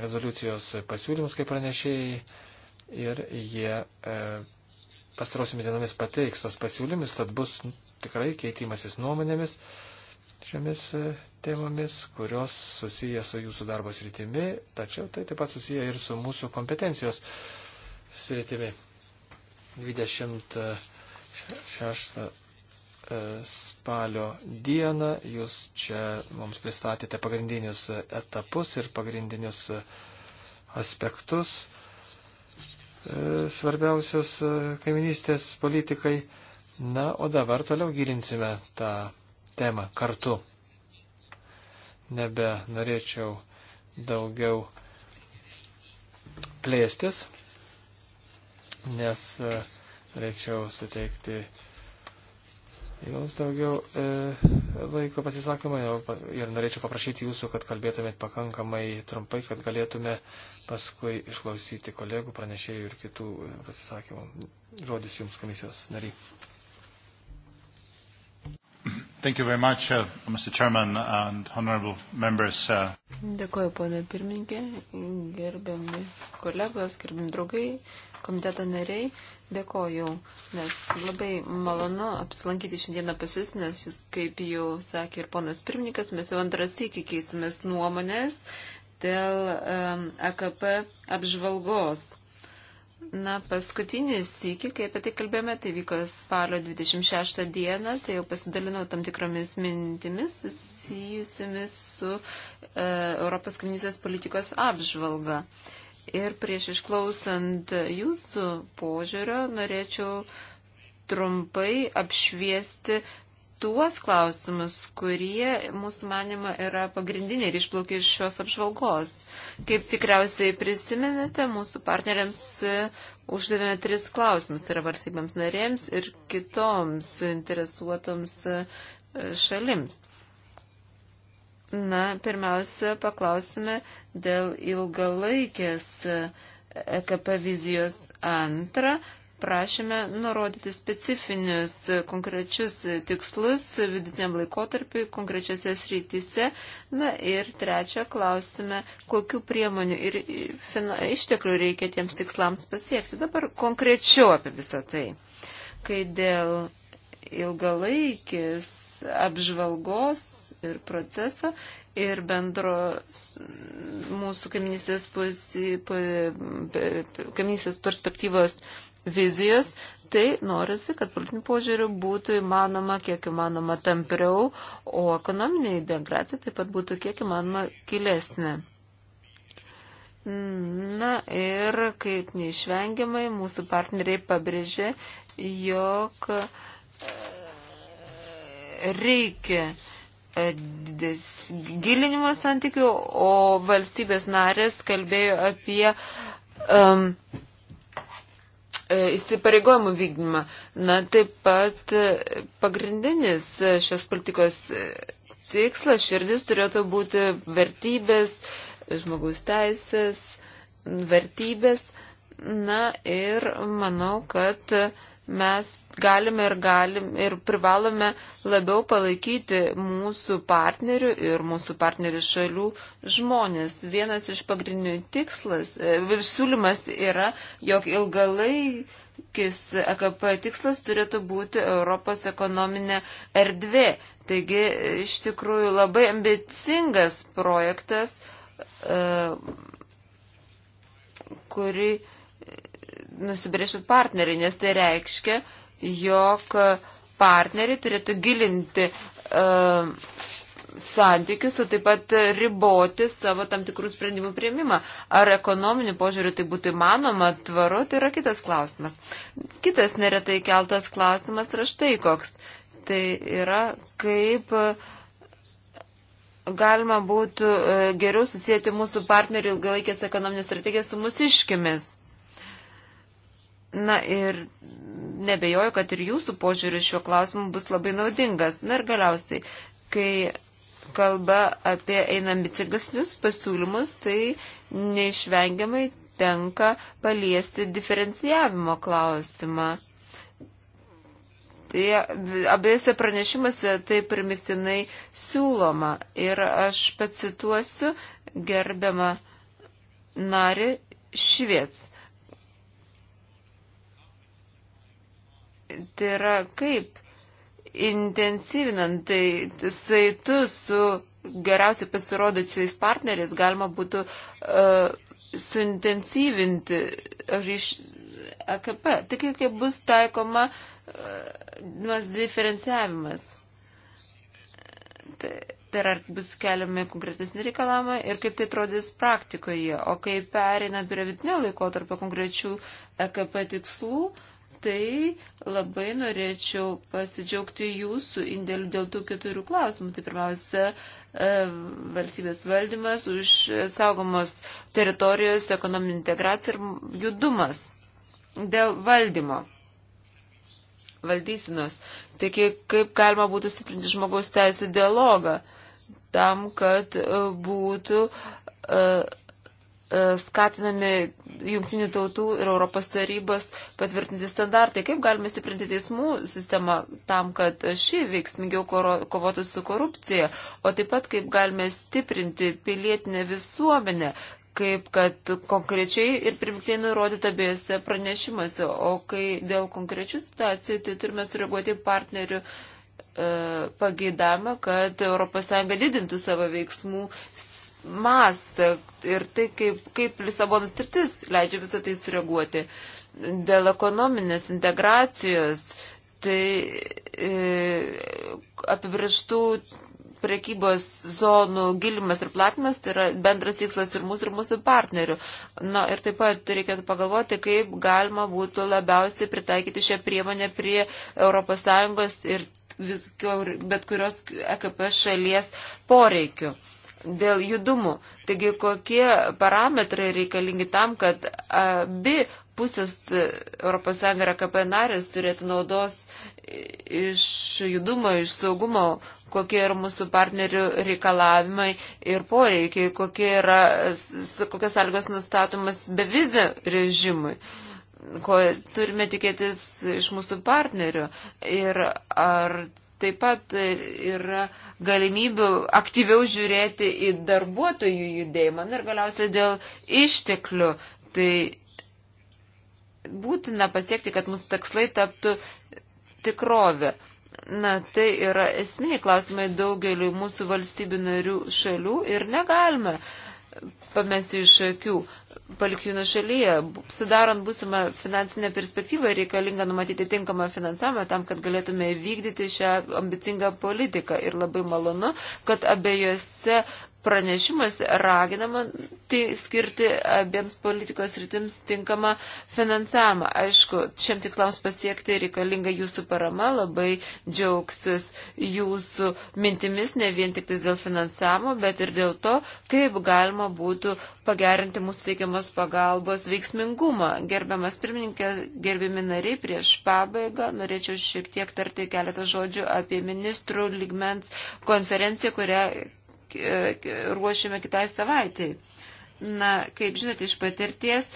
rezoliucijos pasiūlymus kaip pranešėjai ir jie e, pastarosiamis dienomis pateiks tos pasiūlymus, tad bus tikrai keitimasis nuomonėmis šiomis e, temomis, kurios susiję su jūsų darbo sritimi, tačiau tai taip pat susiję ir su mūsų kompetencijos sritimi. 26 e, e, spalio dieną jūs čia mums pristatėte pagrindinius etapus ir pagrindinius aspektus E, svarbiausios e, kaiminystės politikai. Na, o dabar toliau gilinsime tą temą kartu. Nebe norėčiau daugiau plėstis, nes e, norėčiau suteikti jums daugiau e, laiko pasisakymai ir norėčiau paprašyti jūsų, kad kalbėtumėt pakankamai trumpai, kad galėtume paskui išklausyti kolegų, pranešėjų ir kitų e, pasisakymų. Žodis Jums komisijos nariai. Thank you very much, uh, Mr. Chairman and honorable members. Uh... Dėkuoju, ponė pirmininkė, gerbiami kolegos, gerbiami draugai, komiteto nariai. Dėkoju, nes labai malonu apsilankyti šiandieną pas Jūs, nes Jūs, kaip jau sakė ir ponas pirmininkas, mes jau antras iki keisimės nuomonės dėl um, AKP apžvalgos. Na, paskutinis iki, kai apie tai kalbėjome, tai vyko spalio 26 dieną, tai jau pasidalinau tam tikromis mintimis susijusiamis su uh, Europos kaimynės politikos apžvalga. Ir prieš išklausant jūsų požiūrio, norėčiau trumpai apšviesti tuos klausimus, kurie mūsų manima yra pagrindiniai ir išplaukia iš šios apžvalgos. Kaip tikriausiai prisimenate, mūsų partneriams e, uždavėme tris klausimus, tai yra valstybėms narėms ir kitoms interesuotoms e, šalims. Na, pirmiausia, paklausime dėl ilgalaikės EKP e vizijos antrą, prašėme nurodyti specifinius konkrečius tikslus vidutiniam laikotarpiu konkrečiose srityse. Na ir trečia, klausime, kokiu priemonių ir išteklių reikia tiems tikslams pasiekti. Dabar konkrečiau apie visą tai. Kai dėl ilgalaikis apžvalgos ir proceso ir bendro mūsų kaiminysės perspektyvos vizijos, tai norisi, kad politinių požiūrių būtų įmanoma kiek įmanoma tampriau, o ekonominė integracija taip pat būtų kiek įmanoma gilesnė. Na ir kaip neišvengiamai mūsų partneriai pabrėžė, jog e, reikia e, gilinimo santykių, o valstybės narės kalbėjo apie um, E, įsipareigojimų vykdymą. Na, taip pat e, pagrindinis e, šios politikos tikslas širdis turėtų būti vertybės, žmogaus teisės, vertybės. Na ir manau, kad mes galime ir, galim, ir privalome labiau palaikyti mūsų partnerių ir mūsų partnerių šalių žmonės. Vienas iš pagrindinių tikslas, virsiūlymas e, yra, jog ilgalai Kis AKP tikslas turėtų būti Europos ekonominė erdvė. Taigi iš tikrųjų labai ambicingas projektas, e, kurį nusibrėžti partnerį, nes tai reiškia, jog partneriai turėtų gilinti uh, santykius, o taip pat riboti savo tam tikrų sprendimų prieimimą. Ar ekonominiu požiūriu tai būtų įmanoma, tvaru, tai yra kitas klausimas. Kitas neretai keltas klausimas yra štai koks. Tai yra, kaip galima būtų e, geriau susijęti mūsų partnerių ilgalaikės ekonominės strategijas su mūsiškimis. Na ir nebejoju, kad ir jūsų požiūris šiuo klausimu bus labai naudingas. Na ir galiausiai, kai kalba apie einambicingesnius pasiūlymus, tai neišvengiamai tenka paliesti diferencijavimo klausimą. Tai abiejose pranešimuose tai primiktinai siūloma. Ir aš pacituosiu gerbiamą narį Šviets tai yra kaip intensyvinant tai saitus su geriausiai pasirodančiais partneriais galima būtų uh, suintensyvinti iš AKP. Tik kaip bus taikoma uh, diferenciavimas. Tai, tai ar bus keliami konkretesni reikalavimai ir kaip tai atrodys praktikoje. O kai pereinant prie vidutinio laiko tarp konkrečių EKP tikslų, uh, tai labai norėčiau pasidžiaugti jūsų indėliu dėl tų keturių klausimų. Tai pirmiausia, e, valstybės valdymas už saugomos teritorijos, ekonominė integracija ir judumas dėl valdymo, valdysinos. Taigi, kaip galima būtų stiprinti žmogaus teisų dialogą tam, kad e, būtų uh, skatinami jungtinių tautų ir Europos tarybos patvirtinti standartai. Kaip galime stiprinti teismų sistemą tam, kad ši veiksmingiau kovotų su korupcija, o taip pat kaip galime stiprinti pilietinę visuomenę, kaip kad konkrečiai ir primiktai nurodyta abiejose pranešimuose, o kai dėl konkrečių situacijų, tai turime sureaguoti partnerių e, pageidamą, kad ES didintų savo veiksmų mastą ir tai, kaip, kaip Lisabonos tirtis leidžia visą tai sureaguoti. Dėl ekonominės integracijos, tai e, apibrieštų prekybos zonų gilimas ir platimas tai yra bendras tikslas ir mūsų, ir mūsų partnerių. Na ir taip pat reikėtų pagalvoti, kaip galima būtų labiausiai pritaikyti šią priemonę prie ES ir vis, bet kurios EKP šalies poreikių dėl judumų. Taigi kokie parametrai reikalingi tam, kad abi pusės ES ir AKP narės turėtų naudos iš judumo, iš saugumo, kokie yra mūsų partnerių reikalavimai ir poreikiai, kokie yra, kokios sąlygos nustatomas bevizio režimui ko turime tikėtis iš mūsų partnerių ir ar taip pat yra uh, galimybių aktyviau žiūrėti į darbuotojų judėjimą ir galiausiai dėl išteklių. Tai būtina pasiekti, kad mūsų tikslai taptų tikrovė. Na, tai yra esminiai klausimai daugeliu mūsų valstybių narių šalių ir negalime pamesti iš akių palikti nušalyje. Sudarant būsimą finansinę perspektyvą reikalinga numatyti tinkamą finansavimą tam, kad galėtume vykdyti šią ambicingą politiką. Ir labai malonu, kad abiejose pranešimas raginama tai skirti abiems politikos rytims tinkamą finansavimą. Aišku, šiem tiklams pasiekti reikalinga jūsų parama, labai džiaugsis jūsų mintimis ne vien tik dėl finansavimo, bet ir dėl to, kaip galima būtų pagerinti mūsų teikiamos pagalbos veiksmingumą. Gerbiamas pirmininkė, gerbimi nariai, prieš pabaigą norėčiau šiek tiek tarti keletą žodžių apie ministrų ligmens konferenciją, kurią ruošiame kitai savaitai. Na, kaip žinote, iš patirties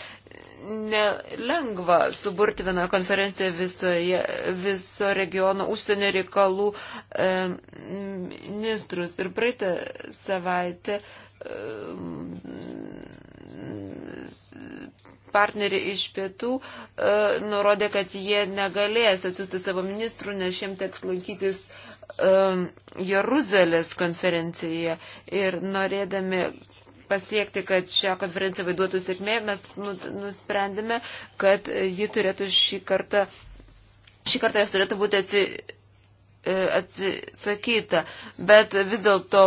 nelengva suburti vieną konferenciją visoje, viso regiono užsienio reikalų e, ministrus. Ir praeitą savaitę e, partneriai iš pietų e, nurodė, kad jie negalės atsiųsti savo ministrų, nes šiem teks lankytis e, Um, Jeruzalės konferencijoje ir norėdami pasiekti, kad šią konferenciją vaiduotų sėkmė, mes nu, nusprendėme, kad ji turėtų šį kartą, šį kartą jos turėtų būti atsi, e, atsisakyta, bet vis dėlto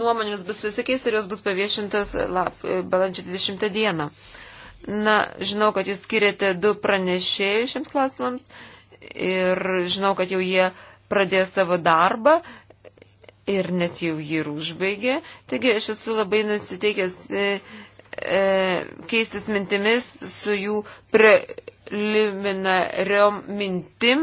nuomonėms bus pasikeista ir jos bus paviešintas lap, e, balandžio 20 dieną. Na, žinau, kad jūs skiriate du pranešėjus šiems klausimams ir žinau, kad jau jie uh, pradėjo savo darbą ir net jau jį ir užbaigė. Taigi aš esu labai nusiteikęs e, e, keistis mintimis su jų preliminariom mintim.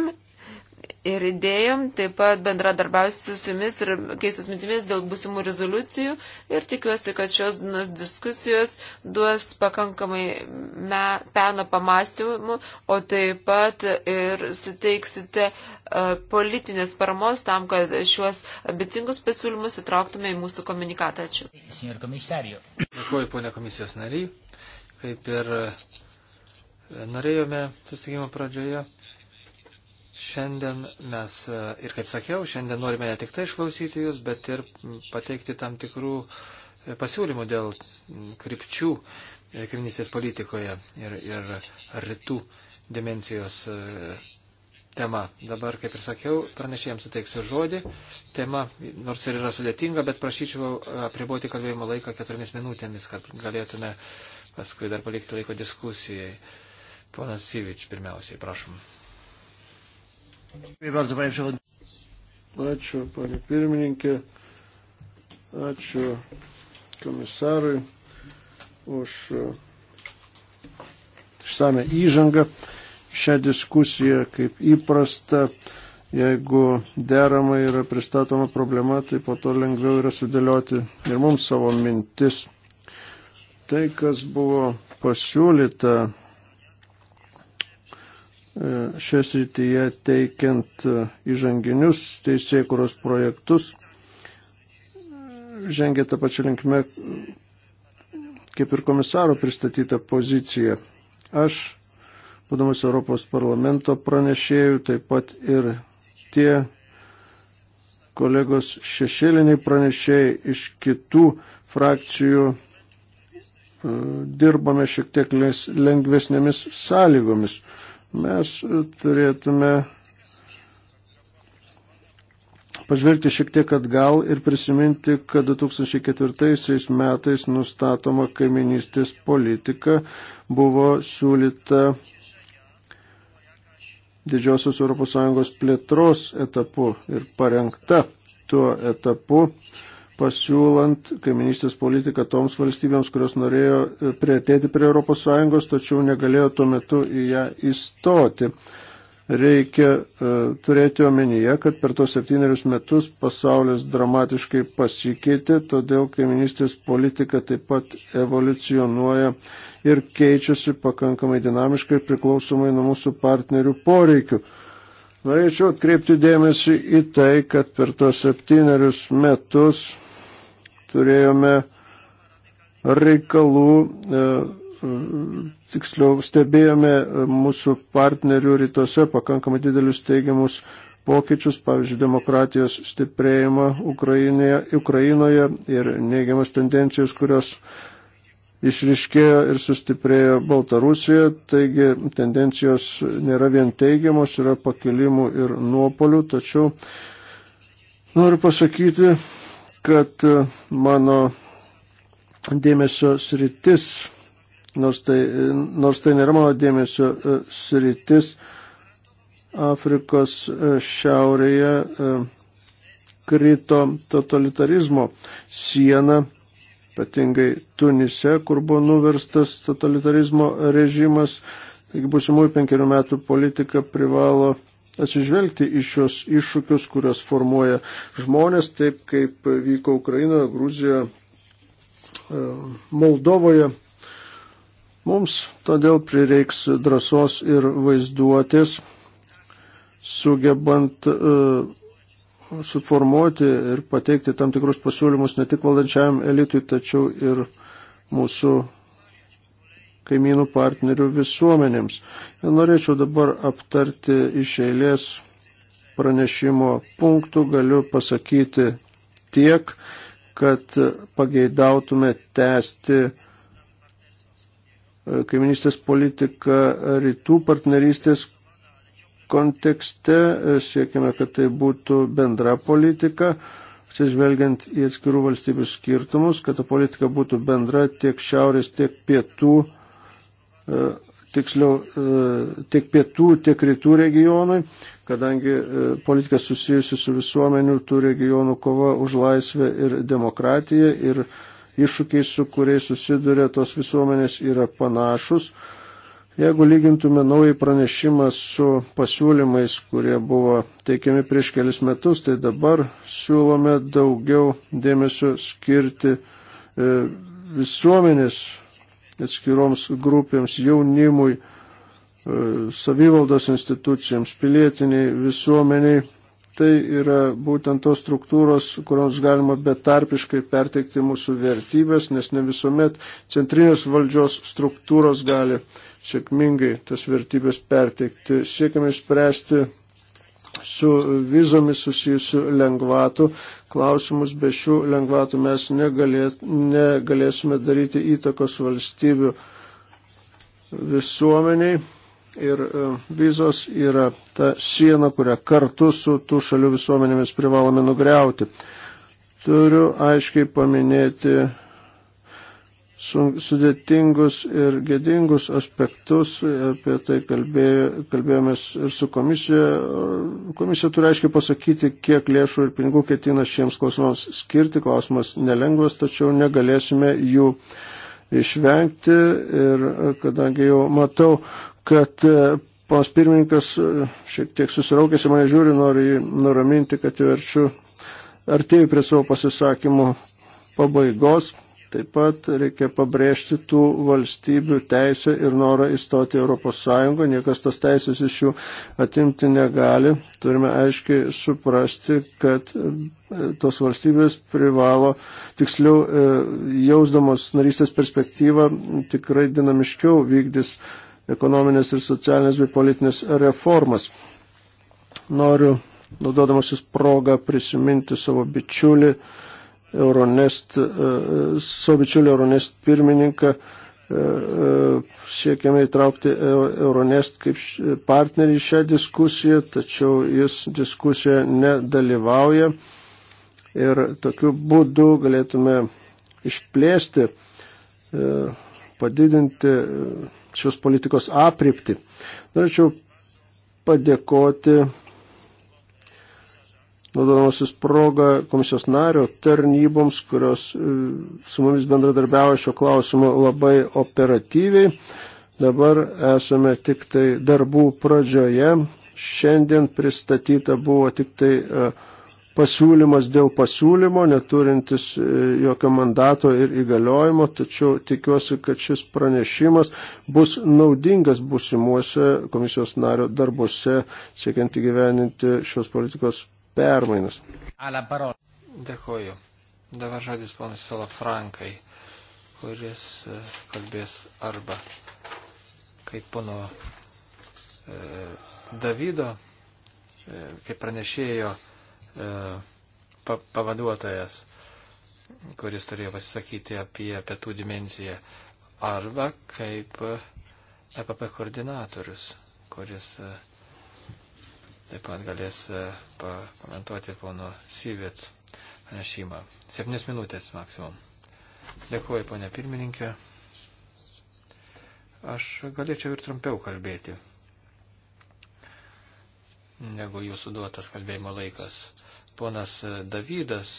Ir idėjom taip pat bendradarbiausiu su jumis ir keistas mintimis dėl būsimų rezoliucijų ir tikiuosi, kad šios dienos diskusijos duos pakankamai me, peno pamastymų, o taip pat ir suteiksite uh, E, politinės paramos tam, kad šiuos ambicingus pasiūlymus įtrauktume į mūsų komunikatą. Ačiū. Dėkuoju, ponė komisijos nariai. Kaip ir e, norėjome susitikimo pradžioje. Šiandien mes, e, ir kaip sakiau, šiandien norime ne tik tai išklausyti jūs, bet ir pateikti tam tikrų pasiūlymų dėl krypčių kriminystės politikoje ir, ir rytų dimensijos tema. Dabar, kaip ir sakiau, pranešėjams suteiksiu žodį. Tema, nors ir yra sudėtinga, bet prašyčiau apriboti kalbėjimo laiką keturiomis minutėmis, kad galėtume paskui dar palikti laiko diskusijai. Ponas Sivič, pirmiausiai, prašom. Ačiū, panė pirmininkė. Ačiū komisarui už e, išsame įžangą šią diskusiją kaip įprasta. Jeigu deramai yra pristatoma problema, tai po to lengviau yra sudėlioti ir mums savo mintis. Tai, kas buvo pasiūlyta e, šią srityje teikiant e, įžanginius teisėkuros projektus, žengia tą pačią linkmę, kaip ir komisaro pristatyta pozicija. Aš būdamas Europos parlamento pranešėjų, taip pat ir tie kolegos šešėliniai pranešėjai iš kitų frakcijų e, dirbame šiek tiek lengvesnėmis sąlygomis. Mes e, turėtume pažvelgti šiek tiek atgal ir prisiminti, kad 2004 metais nustatoma kaiminystės politika buvo siūlyta didžiosios ES plėtros etapu ir parengta tuo etapu, pasiūlant kaiminystės politiką toms valstybėms, kurios norėjo e, prieartėti prie ES, tačiau negalėjo tuo metu į ją įstoti reikia e, turėti omenyje, kad per tos septynerius metus pasaulis dramatiškai pasikeitė, todėl kaiminystės politika taip pat evoliucionuoja ir keičiasi pakankamai dinamiškai priklausomai nuo mūsų partnerių poreikių. Norėčiau atkreipti dėmesį į tai, kad per tos septynerius metus turėjome reikalų e, tiksliau stebėjome e, mūsų partnerių rytuose pakankamai didelius teigiamus pokyčius, pavyzdžiui, demokratijos stiprėjimą Ukrainėje, Ukrainoje ir neigiamas tendencijos, kurios išriškėjo ir sustiprėjo Baltarusijoje, taigi tendencijos nėra vien teigiamos, yra pakilimų ir nuopolių, tačiau noriu pasakyti, kad e, mano dėmesio sritis nors tai, nors tai nėra mano dėmesio e, sritis. Afrikos e, šiaurėje e, krito totalitarizmo siena, ypatingai Tunise, kur buvo nuverstas totalitarizmo režimas. Taigi būsimųjų penkerių metų politika privalo atsižvelgti į šios iššūkius, kurios formuoja žmonės, taip kaip vyko Ukrainoje, Gruzijoje, Moldovoje Mums todėl prireiks drąsos ir vaizduotis, sugebant uh, suformuoti ir pateikti tam tikrus pasiūlymus ne tik valdančiajam elitui, tačiau ir mūsų kaimynų partnerių visuomenėms. Ir norėčiau dabar aptarti iš eilės pranešimo punktų, galiu pasakyti tiek, kad pageidautume tęsti kaiminystės politiką rytų partnerystės kontekste. Siekime, kad tai būtų bendra politika, atsižvelgiant į atskirų valstybių skirtumus, kad ta politika būtų bendra tiek šiaurės, tiek pietų, e, tiksliau, e, tiek pietų, tiek rytų regionui, kadangi e, politika susijusi su visuomeniu tų regionų kova už laisvę ir demokratiją ir iššūkiai, su kuriais susiduria tos visuomenės, yra panašus. Jeigu lygintume naują pranešimą su pasiūlymais, kurie buvo teikiami prieš kelis metus, tai dabar siūlome daugiau dėmesio skirti e, visuomenės atskiroms grupėms, jaunimui, e, savivaldos institucijoms, pilietiniai visuomeniai tai yra būtent tos struktūros, kurioms galima betarpiškai perteikti mūsų vertybės, nes ne visuomet centrinės valdžios struktūros gali sėkmingai tas vertybės perteikti. Siekime išspręsti su vizomis susijusių lengvatų klausimus, be šių lengvatų mes negalės, negalėsime daryti įtakos valstybių visuomeniai ir e, vizos yra ta siena, kurią kartu su tų šalių visuomenėmis privalome nugriauti. Turiu aiškiai paminėti sudėtingus ir gėdingus aspektus, apie tai kalbėjo, kalbėjomės ir su komisija. Komisija turi aiškiai pasakyti, kiek lėšų ir pinigų ketina šiems klausimams skirti. Klausimas nelengvas, tačiau negalėsime jų išvengti ir kadangi jau matau, kad e, Ponas pirmininkas e, šiek tiek susiraukęs į mane žiūri, noriu jį nuraminti, kad verčiu artėjau prie savo pasisakymų pabaigos. Taip pat reikia pabrėžti tų valstybių teisę ir norą įstoti Europos Sąjungą. Niekas tos teisės iš jų atimti negali. Turime aiškiai suprasti, kad e, tos valstybės privalo, tiksliau, jausdamos narystės perspektyvą, tikrai dinamiškiau vykdys ekonominės ir socialinės bei politinės reformas. Noriu, naudodamasis progą, prisiminti savo bičiulį Euronest, e, savo bičiulį Euronest pirmininką, e, e, siekiame įtraukti Euronest kaip partnerį šią diskusiją, tačiau jis diskusiją nedalyvauja ir tokiu būdu galėtume išplėsti, padidinti šios politikos aprypti. Norėčiau padėkoti, naudodamasis progą komisijos nario tarnyboms, kurios e, su mumis bendradarbiavo šio klausimu labai operatyviai. Dabar esame tik tai darbų pradžioje. Šiandien pristatyta buvo tik tai uh, pasiūlymas dėl pasiūlymo, neturintis e, jokio mandato ir įgaliojimo, tačiau tikiuosi, kad šis pranešimas bus naudingas busimuose komisijos nario darbuose, siekiant įgyveninti šios politikos permainas. Dėkuoju. Dabar žodis ponas Sala Frankai, kuris e, kalbės arba kaip pono e, Davido, e, kaip pranešėjo, E, pavaduotojas, kuris turėjo pasisakyti apie pietų dimenciją, arba kaip EPP koordinatorius, kuris e, taip pat galės e, pakomentuoti pono Syvėt pranešimą. Septynis minutės maksimum. Dėkuoju, ponė pirmininkė. Aš galėčiau ir trumpiau kalbėti negu jūsų duotas kalbėjimo laikas ponas Davydas,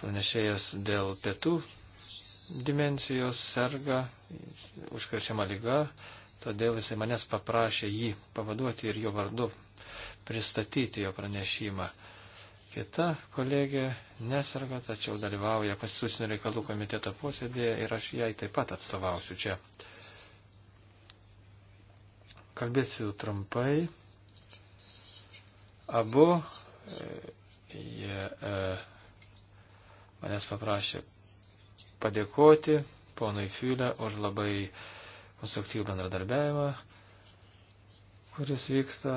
pranešėjas dėl pietų dimensijos, serga užkrečiama lyga, todėl jisai manęs paprašė jį pavaduoti ir jo vardu pristatyti jo pranešimą. Kita kolegė nesarga, tačiau dalyvauja Konstitucinio reikalų komiteto posėdėje ir aš jai taip pat atstovausiu čia. Kalbėsiu trumpai. Abu Jie e, manęs paprašė padėkoti ponui Fiulė už labai konstruktyvų bendradarbiavimą, kuris vyksta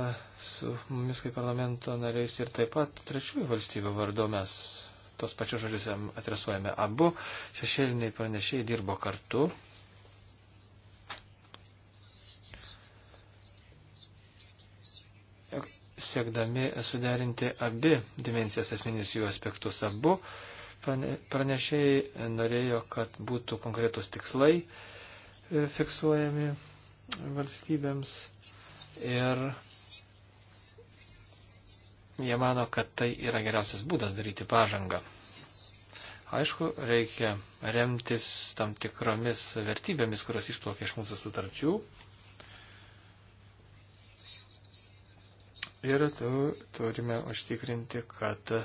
su mumis kaip parlamento nariais ir taip pat trečiųjų valstybių vardu mes tos pačius žodžius adresuojame abu. Šešėliniai pranešėjai dirbo kartu siekdami suderinti abi dimensijas esminius jų aspektus. Abu pranešėjai norėjo, kad būtų konkretus tikslai e, fiksuojami valstybėms ir jie mano, kad tai yra geriausias būdas daryti pažangą. Aišku, reikia remtis tam tikromis vertybėmis, kurios išplaukia iš mūsų sutarčių ir tu, turime užtikrinti, kad e,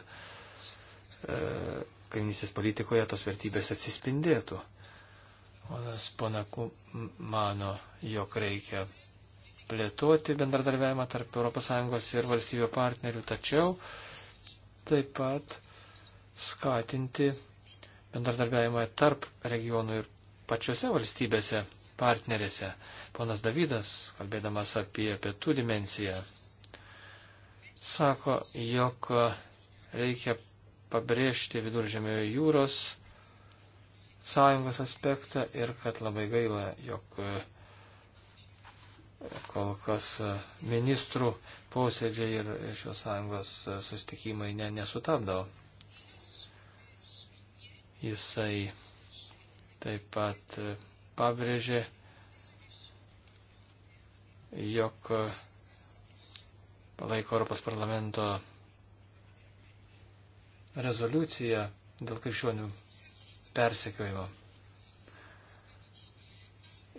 kaimynystės politikoje tos vertybės atsispindėtų. Ponas Ponaku mano, jog reikia plėtoti bendradarbiavimą tarp ES ir valstybių partnerių, tačiau taip pat skatinti bendradarbiavimą tarp regionų ir pačiose valstybėse partnerėse. Ponas Davydas, kalbėdamas apie pietų dimenciją, sako, jog reikia pabrėžti viduržėmio jūros sąjungos aspektą ir kad labai gaila, jog e, kol kas e, ministrų posėdžiai ir šios sąjungos e, sustikimai ne, nesutapdavo. Jisai taip pat pabrėžė, jog palaiko Europos parlamento rezoliuciją dėl krikščionių persekiojimo.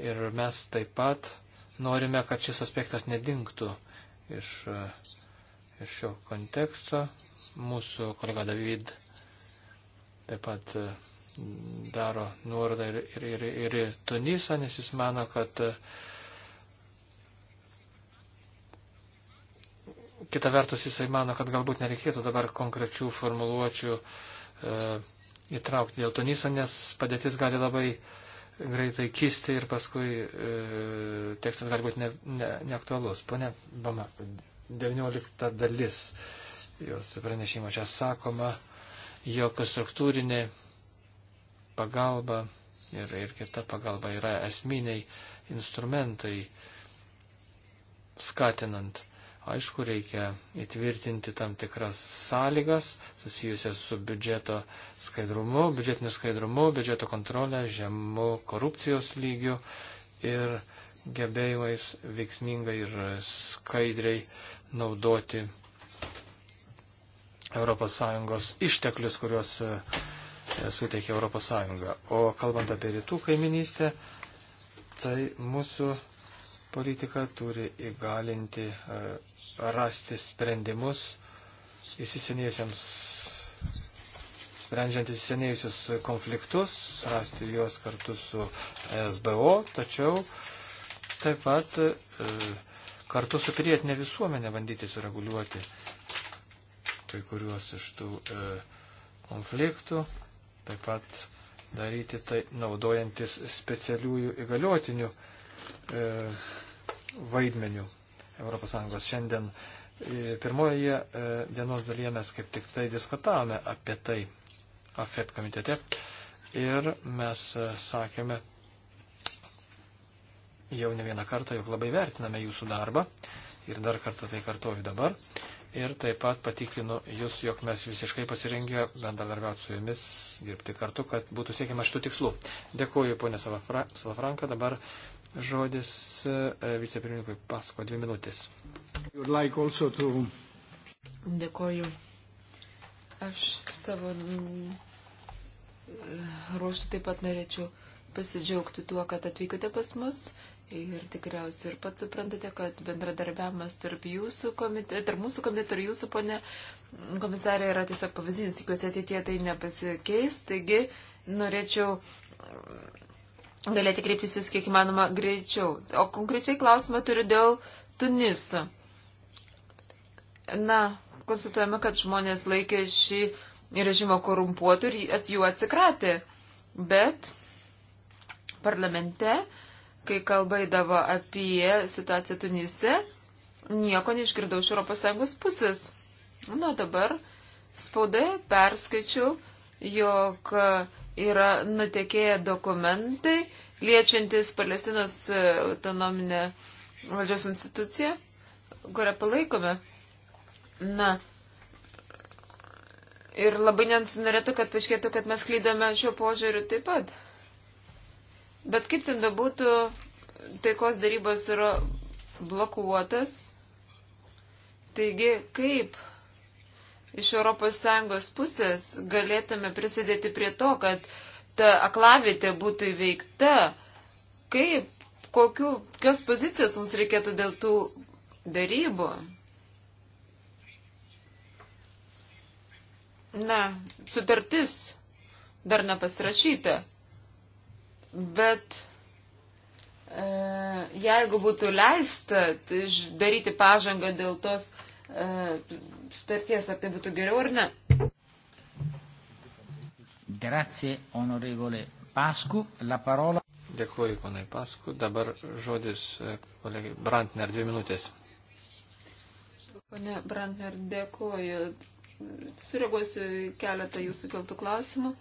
Ir mes taip pat norime, kad šis aspektas nedingtų iš, iš šio konteksto. Mūsų kolega David taip pat e, daro nuorodą ir, ir, ir, ir Tunisą, nes jis mano, kad uh, kita vertus jisai mano, kad galbūt nereikėtų dabar konkrečių formuluočių e, įtraukti dėl Tuniso, nes padėtis gali labai greitai kisti ir paskui e, tekstas gali būti ne, ne, neaktualus. Pone Bama, 19 dalis jos pranešimo čia sakoma, jog struktūrinė pagalba ir, ir kita pagalba yra esminiai instrumentai skatinant Aišku, reikia įtvirtinti tam tikras sąlygas susijusias su biudžeto skaidrumu, biudžetiniu skaidrumu, biudžeto kontrolę, žemu korupcijos lygiu ir gebėjimais veiksmingai ir skaidriai naudoti ES išteklius, kuriuos e, suteikia ES. O kalbant apie rytų kaiminystę, tai mūsų politika turi įgalinti e, rasti sprendimus įsisenėjusiems, sprendžiant įsisenėjusius konfliktus, rasti juos kartu su SBO, tačiau taip pat e, kartu su pilietinė visuomenė bandyti sureguliuoti kai kuriuos iš tų e, konfliktų, taip pat daryti tai naudojantis specialiųjų įgaliotinių e, vaidmenių ES šiandien. E, Pirmoje e, dienos dalyje mes kaip tik tai diskutavome apie tai AFET komitete ir mes e, sakėme jau ne vieną kartą, jog labai vertiname jūsų darbą ir dar kartą tai kartuoju dabar. Ir taip pat patiklinu jūs, jog mes visiškai pasirengę bendradarbiauti su jumis, dirbti kartu, kad būtų siekiama šitų tikslų. Dėkuoju, ponė Salafranka, dabar Žodis e, vicepirmininkui Pasko, dvi minutės. Like to... Dėkoju. Aš savo mm, e, ruoštų taip pat norėčiau pasidžiaugti tuo, kad atvykote pas mus Ir tikriausiai ir pats suprantate, kad bendradarbiavimas tarp, komite, tarp mūsų komiteto ir jūsų, ponė mm, komisarė, yra tiesiog pavyzdinis, tikiuosi ateitie tai nepasikeis. Taigi norėčiau galėti kreiptis jūs kiek įmanoma greičiau. O konkrečiai klausimą turiu dėl Tuniso. Na, konsultuojame, kad žmonės laikė šį režimą korumpuotų ir jų atsikratė. Bet parlamente, kai kalba įdavo apie situaciją Tunise, nieko neišgirdau iš ES pusės. Na, dabar spaudoje perskaičiau, jog yra nutekėję dokumentai liečiantis Palestinos e, autonominę valdžios instituciją, kurią palaikome. Na. Ir labai nesinorėtų, kad paaiškėtų, kad mes klydome šiuo požiūriu taip pat. Bet kaip ten bebūtų, taikos darybos yra blokuotas. Taigi, kaip iš ES pusės galėtume prisidėti prie to, kad ta aklavitė būtų įveikta, kaip, kokiu, kokios pozicijos mums reikėtų dėl tų darybų. Na, sutartis dar nepasirašyta, bet e, jeigu būtų leista tai daryti pažangą dėl tos e, starties apie būtų geriau ar ne. Grazie, onorevole Pasku. La parola. Dėkuoju, ponai Pasku. Dabar žodis e, kolegai Brantner, dvi minutės. Pone Brantner, dėkuoju. Sureaguosiu keletą jūsų keltų klausimų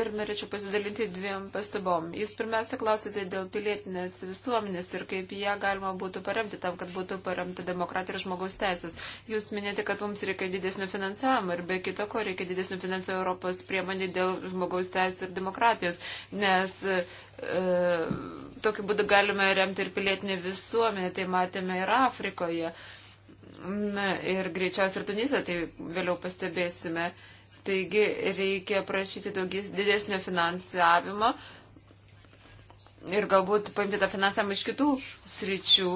ir norėčiau pasidalinti dviem pastabom. Jūs pirmiausia klausėte dėl pilietinės visuomenės ir kaip ją galima būtų paremti tam, kad būtų paremta demokratija ir žmogaus teisės. Jūs minėjote, kad mums reikia didesnio finansavimo ir be kito ko reikia didesnio finansavimo Europos priemonė dėl žmogaus teisės ir demokratijos, nes e, tokiu būdu galime remti ir pilietinę visuomenę, tai matėme ir Afrikoje. Na, ir greičiausiai ir Tunise, tai vėliau pastebėsime. E, Taigi reikia prašyti daugis didesnio finansavimo ir galbūt paimti tą finansavimą iš kitų sričių,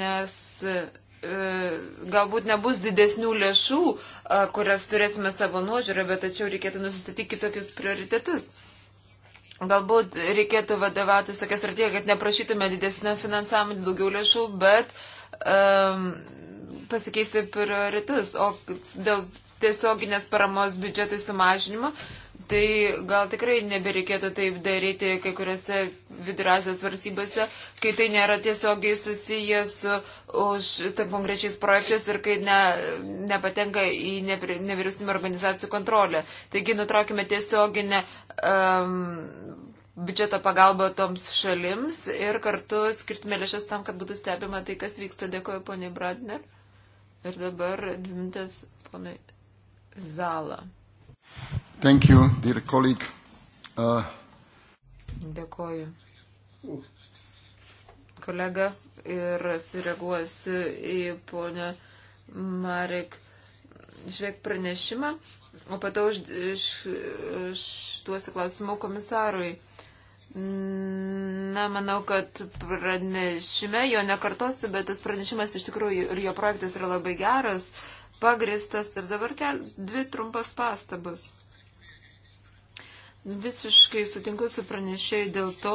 nes e, galbūt nebus didesnių lėšų, e, kurias turėsime savo nuožiūrą, bet tačiau reikėtų nusistatyti kitokius prioritetus. Galbūt reikėtų vadovauti tokia strategija, kad neprašytume didesnio finansavimo, daugiau lėšų, bet um, e, pasikeisti prioritus. O dėl tiesioginės paramos biudžetui sumažinimo, tai gal tikrai nebereikėtų taip daryti kai kuriuose vidurasios varsybose, kai tai nėra tiesiogiai susijęs su už tam konkrečiais projektais ir kai ne, nepatenka į nevyriausybinio organizacijų kontrolę. Taigi nutraukime tiesioginę. Um, biudžeto pagalbą toms šalims ir kartu skirtume lėšas tam, kad būtų stebima tai, kas vyksta. Dėkuoju, poniai Bradner. Ir dabar dvi minutės, ponai Zala. Thank you, dear colleague. Uh... Dėkoju. Kolega ir sureaguosiu į ponę Marek žvėk pranešimą, o pato už, iš, užduosiu klausimų komisarui. Na, manau, kad pranešime jo nekartosiu, bet tas pranešimas iš tikrųjų ir jo projektas yra labai geras. Uh, pagristas. Ir dabar kel, dvi trumpas pastabas. Visiškai sutinku su pranešėjui dėl to,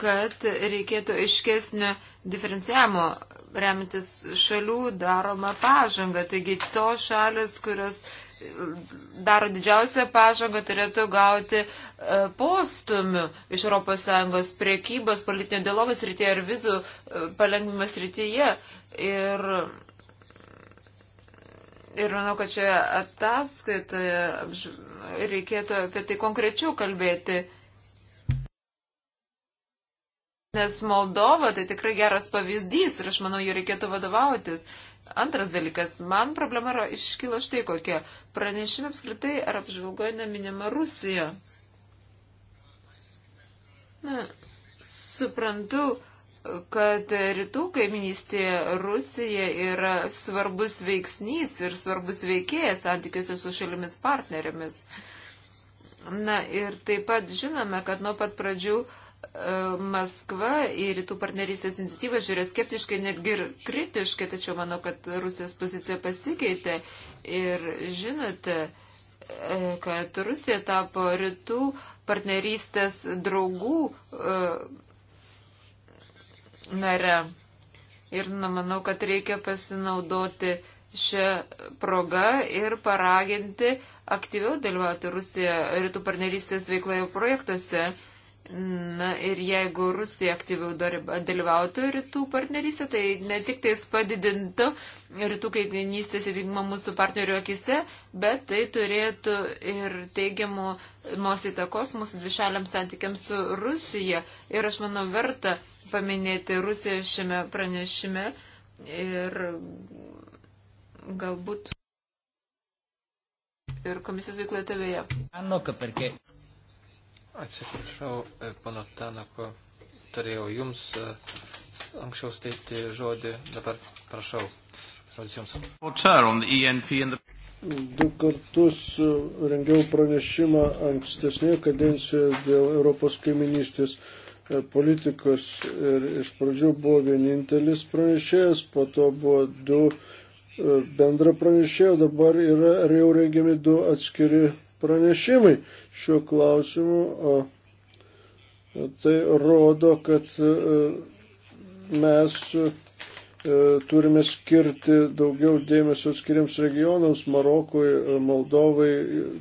kad reikėtų aiškesnio diferencijamo remintis šalių daroma pažanga. Taigi tos šalis, kurios daro didžiausią pažangą, turėtų gauti e, postumių iš ES priekybos, politinio dialogos rytyje ir vizų e, palengvimas rytyje. Ir Ir manau, kad šioje ataskaitoje reikėtų apie tai konkrečiau kalbėti. Nes Moldova tai tikrai geras pavyzdys ir aš manau, jų reikėtų vadovautis. Antras dalykas, man problema yra iškyla štai kokia. Pranešime apskritai ar apžvalgoje neminima Rusija. Na, suprantu, kad rytų kaiminystė Rusija yra svarbus veiksnys ir svarbus veikėjas santykiuose su šalimis partnerėmis. Na ir taip pat žinome, kad nuo pat pradžių e, Maskva į rytų partnerystės iniciatyvą žiūrė skeptiškai, netgi ir kritiškai, tačiau manau, kad Rusijos pozicija pasikeitė ir žinote, e, kad Rusija tapo rytų partnerystės draugų e, nare. Ir nu, manau, kad reikia pasinaudoti šią progą ir paraginti aktyviau dalyvauti Rusiją rytų partnerystės veikloje projektuose. Na ir jeigu Rusija aktyviau dalyvautų rytų partnerystė, tai ne tik tais padidintų rytų kaiminystės įvykdymą mūsų partnerių akise, bet tai turėtų ir teigiamų mos įtakos mūsų dvišaliams santykiams su Rusija. Ir aš manau verta paminėti Rusiją šiame pranešime ir galbūt ir komisijos veikloje tebėje. Atsiprašau, e, pana Tanako, turėjau jums e, anksčiau steigti žodį, dabar prašau, žodis jums. E du kartus rengiau pranešimą ankstesnėje kadencijoje dėl Europos kaiminystės politikos ir iš pradžių buvo vienintelis pranešėjas, po to buvo du bendra pranešėjo, dabar yra jau rengiami du atskiri pranešimai šiuo klausimu, o tai rodo, kad e, mes e, turime skirti daugiau dėmesio skiriams regionams - Marokui, e, Moldovai,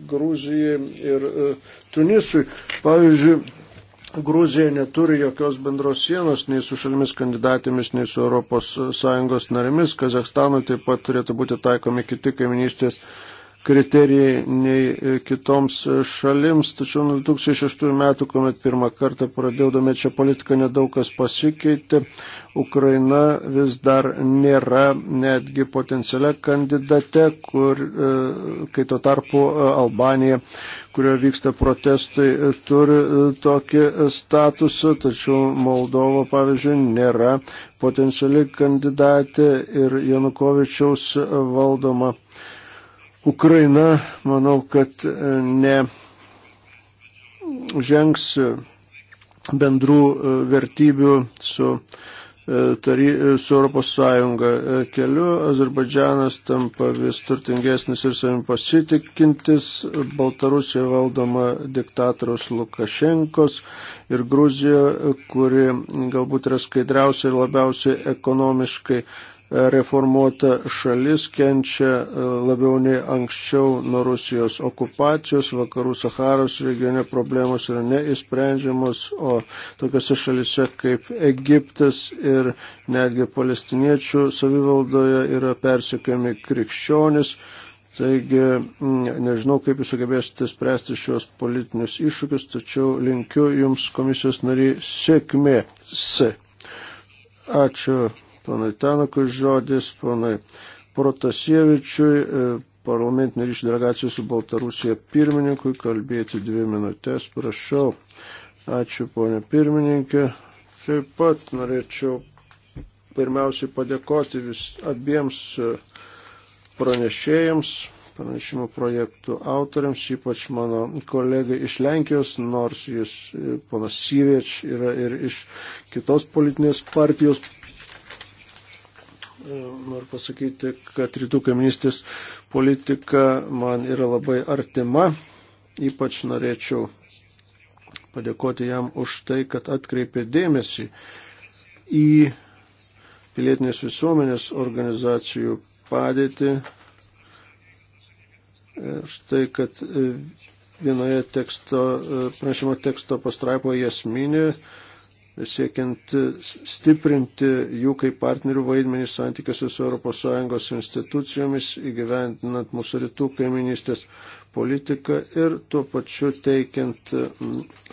Grūzijai ir Tunisui. Pavyzdžiui, Grūzija neturi jokios bendros sienos nei su šalimis kandidatėmis, nei su ES narėmis. Kazakstanui taip pat turėtų būti taikomi kiti kaiminystės kriterijai nei e, kitoms e, šalims, tačiau nuo 2006 metų, kuomet pirmą kartą pradėjau domėčią politiką, nedaug kas pasikeitė. Ukraina vis dar nėra netgi potencialia kandidate, kur, e, kai tuo tarpu Albanija, kurioje vyksta protestai, turi tokį statusą, tačiau Moldova, pavyzdžiui, nėra potenciali kandidatė ir Janukovičiaus valdoma Ukraina, manau, kad e, ne žengs e, bendrų e, vertybių su, tary, su Europos Sąjunga keliu. Azerbaidžianas tampa vis turtingesnis ir savim pasitikintis. Baltarusija valdoma diktatorius Lukašenkos ir Gruzija, kuri galbūt yra skaidriausia ir labiausiai ekonomiškai reformuota šalis kenčia e, labiau nei anksčiau nuo Rusijos okupacijos, vakarų Saharos regione problemos yra neįsprendžiamos, o tokiose šalise kaip Egiptas ir netgi palestiniečių savivaldoje yra persekiami krikščionis. Taigi nežinau, kaip jūs sugebėsite spręsti šios politinius iššūkius, tačiau linkiu jums komisijos nariai sėkmės. Ačiū ponai Tanakui žodis, ponai Protasievičiui, e, parlamentinių ryšių delegacijų su Baltarusija pirmininkui, kalbėti dvi minutės, prašau. Ačiū, ponė pirmininkė. Taip pat norėčiau pirmiausiai padėkoti vis abiems e, pranešėjams, pranešimų projektų autoriams, ypač mano kolegai iš Lenkijos, nors jis, e, ponas Syvieč, yra ir iš kitos politinės partijos noriu pasakyti, kad rytų kaiminystės politika man yra labai artima. Ypač norėčiau padėkoti jam už tai, kad atkreipė dėmesį į pilietinės visuomenės organizacijų padėtį. E, štai, kad e, vienoje teksto, e, pranešimo teksto pastraipoje jas mini, siekiant stiprinti jų kaip partnerių vaidmenį santykiuose su ES institucijomis, įgyventinant mūsų rytų kaiminystės politiką ir tuo pačiu teikiant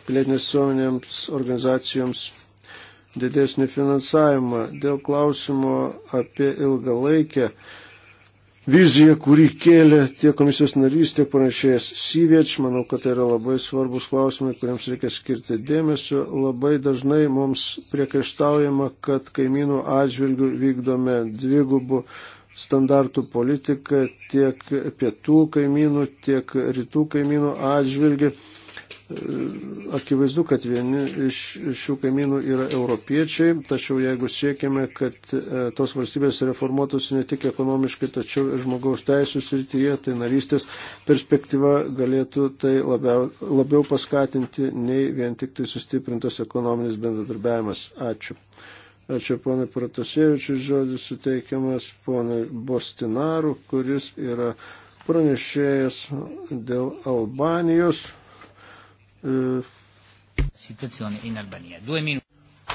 pilietinės suomenėms organizacijoms didesnį finansavimą. Dėl klausimo apie ilgalaikę viziją, kurį kėlė tiek komisijos narys, tiek pranešėjas Syvieč. Manau, kad tai yra labai svarbus klausimai, kuriems reikia skirti dėmesio. Labai dažnai mums priekaištaujama, kad kaimynų atžvilgių vykdome dvigubų standartų politiką tiek pietų kaimynų, tiek rytų kaimynų atžvilgių Akivaizdu, kad vieni iš šių kaimynų yra europiečiai, tačiau jeigu siekime, kad e, tos valstybės reformuotųsi ne tik ekonomiškai, tačiau ir žmogaus teisų srityje, tai narystės perspektyva galėtų tai labiau, labiau paskatinti nei vien tik tai sustiprintas ekonominis bendradarbiavimas. Ačiū. Ačiū ponai Pratasievičius, žodis suteikiamas ponai Bostinaru, kuris yra pranešėjas dėl Albanijos. Situacija in Albanija. Du minutai.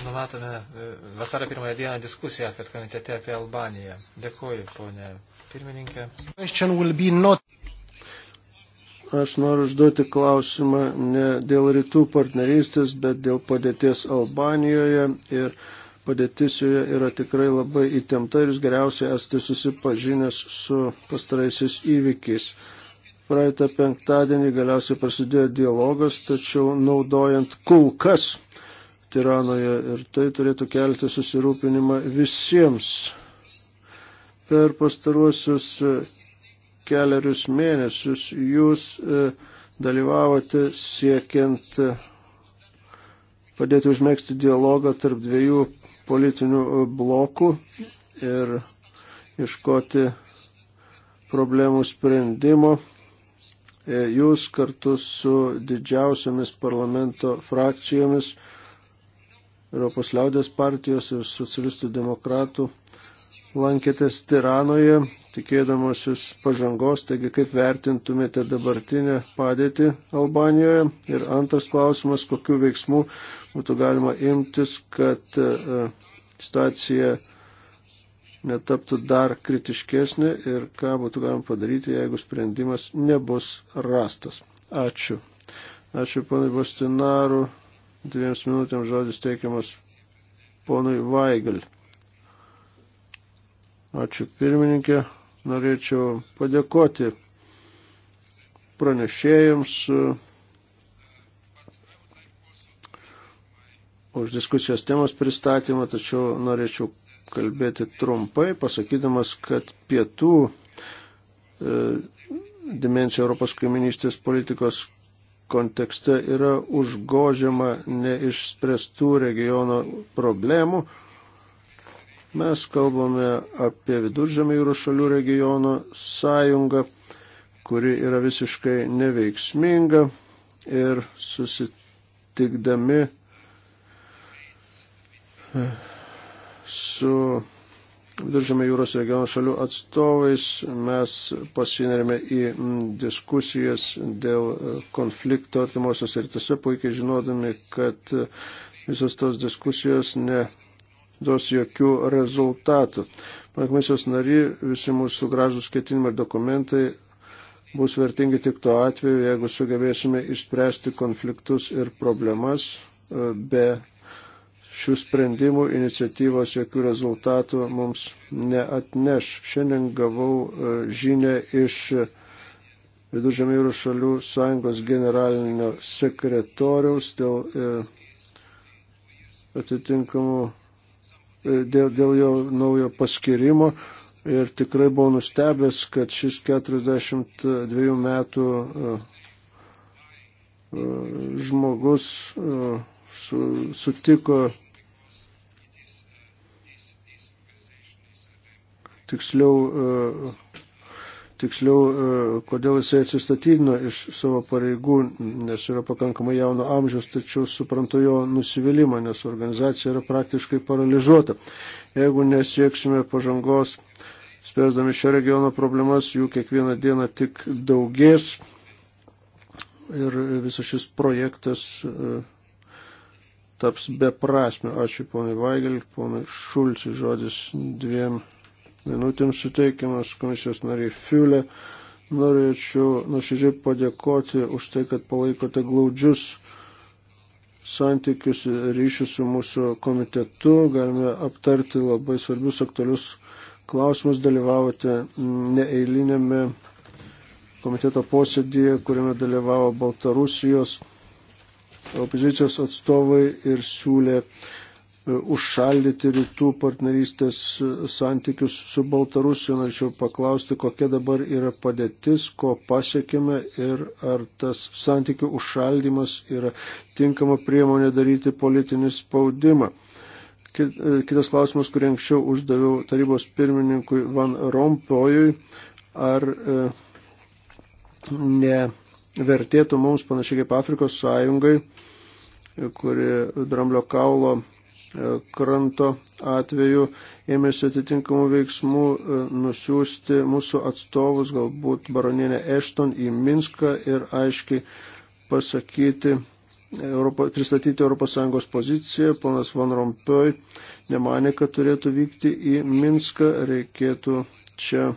Numatome e, vasaro pirmąją dieną diskusiją AFET komitete apie Albaniją. Dėkuoju, ponė pirmininkė. Aš noriu užduoti klausimą ne dėl rytų partnerystės, bet dėl padėties Albanijoje. Ir padėtis joje yra tikrai labai įtempta ir jūs geriausiai esate susipažinęs su pastaraisiais įvykiais. Praeitą penktadienį galiausiai prasidėjo dialogas, tačiau naudojant kulkas Tiranoje ir tai turėtų kelti susirūpinimą visiems. Per pastaruosius e, keliarius mėnesius jūs e, dalyvavote siekiant e, padėti užmėgsti dialogą tarp dviejų politinių blokų ir iškoti problemų sprendimo. E, jūs kartu su didžiausiamis parlamento frakcijomis Europos liaudės partijos ir socialistų demokratų lankėtės Tiranoje, tikėdamasis pažangos, taigi kaip vertintumėte dabartinę padėtį Albanijoje? Ir antras klausimas, kokiu veiksmu būtų galima imtis, kad e, situacija netaptų dar kritiškesnė ir ką būtų galima padaryti, jeigu sprendimas nebus rastas. Ačiū. Ačiū ponui Bostinaru. Dviems minutėms žodis teikiamas ponui Vaigal. Ačiū pirmininkė. Norėčiau padėkoti pranešėjams uh, už diskusijos temos pristatymą, tačiau norėčiau kalbėti trumpai, pasakydamas, kad pietų e, dimensija Europos kaiminystės politikos kontekste yra užgožiama neišspręstų regiono problemų. Mes kalbame apie viduržėmį jūrų šalių regiono sąjungą, kuri yra visiškai neveiksminga ir susitikdami e, su Viduržėmio jūros regiono šalių atstovais mes pasinerėme į diskusijas dėl e, konflikto artimuosios rytuose, puikiai žinodami, kad e, visos tos diskusijos neduos jokių rezultatų. Komisijos nari, visi mūsų gražus ketinimai ir dokumentai bus vertingi tik tuo atveju, jeigu sugebėsime išspręsti konfliktus ir problemas e, be šių sprendimų iniciatyvos jokių rezultatų mums neatneš. Šiandien gavau e, žinę iš Viduržėmė jūrų šalių sąjungos generalinio sekretoriaus dėl e, atitinkamų, e, dėl, dėl jo naujo paskirimo. Ir tikrai buvau nustebęs, kad šis 42 metų žmogus sutiko tiksliau, e, tiksliau e, kodėl jisai atsistatydino iš savo pareigų, nes yra pakankamai jauno amžiaus, tačiau suprantu jo nusivylimą, nes organizacija yra praktiškai paralyžiuota. Jeigu nesieksime pažangos, spręsdami šio regiono problemas, jų kiekvieną dieną tik daugės. Ir visas šis projektas e, taps beprasme. Ačiū ponai Vaigel, ponai Šulci, žodis dviem minutėms suteikiamas komisijos nariai Fiulė. Norėčiau nuoširdžiai padėkoti už tai, kad palaikote glaudžius santykius ir ryšius su mūsų komitetu. Galime aptarti labai svarbius aktualius klausimus. Dalyvavote neeilinėme komiteto posėdėje, kuriame dalyvavo Baltarusijos opozicijos atstovai ir siūlė užšaldyti rytų partnerystės e, santykius su Baltarusiu. Norėčiau paklausti, kokia dabar yra padėtis, ko pasiekime ir ar tas santykių užšaldymas yra tinkama priemonė daryti politinį spaudimą. E, kitas klausimas, kurį anksčiau uždaviau tarybos pirmininkui Van Rompojui, ar e, nevertėtų mums panašiai kaip Afrikos sąjungai, kuri dramblio kaulo E, kranto atveju ėmėsi atitinkamų veiksmų e, nusiųsti mūsų atstovus, galbūt baronienę Ešton į Minską ir aiškiai pasakyti, Europo, pristatyti ES poziciją. Ponas Van Rompuy nemanė, kad turėtų vykti į Minską, reikėtų čia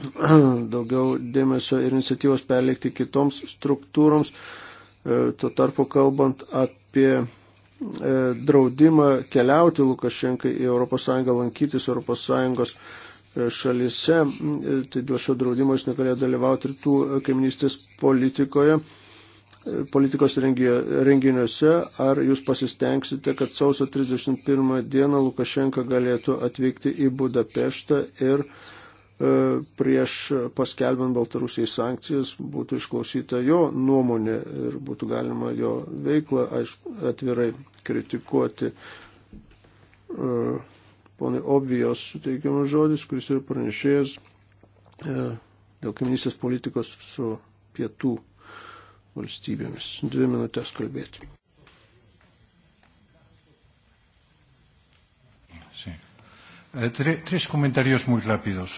(clears throat) daugiau dėmesio ir iniciatyvos perlikti kitoms struktūroms. E, tuo tarpu kalbant apie E, draudimą keliauti Lukašenkai į ES, lankytis ES e, šalise. E, tai dėl šio draudimo jis negalėjo dalyvauti rytų kaiminystės politikoje, politikos renginiuose. Ar jūs pasistengsite, kad sausio 31 dieną Lukašenka galėtų atvykti į Budapeštą ir uh, E, prieš paskelbant Baltarusijai sankcijas būtų išklausyta jo nuomonė ir būtų galima jo veiklą atvirai kritikuoti. E, ponai Obvijos suteikiamas žodis, kuris yra pranešėjęs e, dėl kaiminystės politikos su pietų valstybėmis. Dvi minutės kalbėti. Eh, tres comentarios muy rápidos.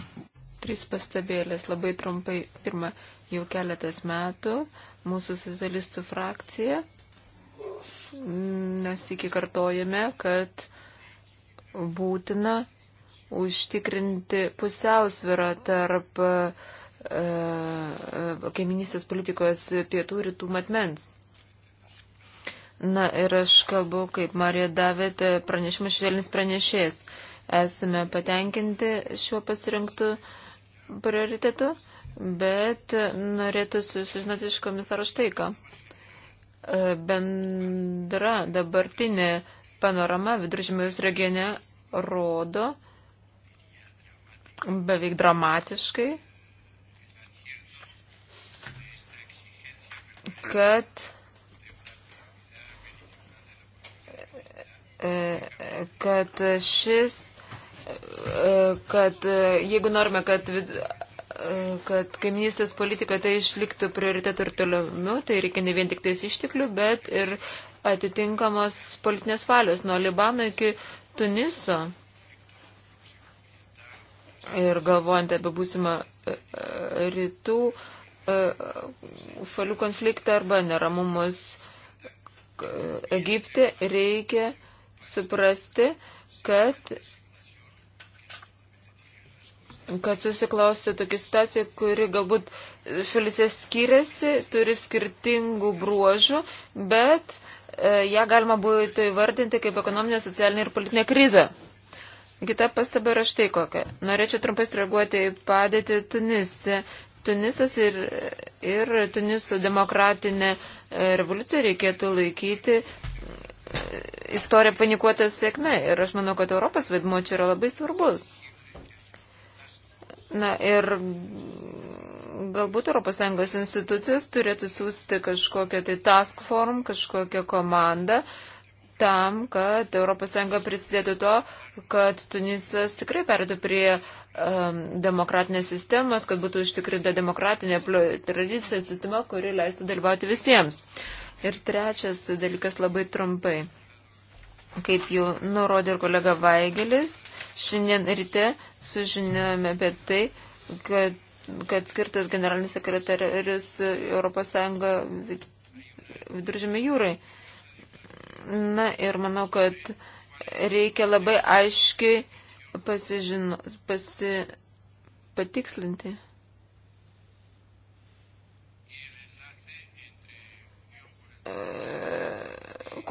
Tris pastabėlės labai trumpai. Pirma, jau keletas metų mūsų socialistų frakcija mes iki kartojame, kad būtina užtikrinti pusiausvirą tarp e, e, kaiminystės politikos pietų rytų matmens. Na ir aš kalbu, kaip Marija davėte pranešimą švelnis pranešės. Esame patenkinti šiuo pasirinktu uh, prioritetu, bet norėtųsi sužinoti iš komisaro štai ką. E, bendra dabartinė panorama viduržymėjus regione rodo beveik dramatiškai, kad e, e, kad šis kad e, jeigu norime, kad, e, kad kaiminystės politika tai išliktų prioritetų ir toliau, tai reikia ne vien tik tais išteklių, bet ir atitinkamos politinės valios nuo Libano iki Tuniso. Ir galvojant apie būsimą e, rytų šalių konfliktą arba neramumus Egipte, reikia suprasti, kad kad susiklausti tokia situacija, kuri galbūt šalise skiriasi, turi skirtingų bruožų, bet e, ją galima būtų įvardinti kaip ekonominė, socialinė ir politinė krizė. Kita pastaba yra štai kokia. Norėčiau trumpai streguoti į padėtį Tunise. Tunisas ir, ir Tuniso demokratinė e, revoliucija reikėtų laikyti e, istorija panikuota sėkme. Ir aš manau, kad Europos vaidmuo čia yra labai svarbus. Na ir galbūt ES institucijos turėtų siūsti kažkokią tai task form, kažkokią komandą tam, kad ES prisidėtų to, kad Tunisas tikrai perėtų prie um, demokratinės sistemas, kad būtų užtikrinta demokratinė tradicija sistema, kuri leistų dalyvauti visiems. Ir trečias dalykas labai trumpai. Kaip jau nurodė ir kolega Vaigelis, Šiandien ryte sužinojome apie tai, kad, kad skirtas generalinis sekretarius ES viduržėmė jūrai. Na ir manau, kad reikia labai aiškiai pasižino, pasi, patikslinti. E,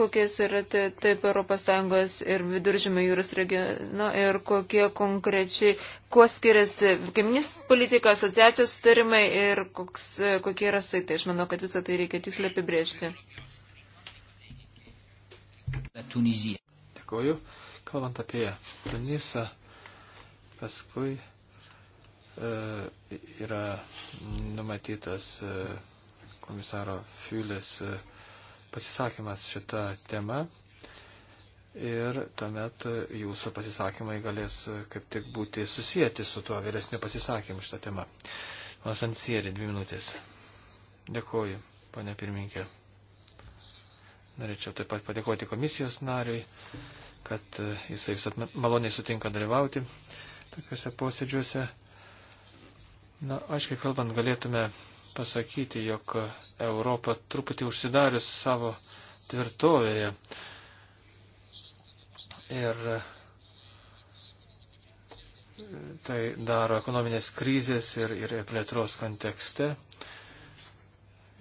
kokias yra taip ES ir viduržymio jūros regiono ir kokie konkrečiai, kuo skiriasi kaiminis politika, asociacijos sutarimai ir koks, kokie yra saitai. Aš manau, kad visą tai reikia tiksliai apibrėžti. Dėkuoju. Kalbant apie Tunisą, paskui e, yra numatytas e, komisaro Fiulės. E, pasisakymas šitą temą ir tuomet jūsų pasisakymai galės e, kaip tik būti susijęti su tuo vėlesniu pasisakymu šitą temą. Mas ant sėri, dvi minutės. Dėkuoju, ponė pirminkė. Norėčiau taip pat padėkoti komisijos nariui, kad e, jisai visat maloniai sutinka dalyvauti tokiuose posėdžiuose. Na, aiškiai kalbant, galėtume pasakyti, jog Europa truputį užsidarius savo tvirtovėje. Ir tai daro ekonominės krizės ir, ir plėtros kontekste.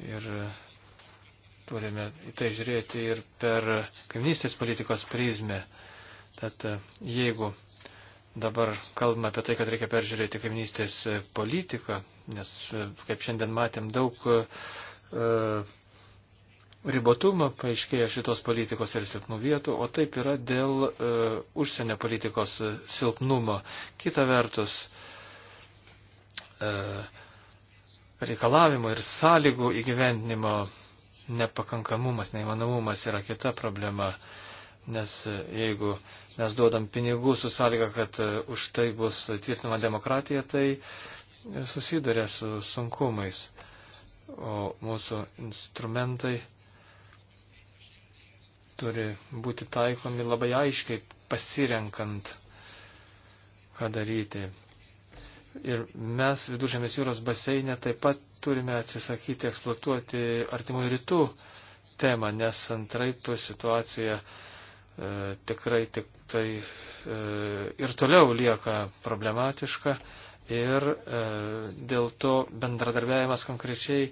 Ir turime į tai žiūrėti ir per kaiminystės politikos prizmę. Tad e, jeigu dabar kalbame apie tai, kad reikia peržiūrėti kaiminystės politiką, nes, e, kaip šiandien matėm, daug e, e, ribotumo paaiškėjo šitos politikos ir silpnų vietų, o taip yra dėl e, užsienio politikos silpnumo. Kita vertus, e, reikalavimų ir sąlygų įgyvendinimo nepakankamumas, neįmanomumas yra kita problema, nes jeigu mes duodam pinigų su sąlyga, kad už tai bus tvirtinama demokratija, tai susiduria su sunkumais, o mūsų instrumentai turi būti taikomi labai aiškiai pasirenkant, ką daryti. Ir mes viduržėmės jūros baseinė taip pat turime atsisakyti eksploatuoti artimųjų rytų temą, nes antraip situacija e, tikrai tik tai e, ir toliau lieka problematiška ir e, dėl to bendradarbiavimas konkrečiai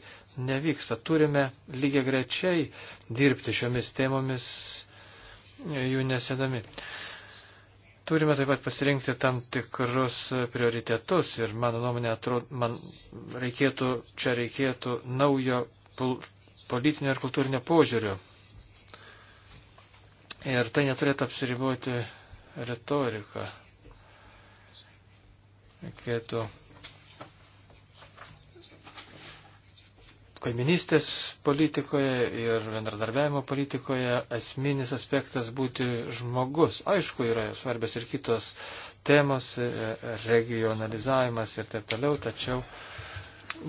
nevyksta. Turime lygiai grečiai dirbti šiomis temomis, e, jų nesėdami. Turime taip pat pasirinkti tam tikrus prioritetus ir mano nuomonė, atrodo, man reikėtų, čia reikėtų naujo politinio ir kultūrinio požiūrio. Ir tai neturėtų apsiriboti retoriką reikėtų kaiminystės politikoje ir bendradarbiavimo politikoje esminis aspektas būti žmogus. Aišku, yra svarbios ir kitos temos, regionalizavimas ir taip toliau, tačiau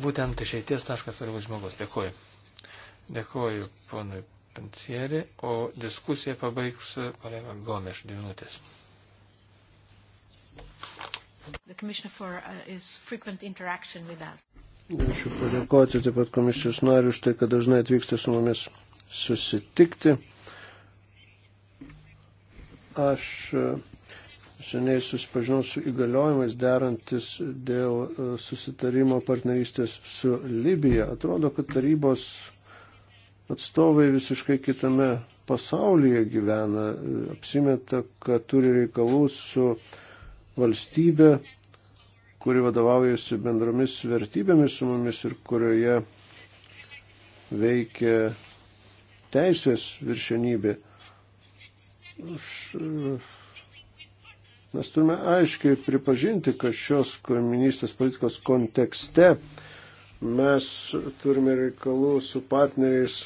būtent išeities taškas turi būti žmogus. Dėkuoju. Dėkuoju ponui Pensieri, o diskusiją pabaigs kolega Gomeš dvi minutės. Uh, Ačiū padėkoti taip pat komisijos nariu už tai, kad dažnai atvyksta su mumis susitikti. Aš e, seniai susipažinau su įgaliojimais derantis dėl e, susitarimo partnerystės su Libija. Atrodo, kad tarybos atstovai visiškai kitame pasaulyje gyvena, e, apsimeta, kad turi reikalų su valstybę, kuri vadovaujasi bendromis vertybėmis su mumis ir kurioje veikia teisės viršenybė. Aš, e, mes turime aiškiai pripažinti, kad šios komunistės politikos kontekste mes turime reikalų su partneriais,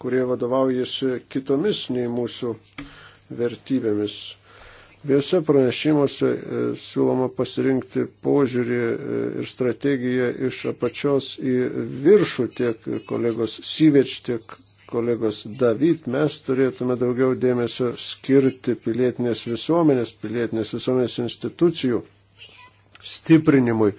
kurie vadovaujasi kitomis nei mūsų vertybėmis. Visose pranešimuose e, siūloma pasirinkti požiūrį e, ir strategiją iš apačios į viršų tiek kolegos Syveč, tiek kolegos David. Mes turėtume daugiau dėmesio skirti pilietinės visuomenės, pilietinės visuomenės institucijų stiprinimui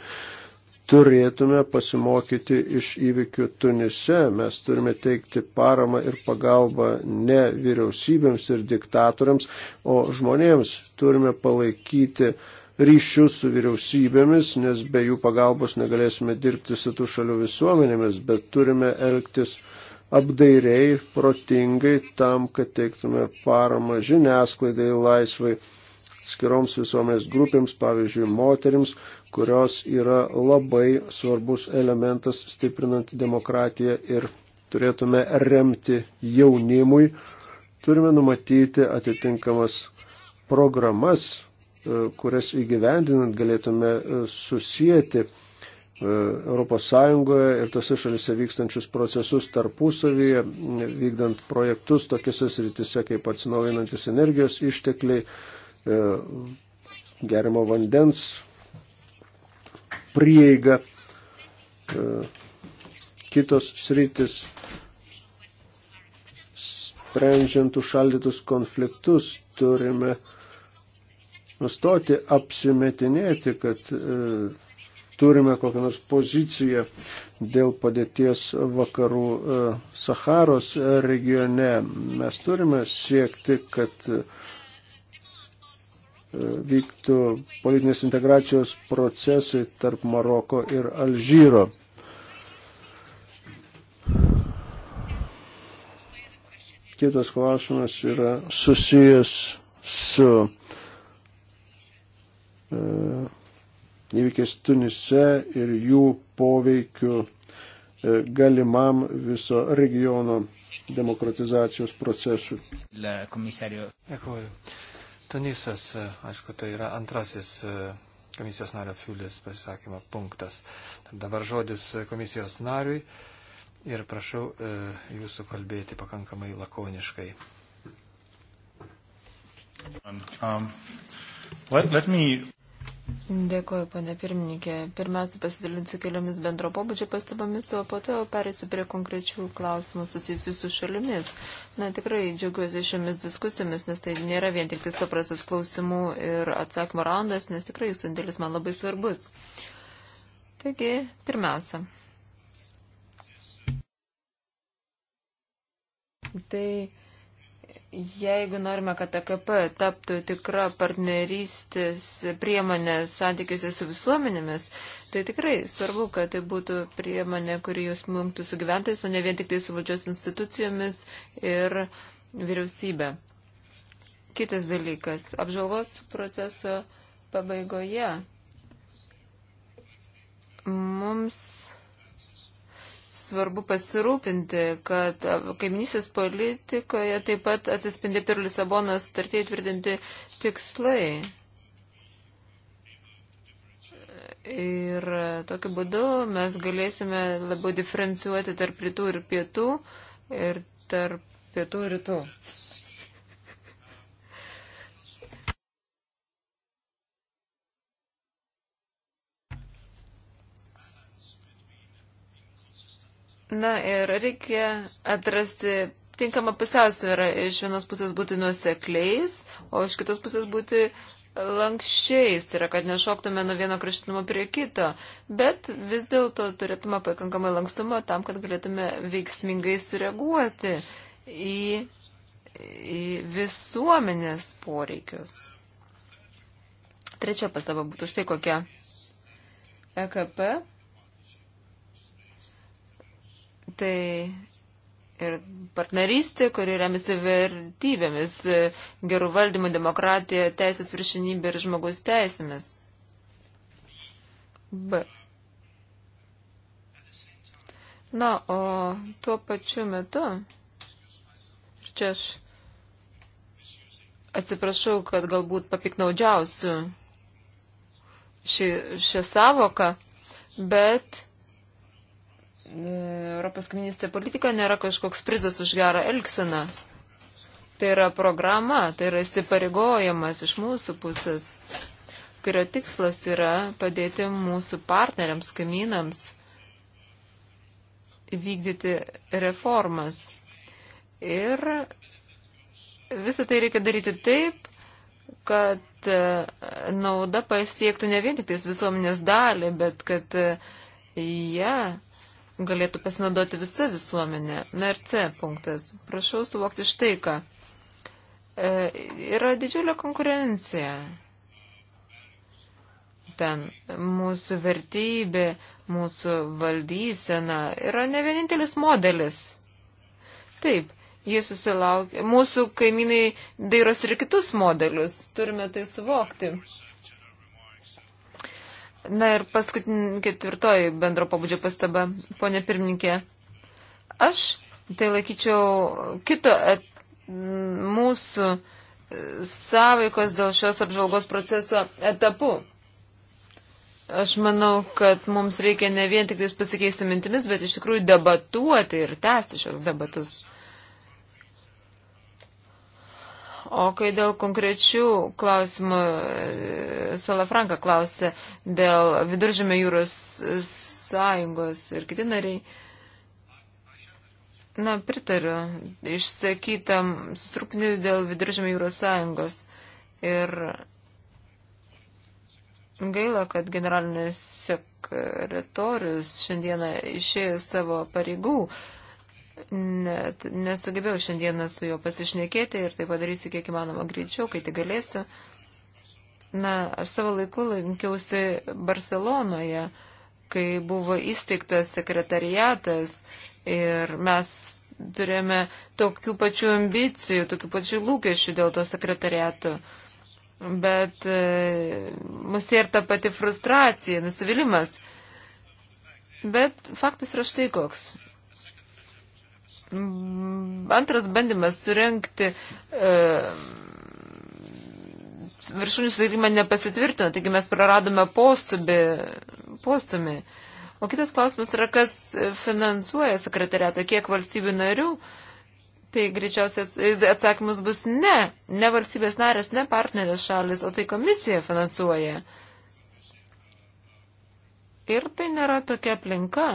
turėtume pasimokyti iš įvykių Tunise. Mes turime teikti paramą ir pagalbą ne vyriausybėms ir diktatoriams, o žmonėms turime palaikyti ryšius su vyriausybėmis, nes be jų pagalbos negalėsime dirbti su tų šalių visuomenėmis, bet turime elgtis apdairiai, protingai tam, kad teiktume paramą žiniasklaidai laisvai skiroms visuomenės grupėms, pavyzdžiui, moteriams, kurios yra labai svarbus elementas stiprinant demokratiją ir turėtume remti jaunimui. Turime numatyti atitinkamas programas, e, kurias įgyvendinant galėtume e, susijęti ES ir tose šalise vykstančius procesus tarpusavyje, vykdant projektus tokiuose sritise kaip atsinaujinantis energijos ištekliai, e, gerimo vandens prieiga, e, kitos sritis, sprendžiant užšaldytus konfliktus, turime nustoti apsimetinėti, kad e, turime kokią nors poziciją dėl padėties vakarų e, Saharos regione. Mes turime siekti, kad E, vyktų politinės integracijos procesai tarp Maroko ir Alžyro. Kitas klausimas yra susijęs su uh, e, įvykiais Tunise ir jų poveikiu e, galimam viso regiono demokratizacijos procesui. Dėkuoju. Tunisas, e, aišku, tai yra antrasis e, komisijos nario Fiulis pasisakymo punktas. Tad dabar žodis e, komisijos nariui ir prašau jūsų kalbėti pakankamai lakoniškai. Um, let, let me... Dėkuoju, ponė pirmininkė. Pirmiausia, pasidalinsiu keliomis bendro pobūdžio pastabomis, o po to perėsiu prie konkrečių klausimų susijusių su šalimis. Na, tikrai džiaugiuosi šiomis diskusijomis, nes tai nėra vien tik tai paprastas klausimų ir atsakymų raundas, nes tikrai jūsų indėlis man labai svarbus. Taigi, pirmiausia. Tai jeigu norime, kad AKP taptų tikra partnerystės priemonė santykiuose su visuomenėmis, tai tikrai svarbu, kad tai būtų priemonė, kuri jūs mumtų su gyventojais, o ne vien tik tai su valdžios institucijomis ir vyriausybė. Kitas dalykas. Apžalvos proceso pabaigoje mums svarbu pasirūpinti, kad kaiminysis politikoje taip pat atsispindėtų ir Lisabonos startiai tvirtinti tikslai. Ir tokiu būdu mes galėsime labiau diferencijuoti tarp rytų ir pietų ir tarp pietų ir rytų. Na ir reikia atrasti tinkamą pusiausvyrą. Iš vienos pusės būti nuosekliais, o iš kitos pusės būti lankščiais, tai yra, kad nešoktume nuo vieno kraštutinumo prie kito, bet vis dėlto turėtume pakankamai lankstumo tam, kad galėtume veiksmingai sureaguoti į, į visuomenės poreikius. Trečia pasaba būtų štai kokia. EKP Tai ir partnerystė, kuri remiasi vertybėmis, gerų valdymų, demokratija, teisės viršinybė ir žmogus teisėmis. B. Na, o tuo pačiu metu, ir čia aš atsiprašau, kad galbūt papiknaudžiausiu šį, šią savoką, bet Europos kaiminystė politika nėra kažkoks prizas už gerą elgseną. Tai yra programa, tai yra įsipareigojimas iš mūsų pusės, kurio tikslas yra padėti mūsų partneriams, kaimynams vykdyti reformas. Ir visą tai reikia daryti taip, kad e, nauda pasiektų ne vien tik tais visuomenės dalį, bet kad e, jie ja, galėtų pasinaudoti visa visuomenė. Na ir C punktas. Prašau suvokti štai ką. E, yra didžiulė konkurencija. Ten mūsų vertybė, mūsų valdysena yra ne vienintelis modelis. Taip, jie susilaukia. Mūsų kaimynai dairos ir kitus modelius. Turime tai suvokti. Na ir paskutinė ketvirtoji bendro pabudžio pastaba, ponė pirmininkė. Aš tai laikyčiau kito et, mūsų e, savaikos dėl šios apžvalgos proceso etapu. Aš manau, kad mums reikia ne vien tik pasikeisti mintimis, bet iš tikrųjų debatuoti ir tęsti šios debatus. O kai dėl konkrečių klausimų, e, Salafranka klausė dėl viduržėmio jūros sąjungos ir kiti nariai. Na, pritariu išsakytam susirūpiniu dėl viduržėmio jūros sąjungos. Ir gaila, kad generalinis sekretorius šiandieną išėjo savo pareigų. Uh, net nesugebėjau šiandieną su juo pasišnekėti ir tai padarysiu kiek įmanoma greičiau, kai tik galėsiu. Na, aš savo laiku lankiausi Barcelonoje, kai buvo įsteigtas sekretariatas ir mes turėjome tokių pačių ambicijų, tokių pačių lūkesčių dėl to sekretariato. Bet e, mus ir ta pati frustracija, nusivylimas. Bet faktas yra štai koks. Mm, antras bandymas surenkti e, viršūnių susitikimą nepasitvirtino, taigi mes praradome postumį. postumį. O kitas klausimas yra, kas finansuoja sekretariatą, kiek valstybių narių. Tai greičiausiai atsakymas bus ne, ne valstybės narės, ne partnerės šalis, o tai komisija finansuoja. Ir tai nėra tokia aplinka,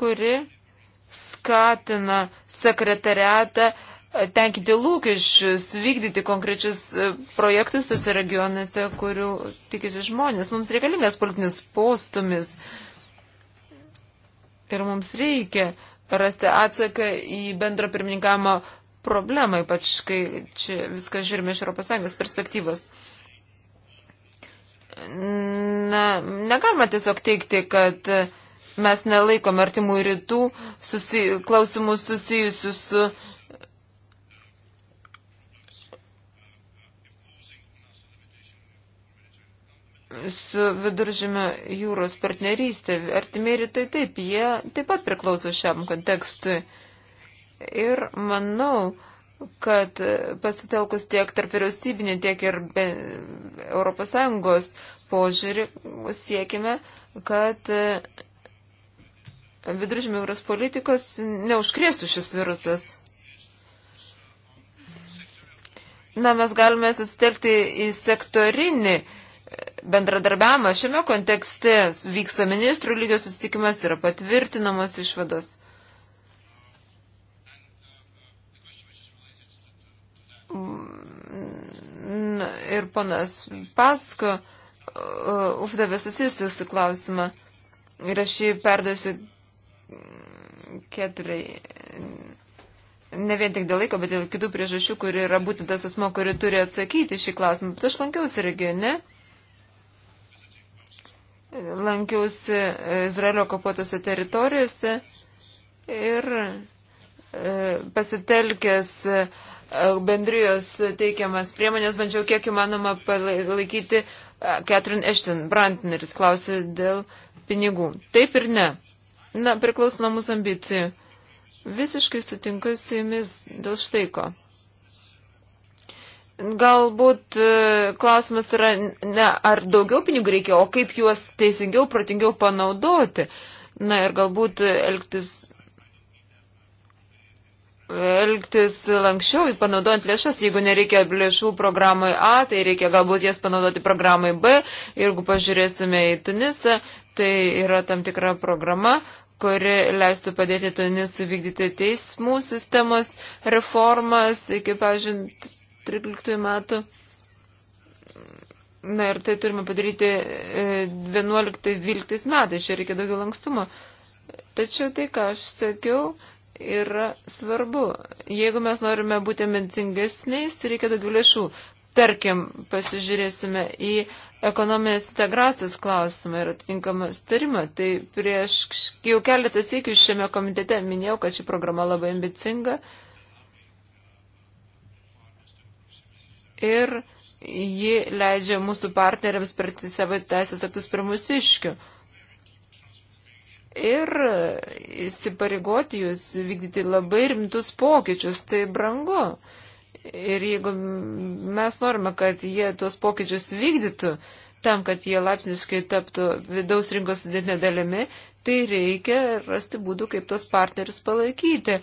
kuri skatina sekretariatą e, tenkinti lūkesčius, vykdyti konkrečius e, projektus tose regionuose, kurių tikisi žmonės. Mums reikalingas politinis postumis ir mums reikia rasti atsaką į bendrą pirmininkavimo problemą, ypač kai čia viską žiūrime iš ES perspektyvos. Na, negalima tiesiog teikti, kad uh, mes nelaikom artimų rytų susi, klausimų susijusių su. su viduržymio jūros partnerystė. Artimiai rytai taip, jie taip pat priklauso šiam kontekstui. Ir manau, kad pasitelkus tiek tarp vyriausybinį, tiek ir ES požiūrį siekime, kad viduržymio jūros politikos neužkrėstų šis virusas. Na, mes galime susitelkti į sektorinį bendradarbiavimą. Šiame kontekste vyksta ministrų lygio susitikimas, yra patvirtinamos išvados. Na, ir ponas Pasko uh, uždavė susijusius klausimą. Ir aš jį perduosiu keturi, ne vien tik dėl laiko, bet dėl kitų priežasčių, kur yra būtent tas asmo, kuri turi atsakyti šį klausimą. Bet aš lankiausi regione, lankiausi Izraelio kapotose teritorijose ir e, pasitelkęs e, bendrijos teikiamas priemonės bandžiau kiek įmanoma palaikyti e, Catherine Ashton. Brantneris klausė dėl pinigų. Taip ir ne. Na, priklauso nuo mūsų ambicijų. Visiškai sutinku su jumis dėl štai ko. Galbūt e, klausimas yra ne ar daugiau pinigų reikia, o kaip juos teisingiau, protingiau panaudoti. Na ir galbūt elgtis, elgtis lankščiau, panaudojant lėšas, jeigu nereikia lėšų programai A, tai reikia galbūt jas panaudoti programai B. Ir jeigu pažiūrėsime į Tunisą, tai yra tam tikra programa, kuri leistų padėti Tunisui vykdyti teismų sistemos reformas iki, pavyzdžiui, 13 metų. Na ir tai turime padaryti 11-12 e, metais, čia reikia daugiau lankstumo. Tačiau tai, ką aš sakiau, yra svarbu. Jeigu mes norime būti medicingesniais, reikia daugiau lėšų. Tarkim, pasižiūrėsime į ekonominės integracijos klausimą ir atitinkamą starimą. Tai prieš jau keletas įkių šiame komitete minėjau, kad ši programa labai ambicinga. Ir ji leidžia mūsų partneriams per savo teisės aktus pirmus iškių. Ir įsipareigoti jūs vykdyti labai rimtus pokyčius, tai brangu. Uh, Ir jeigu mes norime, kad jie tuos pokyčius vykdytų, tam, kad jie laipsniškai taptų vidaus rinkos sudėtinė dalimi, tai reikia rasti būdų, kaip tos partnerius palaikyti.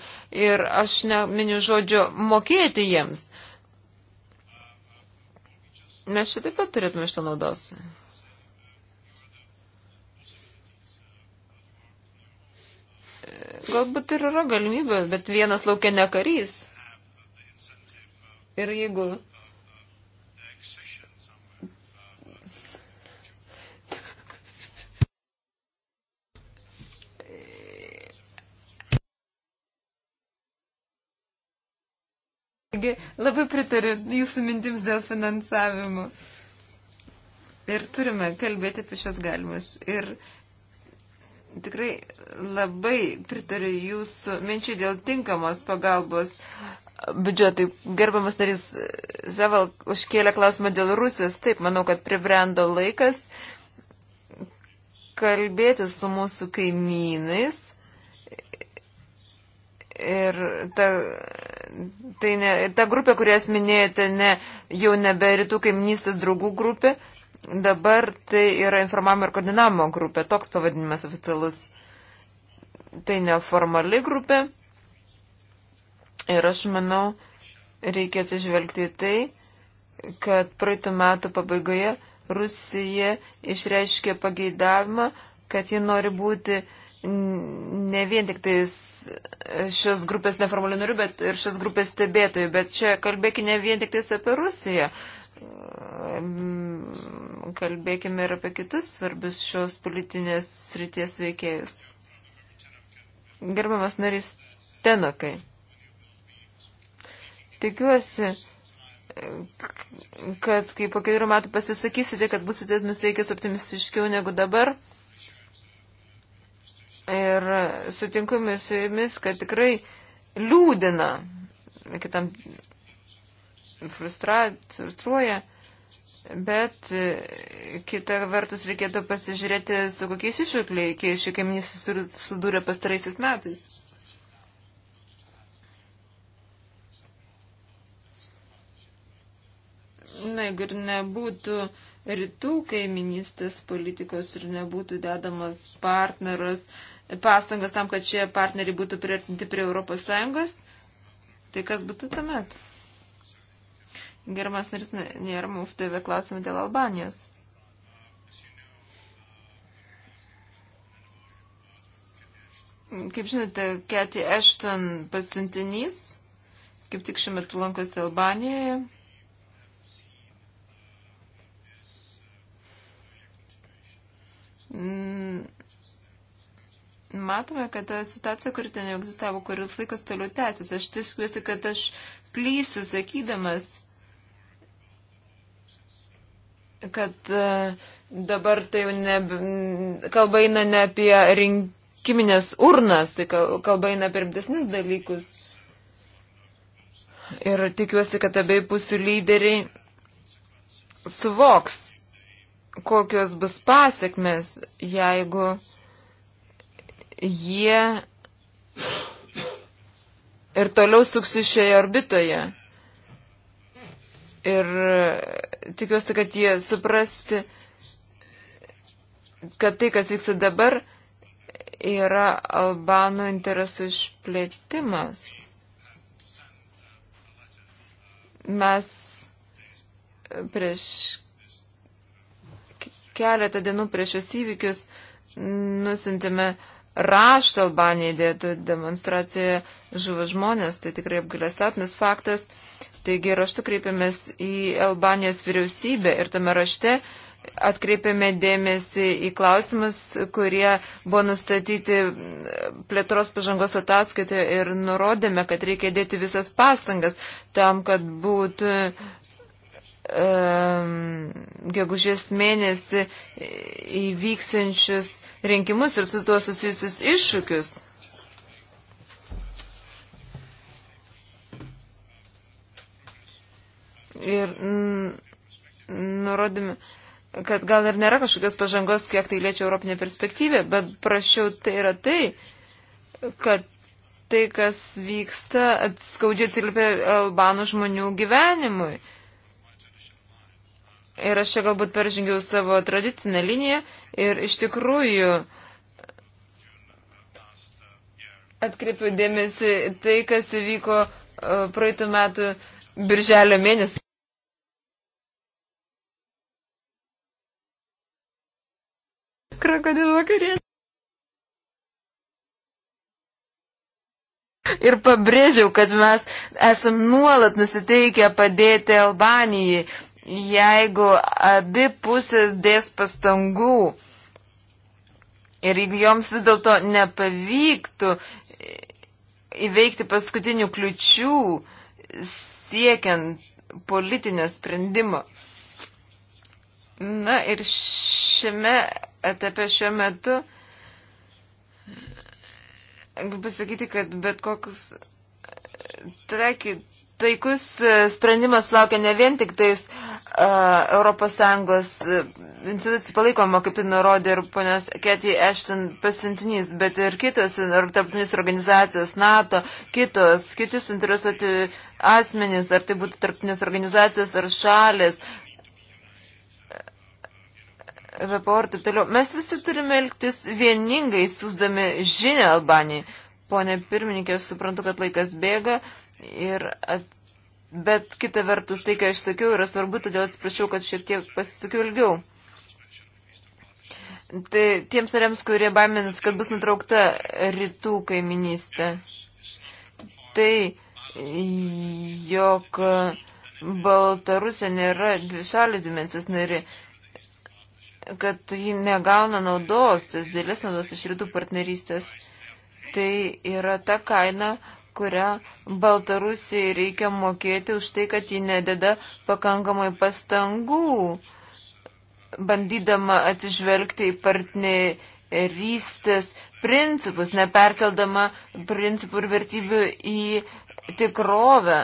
Ir aš neminiu žodžio mokėti jiems. Mes šitaip pat turėtume iš to naudos. Galbūt ir yra galimybė, bet vienas laukia ne karys. Ir jeigu Taigi labai pritariu jūsų mintims dėl finansavimo. Ir turime kalbėti apie šios galimus. Ir tikrai labai pritariu jūsų minčiai dėl tinkamos pagalbos biudžetui. Gerbiamas narys Zeval užkėlė klausimą dėl Rusijos. Taip, manau, kad pribrendo laikas kalbėti su mūsų kaimynais. Ir ta, tai ne, ta grupė, kurias minėjote, ne, jau nebe rytų kaiminystės draugų grupė, dabar tai yra informavimo ir koordinavimo grupė, toks pavadinimas oficialus. Tai neformali grupė. Ir aš manau, reikia atsižvelgti į tai, kad praeitų metų pabaigoje Rusija išreiškė pageidavimą, kad ji nori būti ne vien tik tais šios grupės neformalių narių, bet ir šios grupės stebėtojų. Bet čia kalbėkime ne vien tik tais apie Rusiją. Mm, kalbėkime ir apie kitus svarbius šios politinės srities veikėjus. Gerbiamas narys Tenokai. Tikiuosi, kad kai po keturių metų pasisakysite, kad busite nusteikęs optimistiškiau negu dabar. Ir sutinkame su jumis, kad tikrai liūdina, kitam frustruoja, bet e, kita vertus reikėtų pasižiūrėti, su kokiais iššūkliais šie kaimynys susidūrė pastaraisiais metais. Na, jeigu ir nebūtų rytų kaiminystės politikos ir nebūtų dedamas partneras, pastangas tam, kad šie partneriai būtų priartinti prie ES, tai kas būtų tuomet? Germas Naris Nėram uždavė klausimą dėl Albanijos. Kaip žinote, Keti Ashton pasiuntinys, kaip tik šiuo metu lankosi Albanijoje. Mm, matome, kad ta situacija, kuri ten egzistavo kuris laikas toliau tęsis. Aš tikiuosi, kad aš klysiu sakydamas, kad e, dabar tai jau ne, kalba eina ne apie rinkiminės urnas, tai kalba eina apie rimtesnius dalykus. Ir tikiuosi, kad abiejų pusių lyderiai suvoks kokios bus pasiekmes, jeigu jie ir toliau suksi šioje orbitoje. Ir e, tikiuosi, kad jie suprasti, kad tai, kas vyksta dabar, yra Albanų interesų išplėtimas. Mes prieš keletą dienų prieš šios įvykius nusintėme raštą Albanijai dėtų demonstracijoje žuvo žmonės, tai tikrai apgalėsatnis faktas. Taigi raštu kreipėmės į Albanijos vyriausybę ir tame rašte atkreipėme dėmesį į klausimus, kurie buvo nustatyti plėtros pažangos ataskaitoje ir nurodėme, kad reikia dėti visas pastangas tam, kad būtų gegužės mėnesį įvyksiančius rinkimus ir su tuo susijusius iššūkius. Ir nurodėme, kad gal ir nėra kažkokios pažangos, kiek tai liečia Europinė perspektyvė, bet prašiau tai yra tai, kad tai, kas vyksta, skaudžiai atsiliepia albanų žmonių gyvenimui. Ir aš čia galbūt peržengiau savo tradicinę liniją ir iš tikrųjų atkreipiu dėmesį tai, kas įvyko e, praeitų metų birželio mėnesį. Krokodilo vakarienė. Ir pabrėžiau, kad mes esam nuolat nusiteikę padėti Albanijai, jeigu abi pusės dės pastangų ir jeigu joms vis dėlto nepavyktų įveikti paskutinių kliučių siekiant politinio sprendimo. Na ir šiame etape šiuo metu galiu pasakyti, kad bet kokius e, taikį, taikus e, sprendimas laukia ne vien tik tais uh, ES e, institucijų palaikoma, kaip tai nurodė ir ponios Keti Ashton pasiuntinys, bet ir kitos tarptautinės organizacijos, NATO, kitos, kitus interesuoti asmenys, ar tai būtų tarptautinės organizacijos ar šalis, VPO ir taip toliau. Mes visi turime elgtis vieningai, siūsdami žinę Albanijai. Pone pirmininkė, aš suprantu, kad laikas bėga ir atsiprašau Bet kita vertus, tai, ką aš sakiau, yra svarbu, todėl atsiprašau, kad šiek tiek pasisakiau ilgiau. Tai tiems ariams, kurie baimins, kad bus nutraukta rytų kaiminystė, tai jog Baltarusija nėra dvišalių dimensijos nari, kad ji negauna naudos, tas dėlės naudos iš rytų partnerystės, tai yra ta kaina, kurią Baltarusijai reikia mokėti už tai, kad ji nededa pakankamai pastangų, bandydama atsižvelgti į partnerystės principus, neperkeldama principų ir vertybių į tikrovę.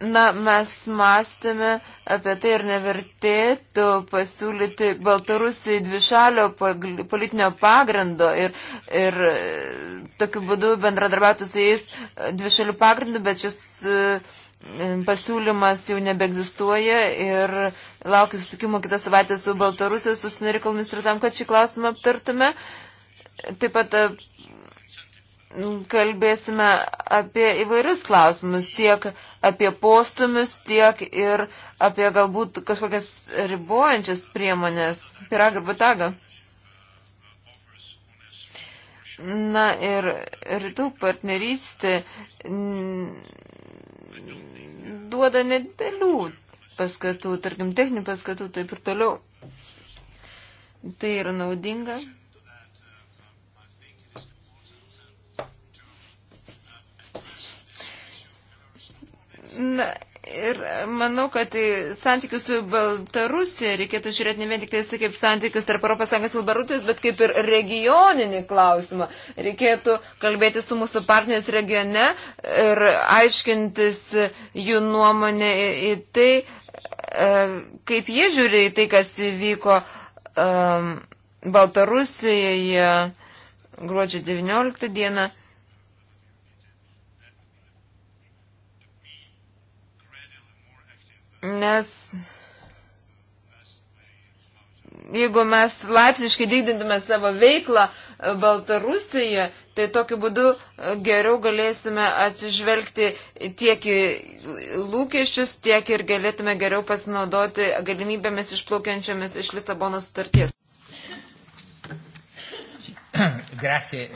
Na, mes mąstėme apie tai, ar nevertėtų pasiūlyti Baltarusijai dvišalio politinio pagrindo ir, ir e, tokiu būdu bendradarbiauti su jais e, dvišalių pagrindų, bet šis e, pasiūlymas jau nebeegzistuoja ir laukiu susitikimo kitą savaitę su Baltarusijos užsienio reikalų ministru tam, kad šį klausimą aptartume. Taip pat kalbėsime apie įvairius klausimus, tiek apie postumius, tiek ir apie galbūt kažkokias ribojančias priemonės. Piragą, butagą. Na ir rytų partnerystė duoda nedėlių paskatų, tarkim, techninių paskatų, taip ir toliau. Tai yra naudinga. Na, Ir manau, kad santykius su Baltarusija reikėtų žiūrėti ne vien tik tai kaip santykius tarp ES ir Baltarusijos, bet kaip ir regioninį klausimą. Reikėtų kalbėti su mūsų partneriais regione ir aiškintis jų nuomonę į tai, e, kaip jie žiūri į tai, kas įvyko e, Baltarusijoje gruodžio 19 dieną. Nes jeigu mes laipsniškai didintume savo veiklą e, Baltarusijoje, tai tokiu būdu e, geriau galėsime atsižvelgti tiek į lūkesčius, tiek ir galėtume geriau pasinaudoti galimybėmis išplaukiančiamis iš Lisabono sutarties. (coughs) Grazie,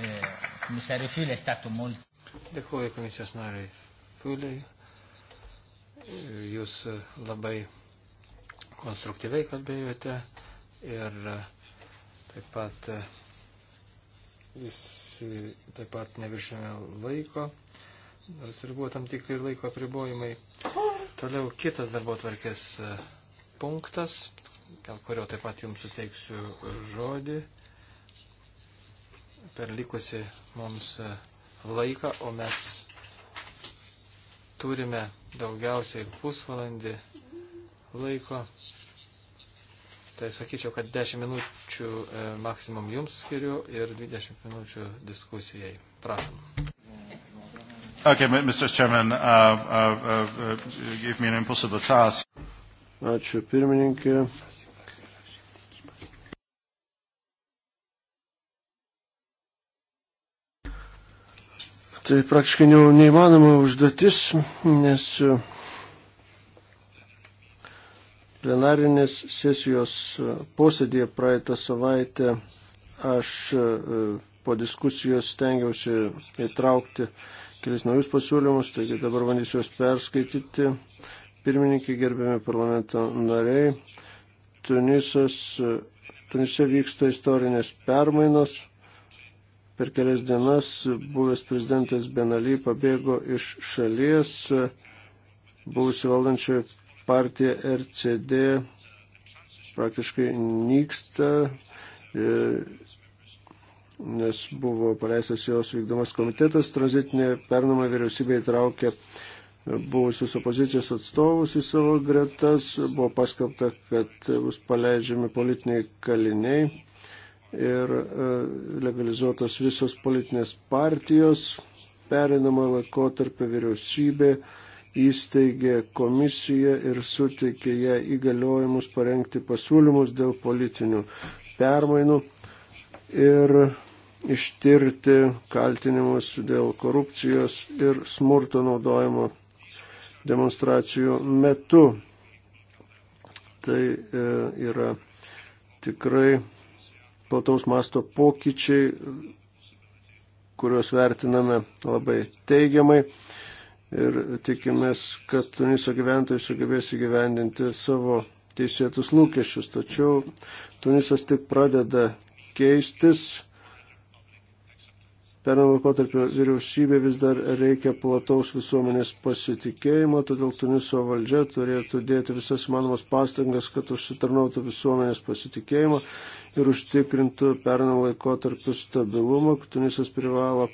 komisarė eh, Fiulė, statų multi. Dėkuoju komisijos nariai Fiuliai. Jūs labai konstruktyviai kalbėjote ir taip pat visi taip pat neviršėme laiko, nors ir buvo tam tikri laiko apribojimai. Toliau kitas darbo tvarkės punktas, dėl kurio taip pat jums suteiksiu žodį per likusi mums laiką, o mes turime daugiausiai pusvalandį laiko. Tai sakyčiau, kad 10 minučių e, maksimum jums skiriu ir 20 minučių diskusijai. Prašom. Okay, Mr. Chairman, uh, uh, uh, uh give me an impossible task. Ačiū pirmininkė. Tai praktiškai neįmanoma užduotis, nes e, plenarinės sesijos e, posėdėje praeitą savaitę aš e, po diskusijos stengiausi įtraukti kelis naujus pasiūlymus, taigi dabar bandysiu juos perskaityti. Pirmininkai, gerbėmi parlamento nariai, Tunisas, Tunise vyksta istorinės permainos Per kelias dienas buvęs prezidentas Benaly pabėgo iš šalies, buvusi valdančioji partija RCD praktiškai nyksta, e, nes buvo paleistas jos vykdomas komitetas, tranzitinė pernama vyriausybė įtraukė buvusius opozicijos atstovus į savo gretas, buvo paskelbta, kad bus paleidžiami politiniai kaliniai ir e, legalizuotos visos politinės partijos, perinamą laikotarpį vyriausybė įsteigė komisiją ir suteikė ją įgaliojimus parengti pasiūlymus dėl politinių permainų ir ištirti kaltinimus dėl korupcijos ir smurto naudojimo demonstracijų metu. Tai e, yra tikrai plataus masto pokyčiai, kuriuos vertiname labai teigiamai. Ir tikimės, kad Tuniso gyventojai sugebės įgyvendinti savo teisėtus lūkesčius. Tačiau Tunisas tik pradeda keistis Pernam laikotarpio vyriausybė vis dar reikia plataus visuomenės pasitikėjimo, todėl Tuniso valdžia turėtų dėti visas manomas pastangas, kad užsitarnautų visuomenės pasitikėjimo ir užtikrintų pernam laikotarpio stabilumą. Tunisas privalo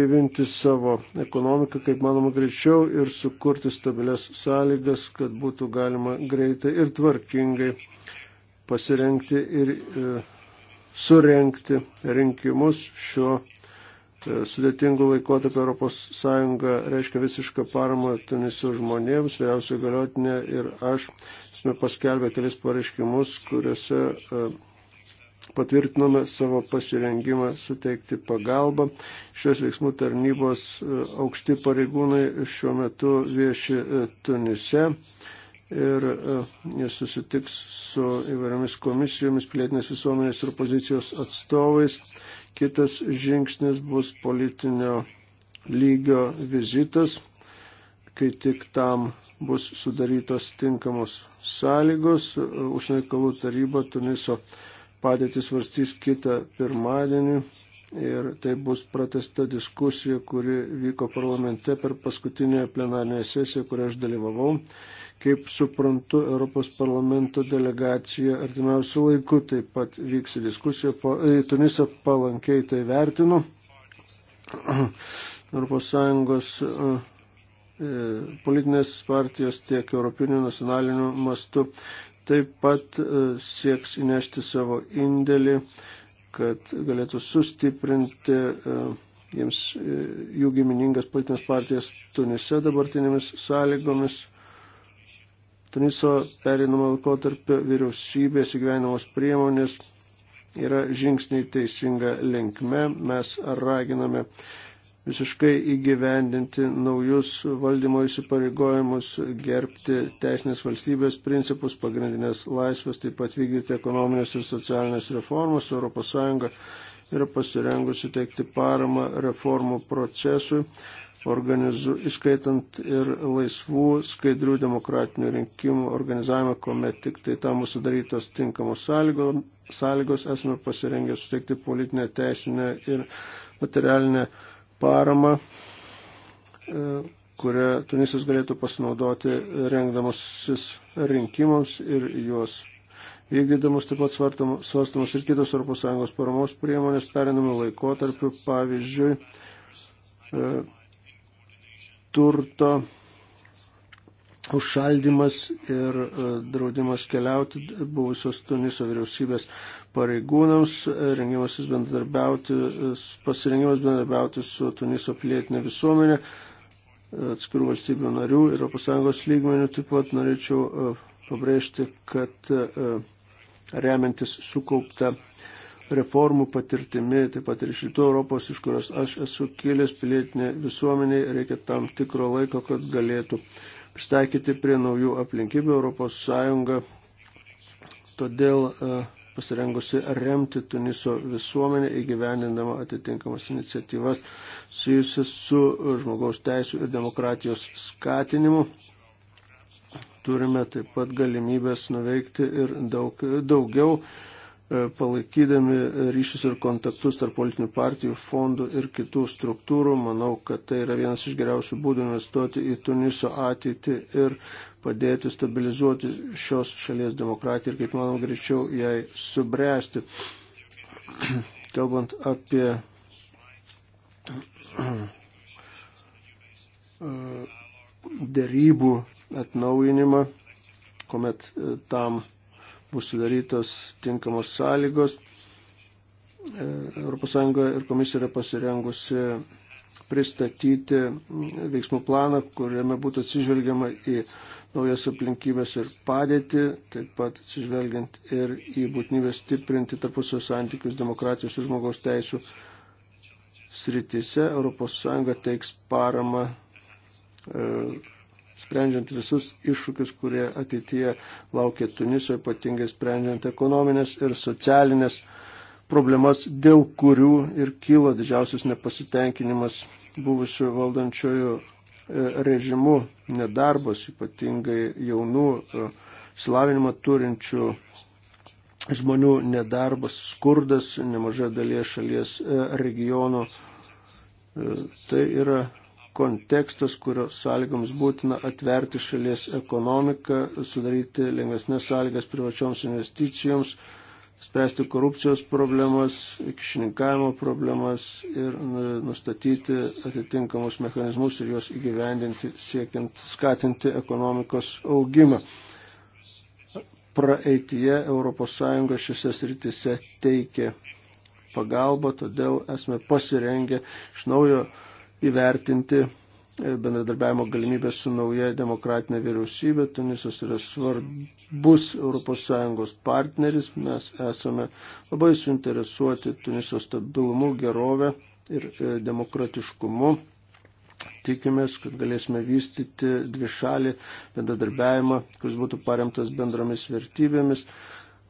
gyvinti savo ekonomiką, kaip manoma, greičiau ir sukurti stabilias sąlygas, kad būtų galima greitai ir tvarkingai pasirengti ir e, surenkti rinkimus šiuo E, sudėtingų laikotarpį Europos Sąjunga reiškia visišką paramą Tunisijos žmonėms, vyriausiai galiotinė ir aš esame paskelbę kelis pareiškimus, kuriuose e, patvirtinome savo pasirengimą suteikti pagalbą. Šios veiksmų tarnybos e, aukšti pareigūnai šiuo metu vieši Tunise ir jis susitiks su įvairiomis komisijomis, pilietinės visuomenės ir pozicijos atstovais. Kitas žingsnis bus politinio lygio vizitas, kai tik tam bus sudarytos tinkamos sąlygos. Užsienio reikalų taryba Tuniso padėtį svarstys kitą pirmadienį ir tai bus pratesta diskusija, kuri vyko parlamente per paskutinę plenarinę sesiją, kurioje aš dalyvavau. Kaip suprantu, Europos parlamento delegacija artimiausių laikų taip pat vyks diskusija. Tunisą palankiai tai vertinu. (clears throat) Europos Sąjungos e, e, politinės partijos tiek europinių nacionalinių mastų taip pat e, sieks įnešti savo indėlį, kad galėtų sustiprinti jiems jų giminingas politinės partijas Tunise dabartinėmis sąlygomis. Tuniso perinamo laikotarpio vyriausybės įgyvenimos priemonės yra žingsniai teisinga linkme. Mes raginame visiškai įgyvendinti naujus valdymo įsipareigojimus, gerbti teisinės valstybės principus, pagrindinės laisvės, taip pat vykdyti ekonominės ir socialinės reformas. ES yra pasirengusi teikti paramą reformų procesui organizu, įskaitant ir laisvų, skaidrių demokratinių rinkimų organizavimą, kuomet tik tai tam mūsų darytos tinkamos sąlygos, sąlygos esame pasirengę suteikti politinę, teisinę ir materialinę paramą, e, kurią Tunisas galėtų pasinaudoti rengdamasis rinkimams ir juos vykdydamos taip pat svarstamos ir kitos ES paramos priemonės perinamų laikotarpių, pavyzdžiui, e, turto užšaldimas ir e, draudimas keliauti buvusios Tuniso vyriausybės pareigūnams, rengimasis bendradarbiauti, e, pasirengimas bendradarbiauti su Tuniso pilietinė visuomenė, e, atskirų valstybių narių ir ES lygmenių taip pat norėčiau pabrėžti, kad remiantis sukauptą reformų patirtimi, taip pat ir iš rytų Europos, iš kurios aš esu kilęs pilietinė visuomenė, reikia tam tikro laiko, kad galėtų pristaikyti prie naujų aplinkybių Europos Sąjunga. Todėl e, pasirengusi remti Tuniso visuomenę įgyvendinama atitinkamas iniciatyvas susijusias su žmogaus teisų ir demokratijos skatinimu. Turime taip pat galimybės nuveikti ir daug, daugiau E, palaikydami ryšius ir kontaktus tarp politinių partijų, fondų ir kitų struktūrų. Manau, kad tai yra vienas iš geriausių būdų investuoti į Tuniso ateitį ir padėti stabilizuoti šios šalies demokratiją ir, kaip manau, greičiau jai subręsti. (clears throat) Kalbant apie (clears throat) e, dėrybų atnaujinimą, kuomet e, tam bus sudarytos tinkamos sąlygos. ES ir komisija yra pasirengusi pristatyti veiksmų planą, kuriame būtų atsižvelgiama į naujas aplinkybės ir padėtį, taip pat atsižvelgiant ir į būtinybę stiprinti tarpusio santykius demokratijos ir žmogaus teisų sritise. ES teiks paramą e, sprendžiant visus iššūkius, kurie ateityje laukia Tuniso, ypatingai sprendžiant ekonominės ir socialinės problemas, dėl kurių ir kilo didžiausias nepasitenkinimas buvusių valdančiojų e, režimu nedarbas, ypatingai jaunų e, slavinimą turinčių žmonių nedarbas, skurdas nemažai dalies šalies e, regionų. Tai yra kontekstas, kurio sąlygoms būtina atverti šalies ekonomiką, sudaryti lengvesnės sąlygas privačioms investicijoms, spręsti korupcijos problemas, kišininkavimo problemas ir nu, nustatyti atitinkamus mechanizmus ir juos įgyvendinti siekiant skatinti ekonomikos augimą. Praeitie ES šiose sritise teikė pagalbą, todėl esame pasirengę iš naujo įvertinti e, bendradarbiavimo galimybę su nauja demokratinė vyriausybė. Tunisas yra svarbus ES partneris. Mes esame labai suinteresuoti Tuniso stabilumu, gerove ir e, demokratiškumu. Tikimės, kad galėsime vystyti dvišalį bendradarbiavimą, kuris būtų paremtas bendromis vertybėmis.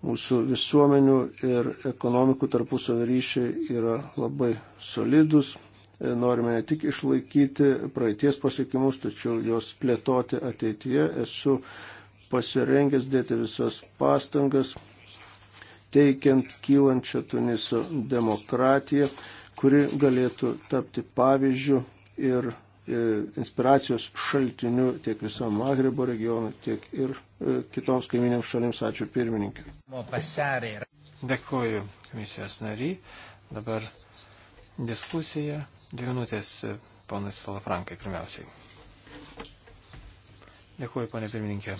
Mūsų visuomenių ir ekonomikų tarpusavio ryšiai yra labai solidus norime ne tik išlaikyti praeities pasiekimus, tačiau juos plėtoti ateityje. Esu pasirengęs dėti visas pastangas, teikiant kylančią Tuniso demokratiją, kuri galėtų tapti pavyzdžių ir e, inspiracijos šaltiniu tiek visam Magrebo regionui, tiek ir e, kitoms kaiminėms šalims. Ačiū pirmininkė. Dėkuoju komisijos nariai. Dabar diskusija. Dvi minutės, e, ponas Salafrankai, pirmiausiai. Dėkuoju, ponė pirmininkė.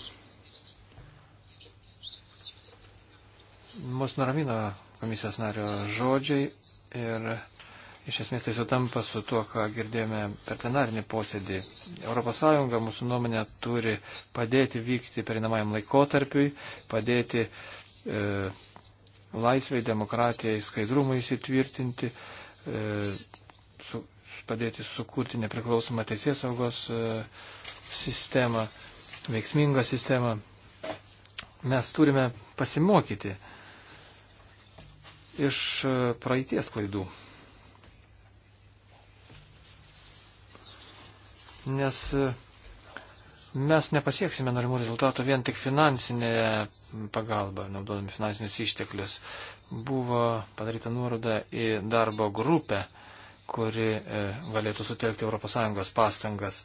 Mus nuramino komisijos nario žodžiai ir iš esmės tai sutampa su tuo, ką girdėjome per plenarinį posėdį. ES mūsų nuomonė turi padėti vykti perinamajam laikotarpiui, padėti e, laisvai, demokratijai, skaidrumui įsitvirtinti. E, su, padėti sukurti nepriklausomą teisės saugos e, sistemą, veiksmingą sistemą. Mes turime pasimokyti iš e, praeities klaidų. Nes e, mes nepasieksime norimų rezultatų vien tik finansinė pagalba, naudodami finansinius išteklius. Buvo padaryta nuoroda į darbo grupę kuri e, galėtų sutelkti ES pastangas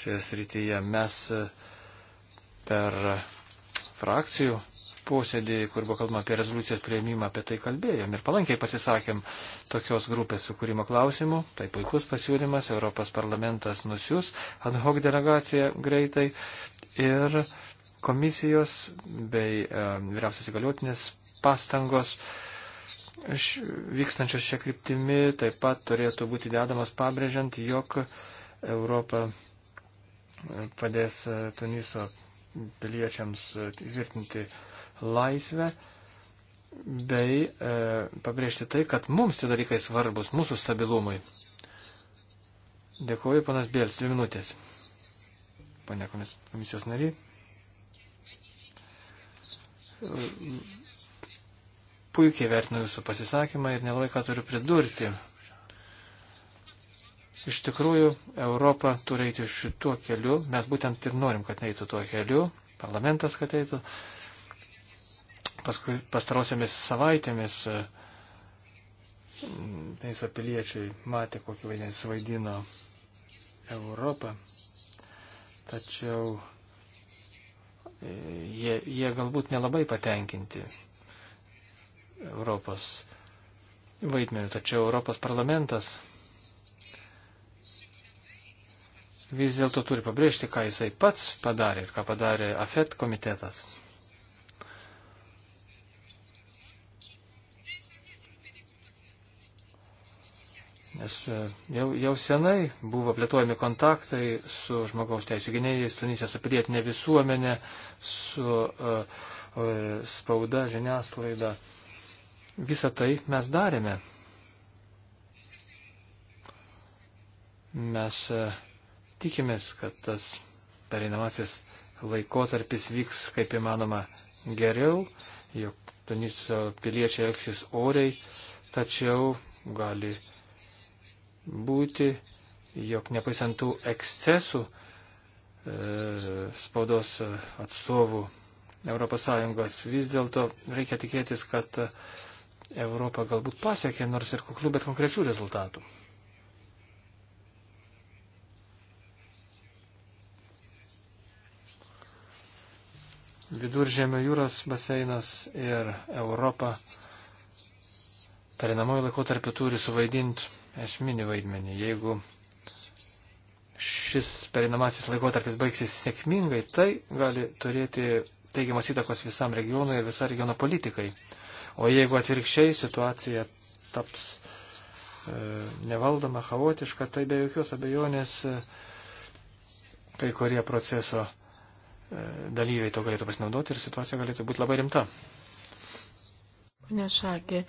šioje srityje. Mes e, per frakcijų posėdį, kur buvo kalbama apie rezoliucijos prieimimą, apie tai kalbėjom ir palankiai pasisakėm tokios grupės sukūrimo klausimų. Tai puikus pasiūlymas, Europos parlamentas nusius ad hoc delegaciją greitai ir komisijos bei e, vyriausios įgaliotinės pastangos e, vykstančios šią kryptimį taip pat turėtų būti dedamas pabrėžiant, jog Europa padės e, Tuniso piliečiams e, tvirtinti laisvę bei e, pabrėžti tai, kad mums tie dalykai svarbus, mūsų stabilumui. Dėkuoju, panas Bėlis, dvi minutės. Pane komisijos nariai puikiai vertinu jūsų pasisakymą ir nelabai ką turiu pridurti. Iš tikrųjų, Europa turi eiti šituo keliu, mes būtent ir norim, kad eitų tuo keliu, parlamentas, kad eitų. Paskui pastarosiamis savaitėmis mm, teisų piliečiai matė, kokį vaidmenį suvaidino Europą. Tačiau e, jie, jie galbūt nelabai patenkinti Europos vaidmenį. Tačiau Europos parlamentas vis dėlto turi pabrėžti, ką jisai pats padarė ir ką padarė AFET komitetas. Nes e, jau, jau senai buvo plėtojami kontaktai su žmogaus teisų gynėjais, Tunisija su pilietinė visuomenė, su uh, spauda, žiniasklaida. Uh, Visą tai mes darėme. Mes e, tikimės, kad tas pereinamasis laikotarpis vyks kaip įmanoma geriau, jog Tuniso piliečiai elgsis oriai, tačiau gali būti, jog nepaisantų ekscesų e, spaudos atstovų ES vis dėlto reikia tikėtis, kad Europą galbūt pasiekė, nors ir kuklių, bet konkrečių rezultatų. Viduržėmio jūros baseinas ir Europa perinamojo laikotarpiu turi suvaidinti esminį vaidmenį. Jeigu šis perinamasis laikotarpis baigsis sėkmingai, tai gali turėti teigiamas įtakos visam regionui ir visą regiono politikai. O jeigu atvirkščiai situacija taps e, nevaldoma, chaotiška, tai be jokios abejonės e, kai kurie proceso e, dalyviai to galėtų pasinaudoti ir situacija galėtų būti labai rimta. Pane Šakė,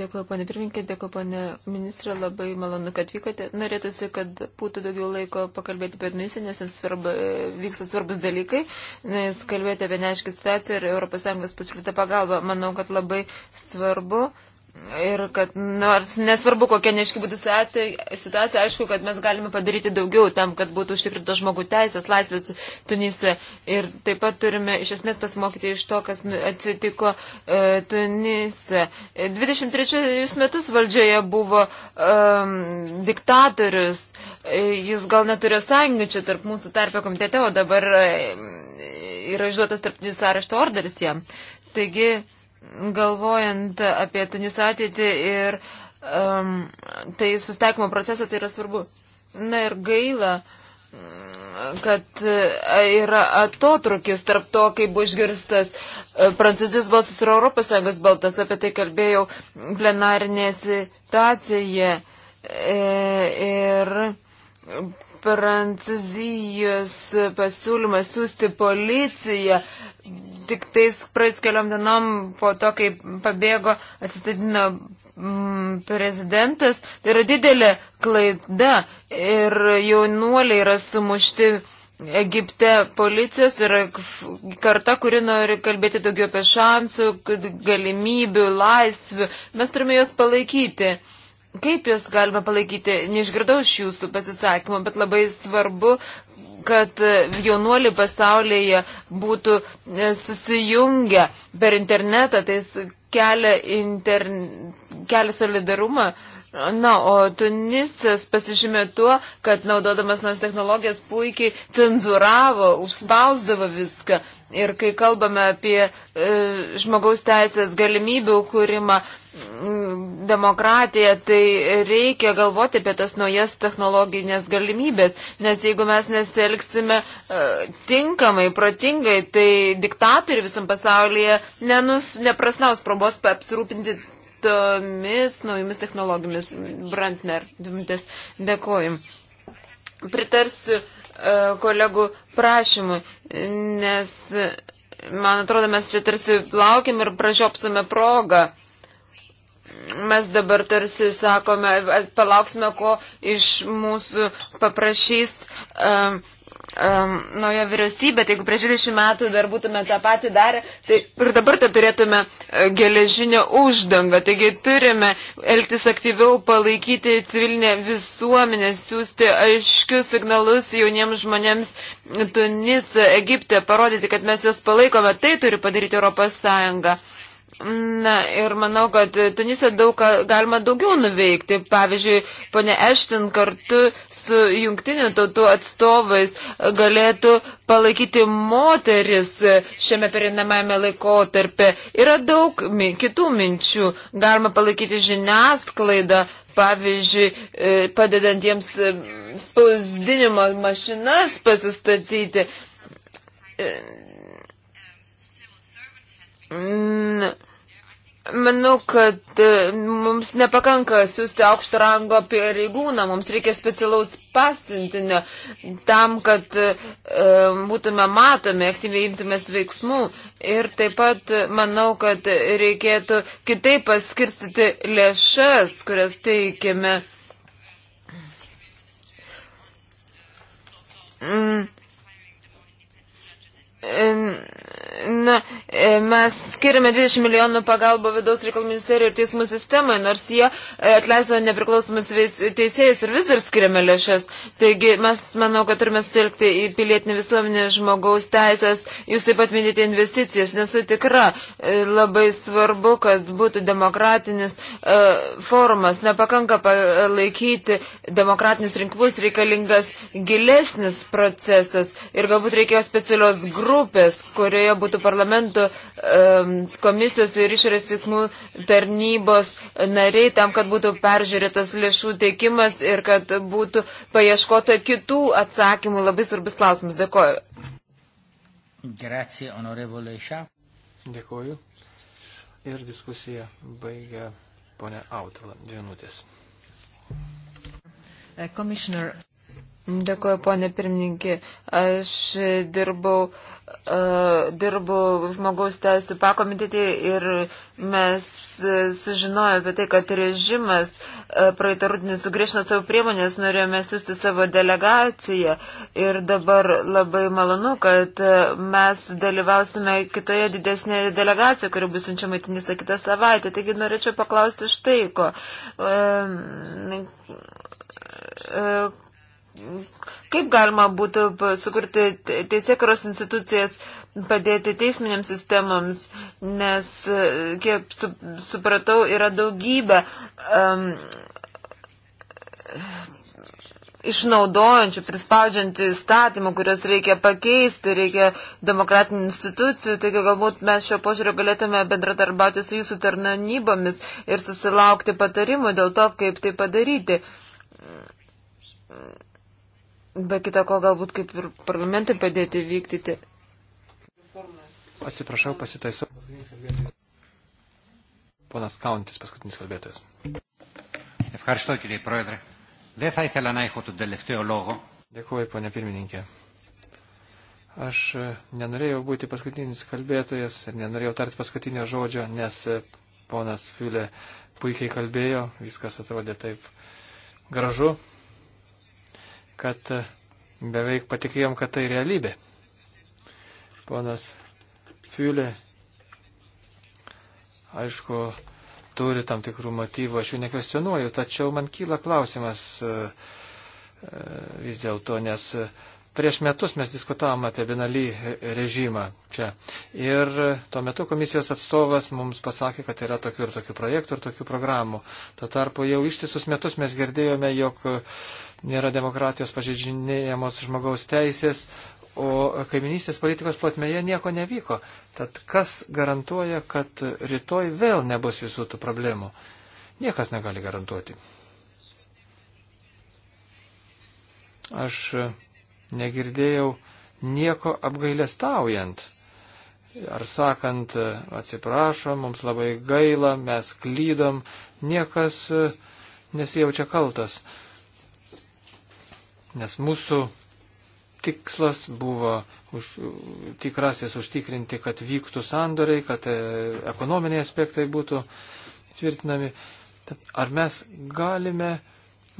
Dėkuoju, ponė pirminkė, dėkuoju, ponė ministrė, labai malonu, kad vykote. Norėtųsi, kad būtų daugiau laiko pakalbėti apie Tunisį, nes svarba, vyksta svarbus dalykai, nes kalbėti apie neaiškį situaciją ir ES pasiūlytą pagalbą, manau, kad labai svarbu Ir kad nors nesvarbu, kokia neiški būtų situacija, aišku, kad mes galime padaryti daugiau tam, kad būtų užtikrintos žmogų teisės, laisvės Tunise. Ir taip pat turime iš esmės pasimokyti iš to, kas nu- atsitiko e, Tunise. 23 e, metus valdžioje buvo e, diktatorius. E, jis gal neturėjo sąjungų čia tarp mūsų tarpio komitete, o dabar e, yra išduotas tarptinis arešto orderis jam. Taigi, galvojant apie Tunisą ateitį ir um, tai sustaikymo procesą, tai yra svarbu. Na ir gaila, mm, kad e, yra atotrukis tarp to, kaip buvo išgirstas e, prancūzijos balsas ir Europos Sąjungos baltas. Apie tai kalbėjau plenarinėje situacijoje. E, ir Prancūzijos pasiūlymas siūsti policiją tik tais praeis keliom dienom po to, kai pabėgo atsistatino mm, prezidentas, tai yra didelė klaida ir jaunuoliai yra sumušti. Egipte policijos yra karta, kuri nori kalbėti daugiau apie šansų, galimybių, laisvių. Mes turime juos palaikyti. Kaip jūs galima palaikyti, neišgirdau iš jūsų pasisakymų, bet labai svarbu, kad jaunuoliai pasaulyje būtų e, susijungę per internetą, tai kelia, interne, kelia solidarumą. Na, o Tunisas pasižymė tuo, kad naudodamas nors technologijas puikiai cenzuravo, užspausdavo viską. Ir kai kalbame apie e, žmogaus teisės galimybių kūrimą, e, demokratiją, tai reikia galvoti apie tas naujas technologinės galimybės, nes jeigu mes nesielgsime e, tinkamai, protingai, tai diktatoriai visam pasaulyje nenus, neprasnaus probos apsirūpinti tomis naujomis technologijomis. Brantner, dvimtis, dėkoju. Pritarsiu e, kolegų prašymui, nes, man atrodo, mes čia tarsi laukiam ir pražiopsame progą mes dabar tarsi sakome, palauksime, ko iš mūsų paprašys. Um, um, naujo vyriausybė, tai jeigu prieš 20 metų dar būtume tą patį darę, tai ir dabar tai turėtume e, geležinio uždangą. Taigi turime elgtis aktyviau, palaikyti civilinę visuomenę, siūsti aiškius signalus jauniems žmonėms Tunis, Egipte, parodyti, kad mes juos palaikome. Tai turi padaryti Europos Sąjunga. Na ir manau, kad Tunise daug galima daugiau nuveikti. Pavyzdžiui, ponė Ešten kartu su jungtiniu tautų atstovais galėtų palaikyti moteris šiame perinamame laikotarpe. Yra daug kitų minčių. Galima palaikyti žiniasklaidą, pavyzdžiui, e, padedant jiems e, spausdinimo mašinas pasistatyti e, Mm, manau, kad e, mums nepakanka siūsti aukšto rango pareigūną, mums reikia specialaus pasiuntinio tam, kad e, būtume matomi, aktyviai imtumės veiksmų. Ir taip pat manau, kad reikėtų kitaip paskirstyti lėšas, kurias teikime. Mm Na, e, mes skiriame 20 milijonų pagalbą vidaus reikalų ministerijų ir teismų sistemai, nors jie e, atleido nepriklausomus teisėjus ir vis dar skiriame lėšas. Taigi mes, manau, kad turime silkti į pilietinį visuomenį žmogaus teisės, jūs taip pat minite investicijas, nesu tikra, e, labai svarbu, kad būtų demokratinis forumas, nepakanka palaikyti demokratinius rinkimus, reikalingas gilesnis procesas ir galbūt reikėjo specialios grupės grupės, kurioje būtų parlamento komisijos ir išorės veiksmų tarnybos nariai, tam, kad būtų peržiūrėtas lėšų teikimas ir kad būtų paieškota kitų atsakymų. Labai svarbus klausimas. Dėkoju. Grazie, onorevole Šia. Dėkoju. Ir diskusiją baigia ponia Autala. Dvi minutės. Komisioner. Uh, Dėkuoju, ponė pirmininkė. Aš dirbau E, dirbu žmogaus teisų pakomitetį ir mes e, sužinojome apie tai, kad režimas e, praeitą rūdinį sugriešino savo priemonės, norėjome siūsti savo delegaciją ir dabar labai malonu, kad mes dalyvausime kitoje didesnėje delegacijoje, kuri bus siunčiama į Tunisą kitą savaitę. Taigi norėčiau paklausti štai ko Kaip galima būtų sukurti teisėkaros institucijas, padėti teisminėms sistemams, nes, e, kiek supratau, yra daugybė um, išnaudojančių, prispaudžiančių įstatymų, kurios reikia pakeisti, reikia demokratinių institucijų, taigi galbūt mes šio požiūrio galėtume bendradarbiauti su jūsų tarnybomis ir susilaukti patarimų dėl to, kaip tai padaryti be kita ko galbūt kaip ir parlamentui padėti vykdyti. Atsiprašau, pasitaisu. Ponas Kauntis, paskutinis kalbėtojas. Ευχαριστώ κύριε Πρόεδρε. Δεν θα ήθελα να έχω τον τελευταίο λόγο. Dėkuoju, ponė pirmininkė. Aš e, nenorėjau būti paskutinis kalbėtojas ir nenorėjau tarti paskutinio žodžio, nes e, ponas Fiulė puikiai kalbėjo, viskas atrodė taip gražu, kad beveik patikėjom, kad tai realybė. Ponas Fiulė, aišku, turi tam tikrų motyvų, aš jų nekvestionuoju, tačiau man kyla klausimas e, e, vis dėlto, nes Prieš metus mes diskutavom apie binalį režimą čia. Ir tuo metu komisijos atstovas mums pasakė, kad yra tokių ir tokių projektų, ir tokių programų. Tuo tarpu jau ištisus metus mes girdėjome, jog nėra demokratijos pažeidžinėjamos žmogaus teisės, o kaiminystės politikos platmeje nieko nevyko. Tad kas garantuoja, kad rytoj vėl nebus visų tų problemų? Niekas negali garantuoti. Aš negirdėjau nieko apgailestaujant. Ar sakant, atsiprašo, mums labai gaila, mes klydom, niekas e, nesijaučia kaltas. Nes mūsų tikslas buvo už, tikrasis užtikrinti, kad vyktų sandoriai, kad e, ekonominiai aspektai būtų tvirtinami. Tad ar mes galime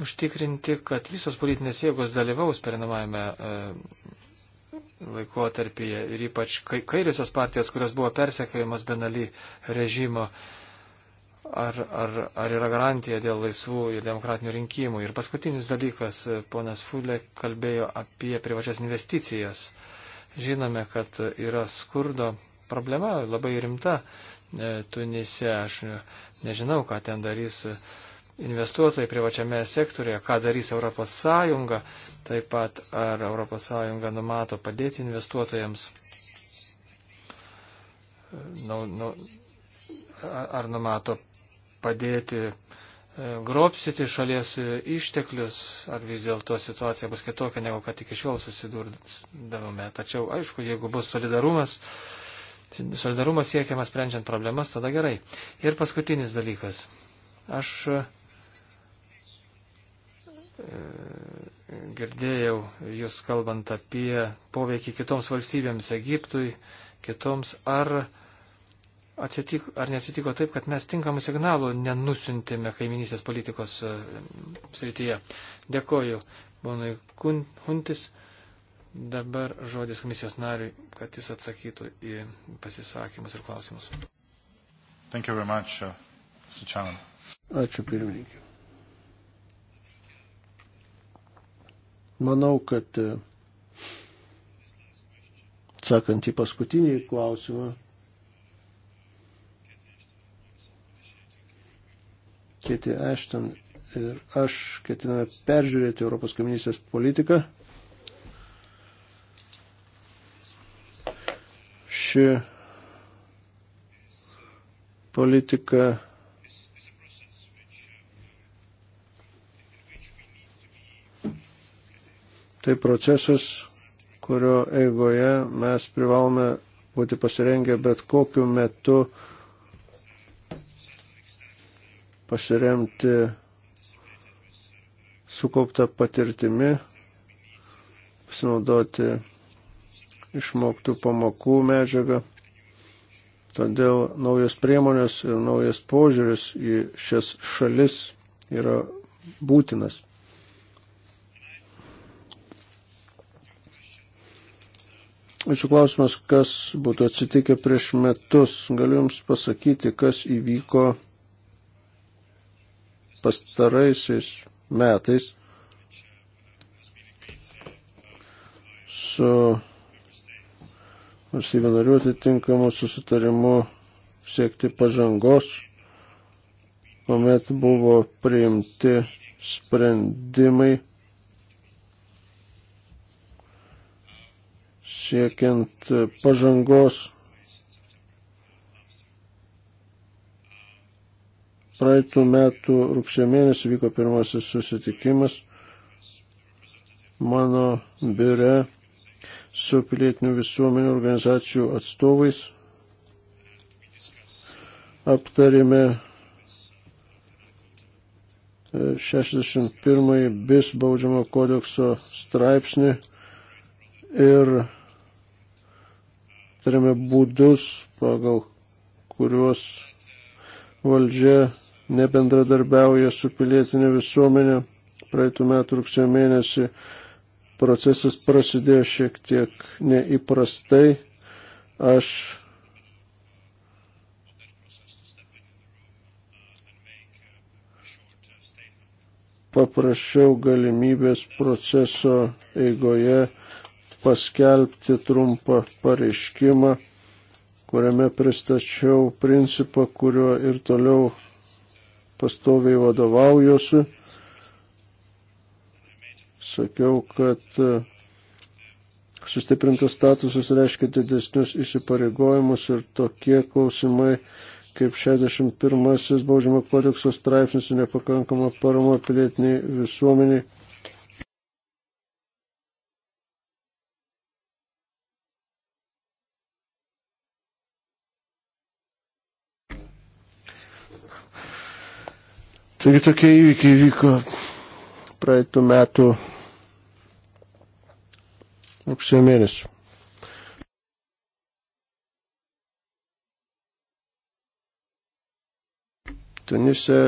užtikrinti, kad visos politinės jėgos dalyvaus perinamajame e, laikotarpyje ir ypač kairiosios partijos, kurios buvo persekiojamas Benali režimo, ar, ar, ar yra garantija dėl laisvų ir demokratinių rinkimų. Ir paskutinis dalykas, e, ponas Fulė kalbėjo apie privačias investicijas. Žinome, kad yra skurdo problema labai rimta e, Tunise. Aš nežinau, ką ten darys investuotojai privačiame sektorėje, ką darys ES, taip pat ar ES numato padėti investuotojams, nu, nu, ar numato padėti e, grobsyti šalies išteklius, ar vis dėlto situacija bus kitokia, negu kad iki šiol susidurdavome. Tačiau, aišku, jeigu bus solidarumas, solidarumas siekiamas sprendžiant problemas, tada gerai. Ir paskutinis dalykas. Aš E, girdėjau jūs kalbant apie poveikį kitoms valstybėms, Egiptui, kitoms, ar, atsitik, ar nesitiko taip, kad mes tinkamų signalų nenusintėme kaiminystės politikos e, srityje. Dėkoju, ponui Huntis. Dabar žodis komisijos nariui, kad jis atsakytų į pasisakymus ir klausimus. Much, uh, Ačiū pirmininkė. Manau, kad e, atsakant į paskutinį klausimą, Kėti Ešten ir aš ketiname peržiūrėti Europos kaiminystės politiką. Ši politika Tai procesas, kurio eigoje mes privalome būti pasirengę bet kokiu metu pasiremti sukauptą patirtimi, pasinaudoti išmoktų pamokų medžiagą. Todėl naujos priemonės ir naujas požiūris į šias šalis yra būtinas. Ačiū klausimas, kas būtų atsitikę prieš metus. Galiu Jums pasakyti, kas įvyko pastaraisiais metais su valstybė narių atitinkamu susitarimu siekti pažangos, kuomet buvo priimti sprendimai siekiant pažangos. Praeitų metų rugsėjo mėnesį vyko pirmasis susitikimas mano biure su pilietinių visuomenių organizacijų atstovais. Aptarėme 61 bis baudžiamo kodekso straipsnį ir aptarėme būdus, pagal kuriuos valdžia nebendradarbiauja su pilietinė visuomenė. Praeitų metų rugsėjo mėnesį procesas prasidėjo šiek tiek neįprastai. Aš paprašiau galimybės proceso eigoje paskelbti trumpą pareiškimą, kuriame pristačiau principą, kuriuo ir toliau pastoviai vadovaujuosi. Sakiau, kad e, sustiprintas statusas reiškia didesnius įsipareigojimus ir tokie klausimai kaip 61 baudžiamo kodekso straipsnis nepakankama parama pilietiniai visuomeniai Taigi tokie įvykiai vyko praeitų metų rugsėjo mėnesį. Tunise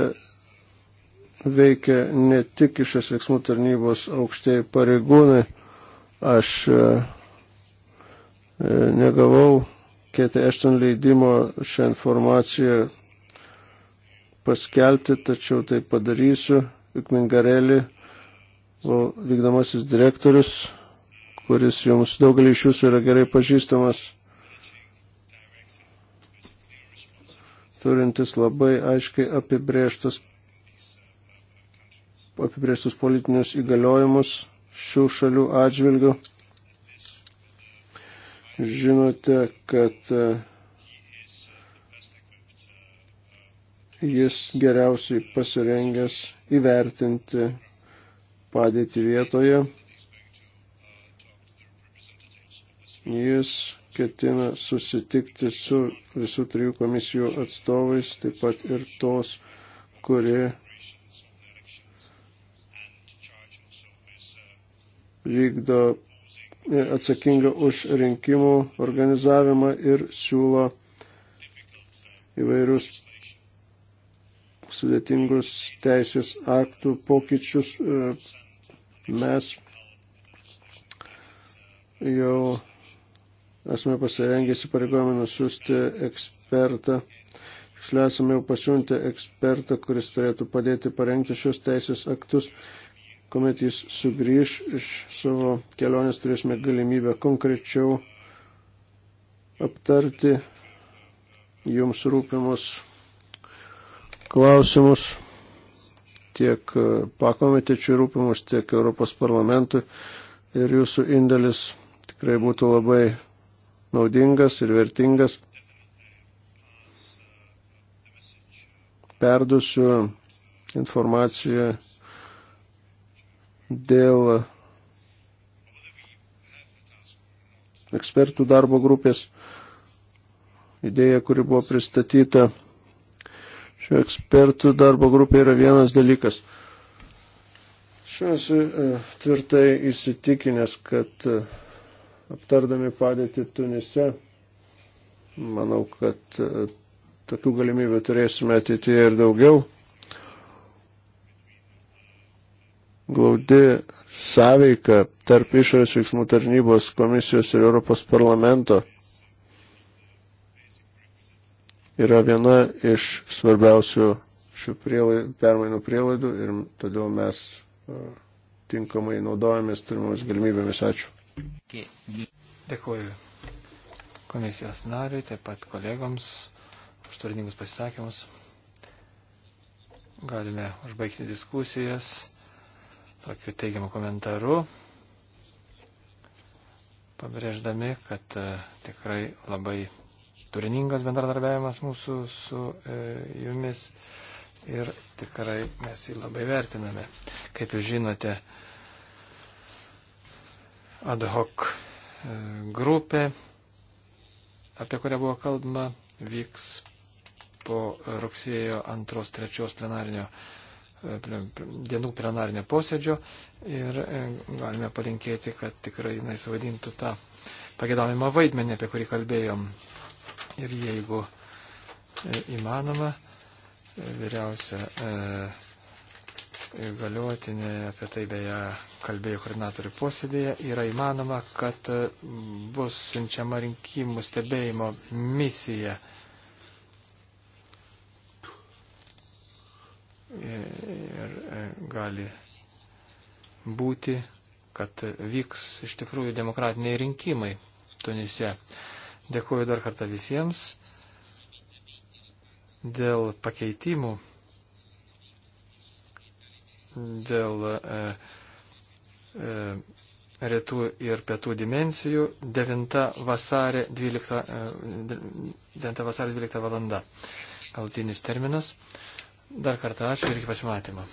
veikia ne tik išės veiksmų tarnybos aukštieji pareigūnai. Aš e, e, negavau Ketė Ešton leidimo šią informaciją paskelbti, tačiau tai padarysiu. Ikmingarelį, vykdomasis direktorius, kuris jums daugelį iš jūsų yra gerai pažįstamas, turintis labai aiškiai apibrėžtas, apibrėžtus politinius įgaliojimus šių šalių atžvilgių. Žinote, kad uh, jis geriausiai pasirengęs įvertinti padėtį vietoje. Jis ketina susitikti su visų trijų komisijų atstovais, taip pat ir tos, kuri vykdo e, atsakinga už rinkimų organizavimą ir siūlo įvairius sudėtingus teisės aktų pokyčius e, mes jau esame pasirengę įsipareigojami nusiųsti ekspertą. Tiksliau esame jau pasiuntę ekspertą, kuris turėtų padėti parengti šios teisės aktus. Komet jis sugrįž iš savo kelionės, turėsime galimybę konkrečiau aptarti jums rūpimus klausimus tiek e, pakomitečių rūpimus, tiek Europos parlamentui. Ir jūsų indėlis tikrai būtų labai naudingas ir vertingas. Perdusiu informaciją dėl ekspertų darbo grupės idėja, kuri buvo pristatyta šių ekspertų darbo grupė yra vienas dalykas. Šiuo esu e, tvirtai įsitikinęs, kad e, aptardami padėtį Tunise, manau, kad e, tokių galimybių turėsime ateityje ir daugiau. Glaudi sąveika tarp išorės veiksmų tarnybos komisijos ir Europos parlamento yra viena iš svarbiausių šių prielaidų, permainų prielaidų ir todėl mes e, tinkamai naudojamės turimomis galimybėmis. Ačiū. Dėkuoju komisijos nariui, taip pat kolegoms už turiningus pasisakymus. Galime užbaigti diskusijas tokiu teigiamu komentaru, pabrėždami, kad e, tikrai labai turiningas bendradarbiavimas mūsų su e, jumis ir tikrai mes jį labai vertiname. Kaip jūs žinote, ad hoc e, grupė, apie kurią buvo kalbama, vyks po rugsėjo 2-3 plenarinio e, dienų plenarinio posėdžio ir e, galime palinkėti, kad tikrai jinai suvadintų tą pagėdavimą vaidmenį, apie kurį kalbėjom ir jeigu e, įmanoma, vyriausia e, įgaliotinė, apie tai beje kalbėjo koordinatorių posėdėje, yra įmanoma, kad e, bus siunčiama rinkimų stebėjimo misija. Ir gali būti, kad vyks iš tikrųjų demokratiniai rinkimai Tunise. Dėkuoju dar kartą visiems dėl pakeitimų, dėl e, e, rytų ir pietų dimensijų 9 vasarė 12, 9 vasarė 12 valanda. Galtinis terminas. Dar kartą ačiū ir iki pasimatymo.